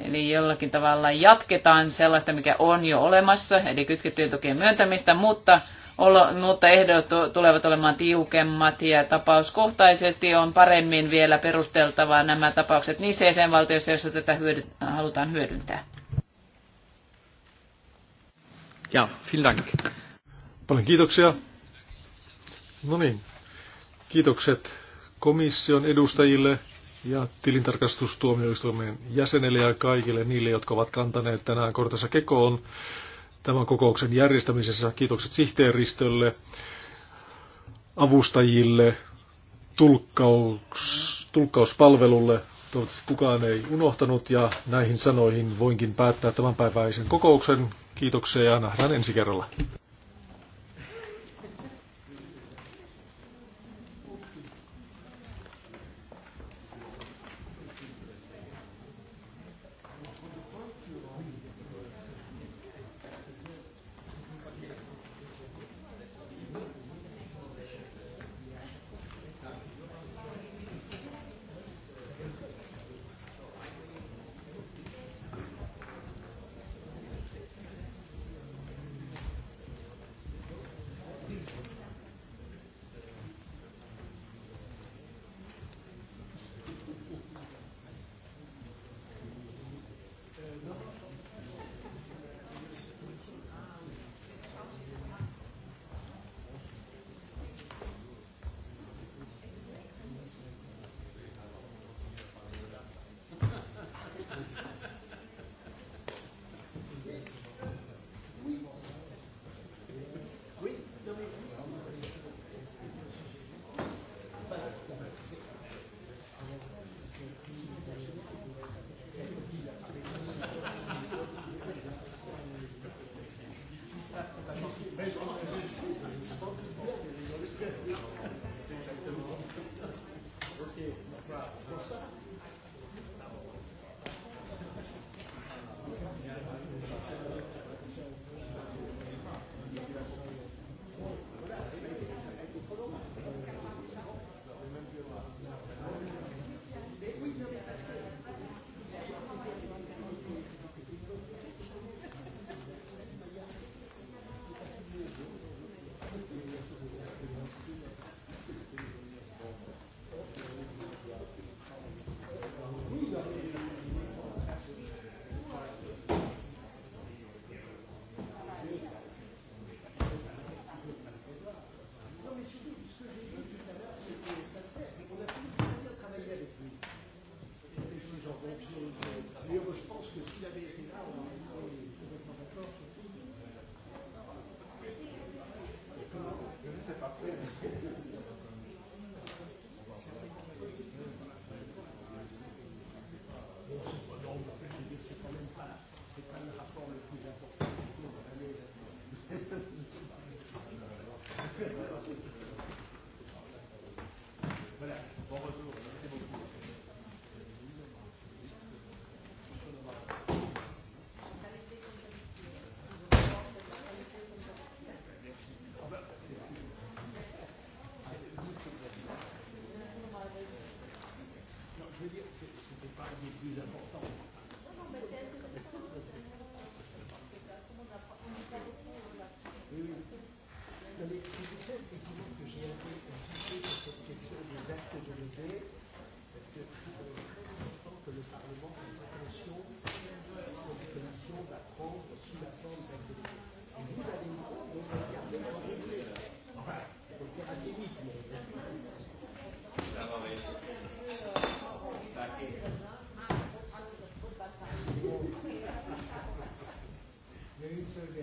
Eli jollakin tavalla jatketaan sellaista, mikä on jo olemassa, eli kytkettyjen tukien myöntämistä, mutta, mutta ehdot tulevat olemaan tiukemmat ja tapauskohtaisesti on paremmin vielä perusteltava nämä tapaukset niissä jäsenvaltioissa, joissa tätä hyödy- halutaan hyödyntää. Ja, vielen dank. Paljon kiitoksia. No niin, kiitokset komission edustajille ja tilintarkastustuomioistuimen jäsenille ja kaikille niille, jotka ovat kantaneet tänään kortensa kekoon tämän kokouksen järjestämisessä. Kiitokset sihteeristölle, avustajille, tulkkaus, tulkkauspalvelulle. Toivottavasti kukaan ei unohtanut ja näihin sanoihin voinkin päättää tämänpäiväisen kokouksen. Kiitoksia ja nähdään ensi kerralla. je veux dire, ce n'était pas des plus importants. Non, non, mais c'est intéressant. Oui, oui. Non, mais c'est peut-être effectivement que j'ai un peu insisté sur cette question des actes délégués, parce que c'est très important que le Parlement fasse attention aux déclarations à prendre sous la forme d'actes délégués. Et vous avez une forme de regarder dans les yeux. Enfin, il faut le faire assez vite, mais. Ça va, oui. Büyük bölge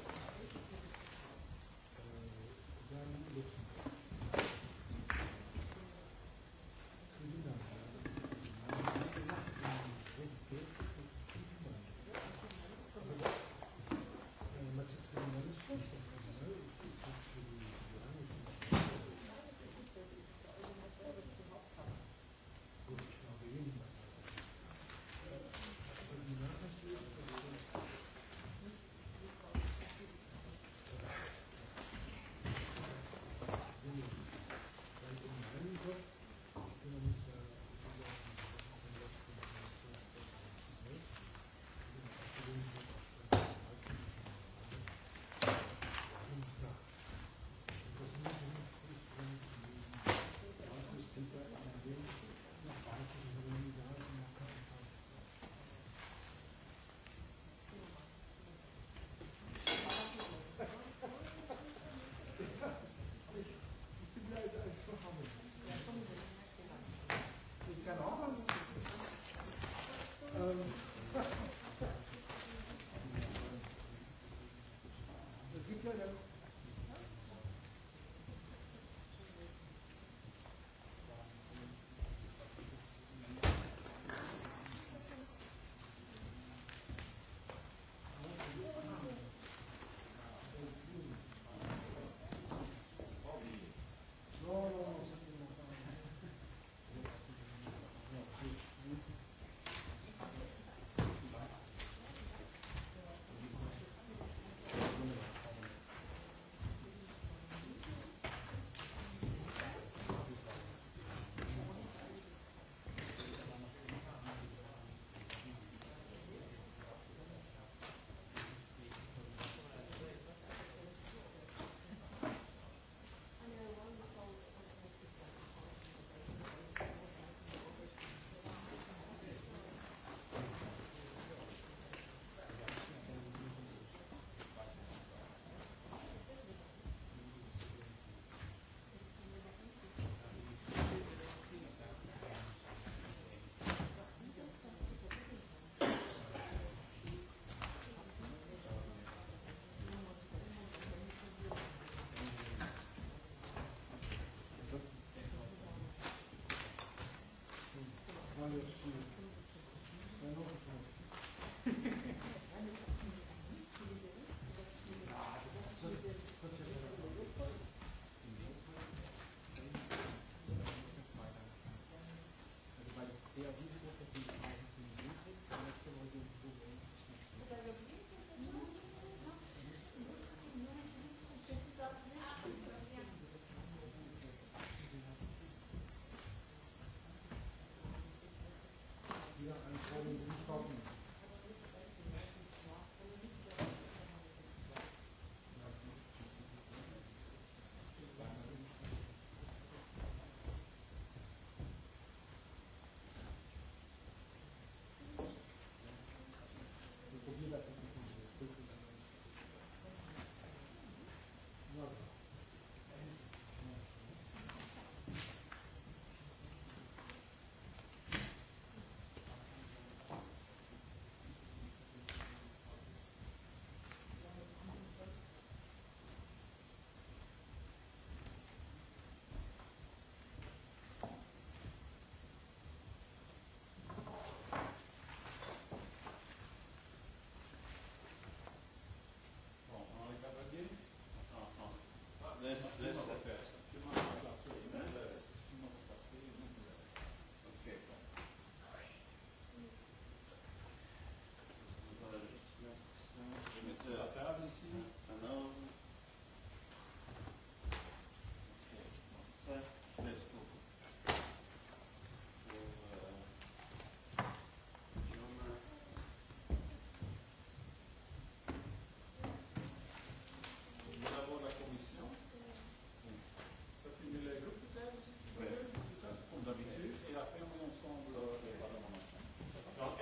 Mm. Thank you.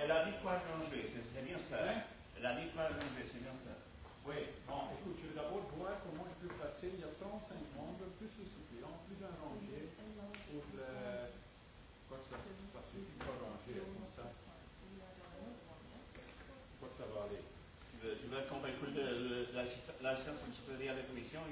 Eh? No, e Elle a dit quoi en anglais C'est bien ça. Hein? Elle a dit quoi en anglais C'est bien ça. Oui, bon. Écoute, je vais d'abord voir comment je peux passer. Il y a 35 membres, plus le suppléant, plus un rangé pour le. Quoi que eh, ça, ça suffit pas ranger comme ça. Quoi que ça va aller. Tu vas convaincre la chance de se faire la commission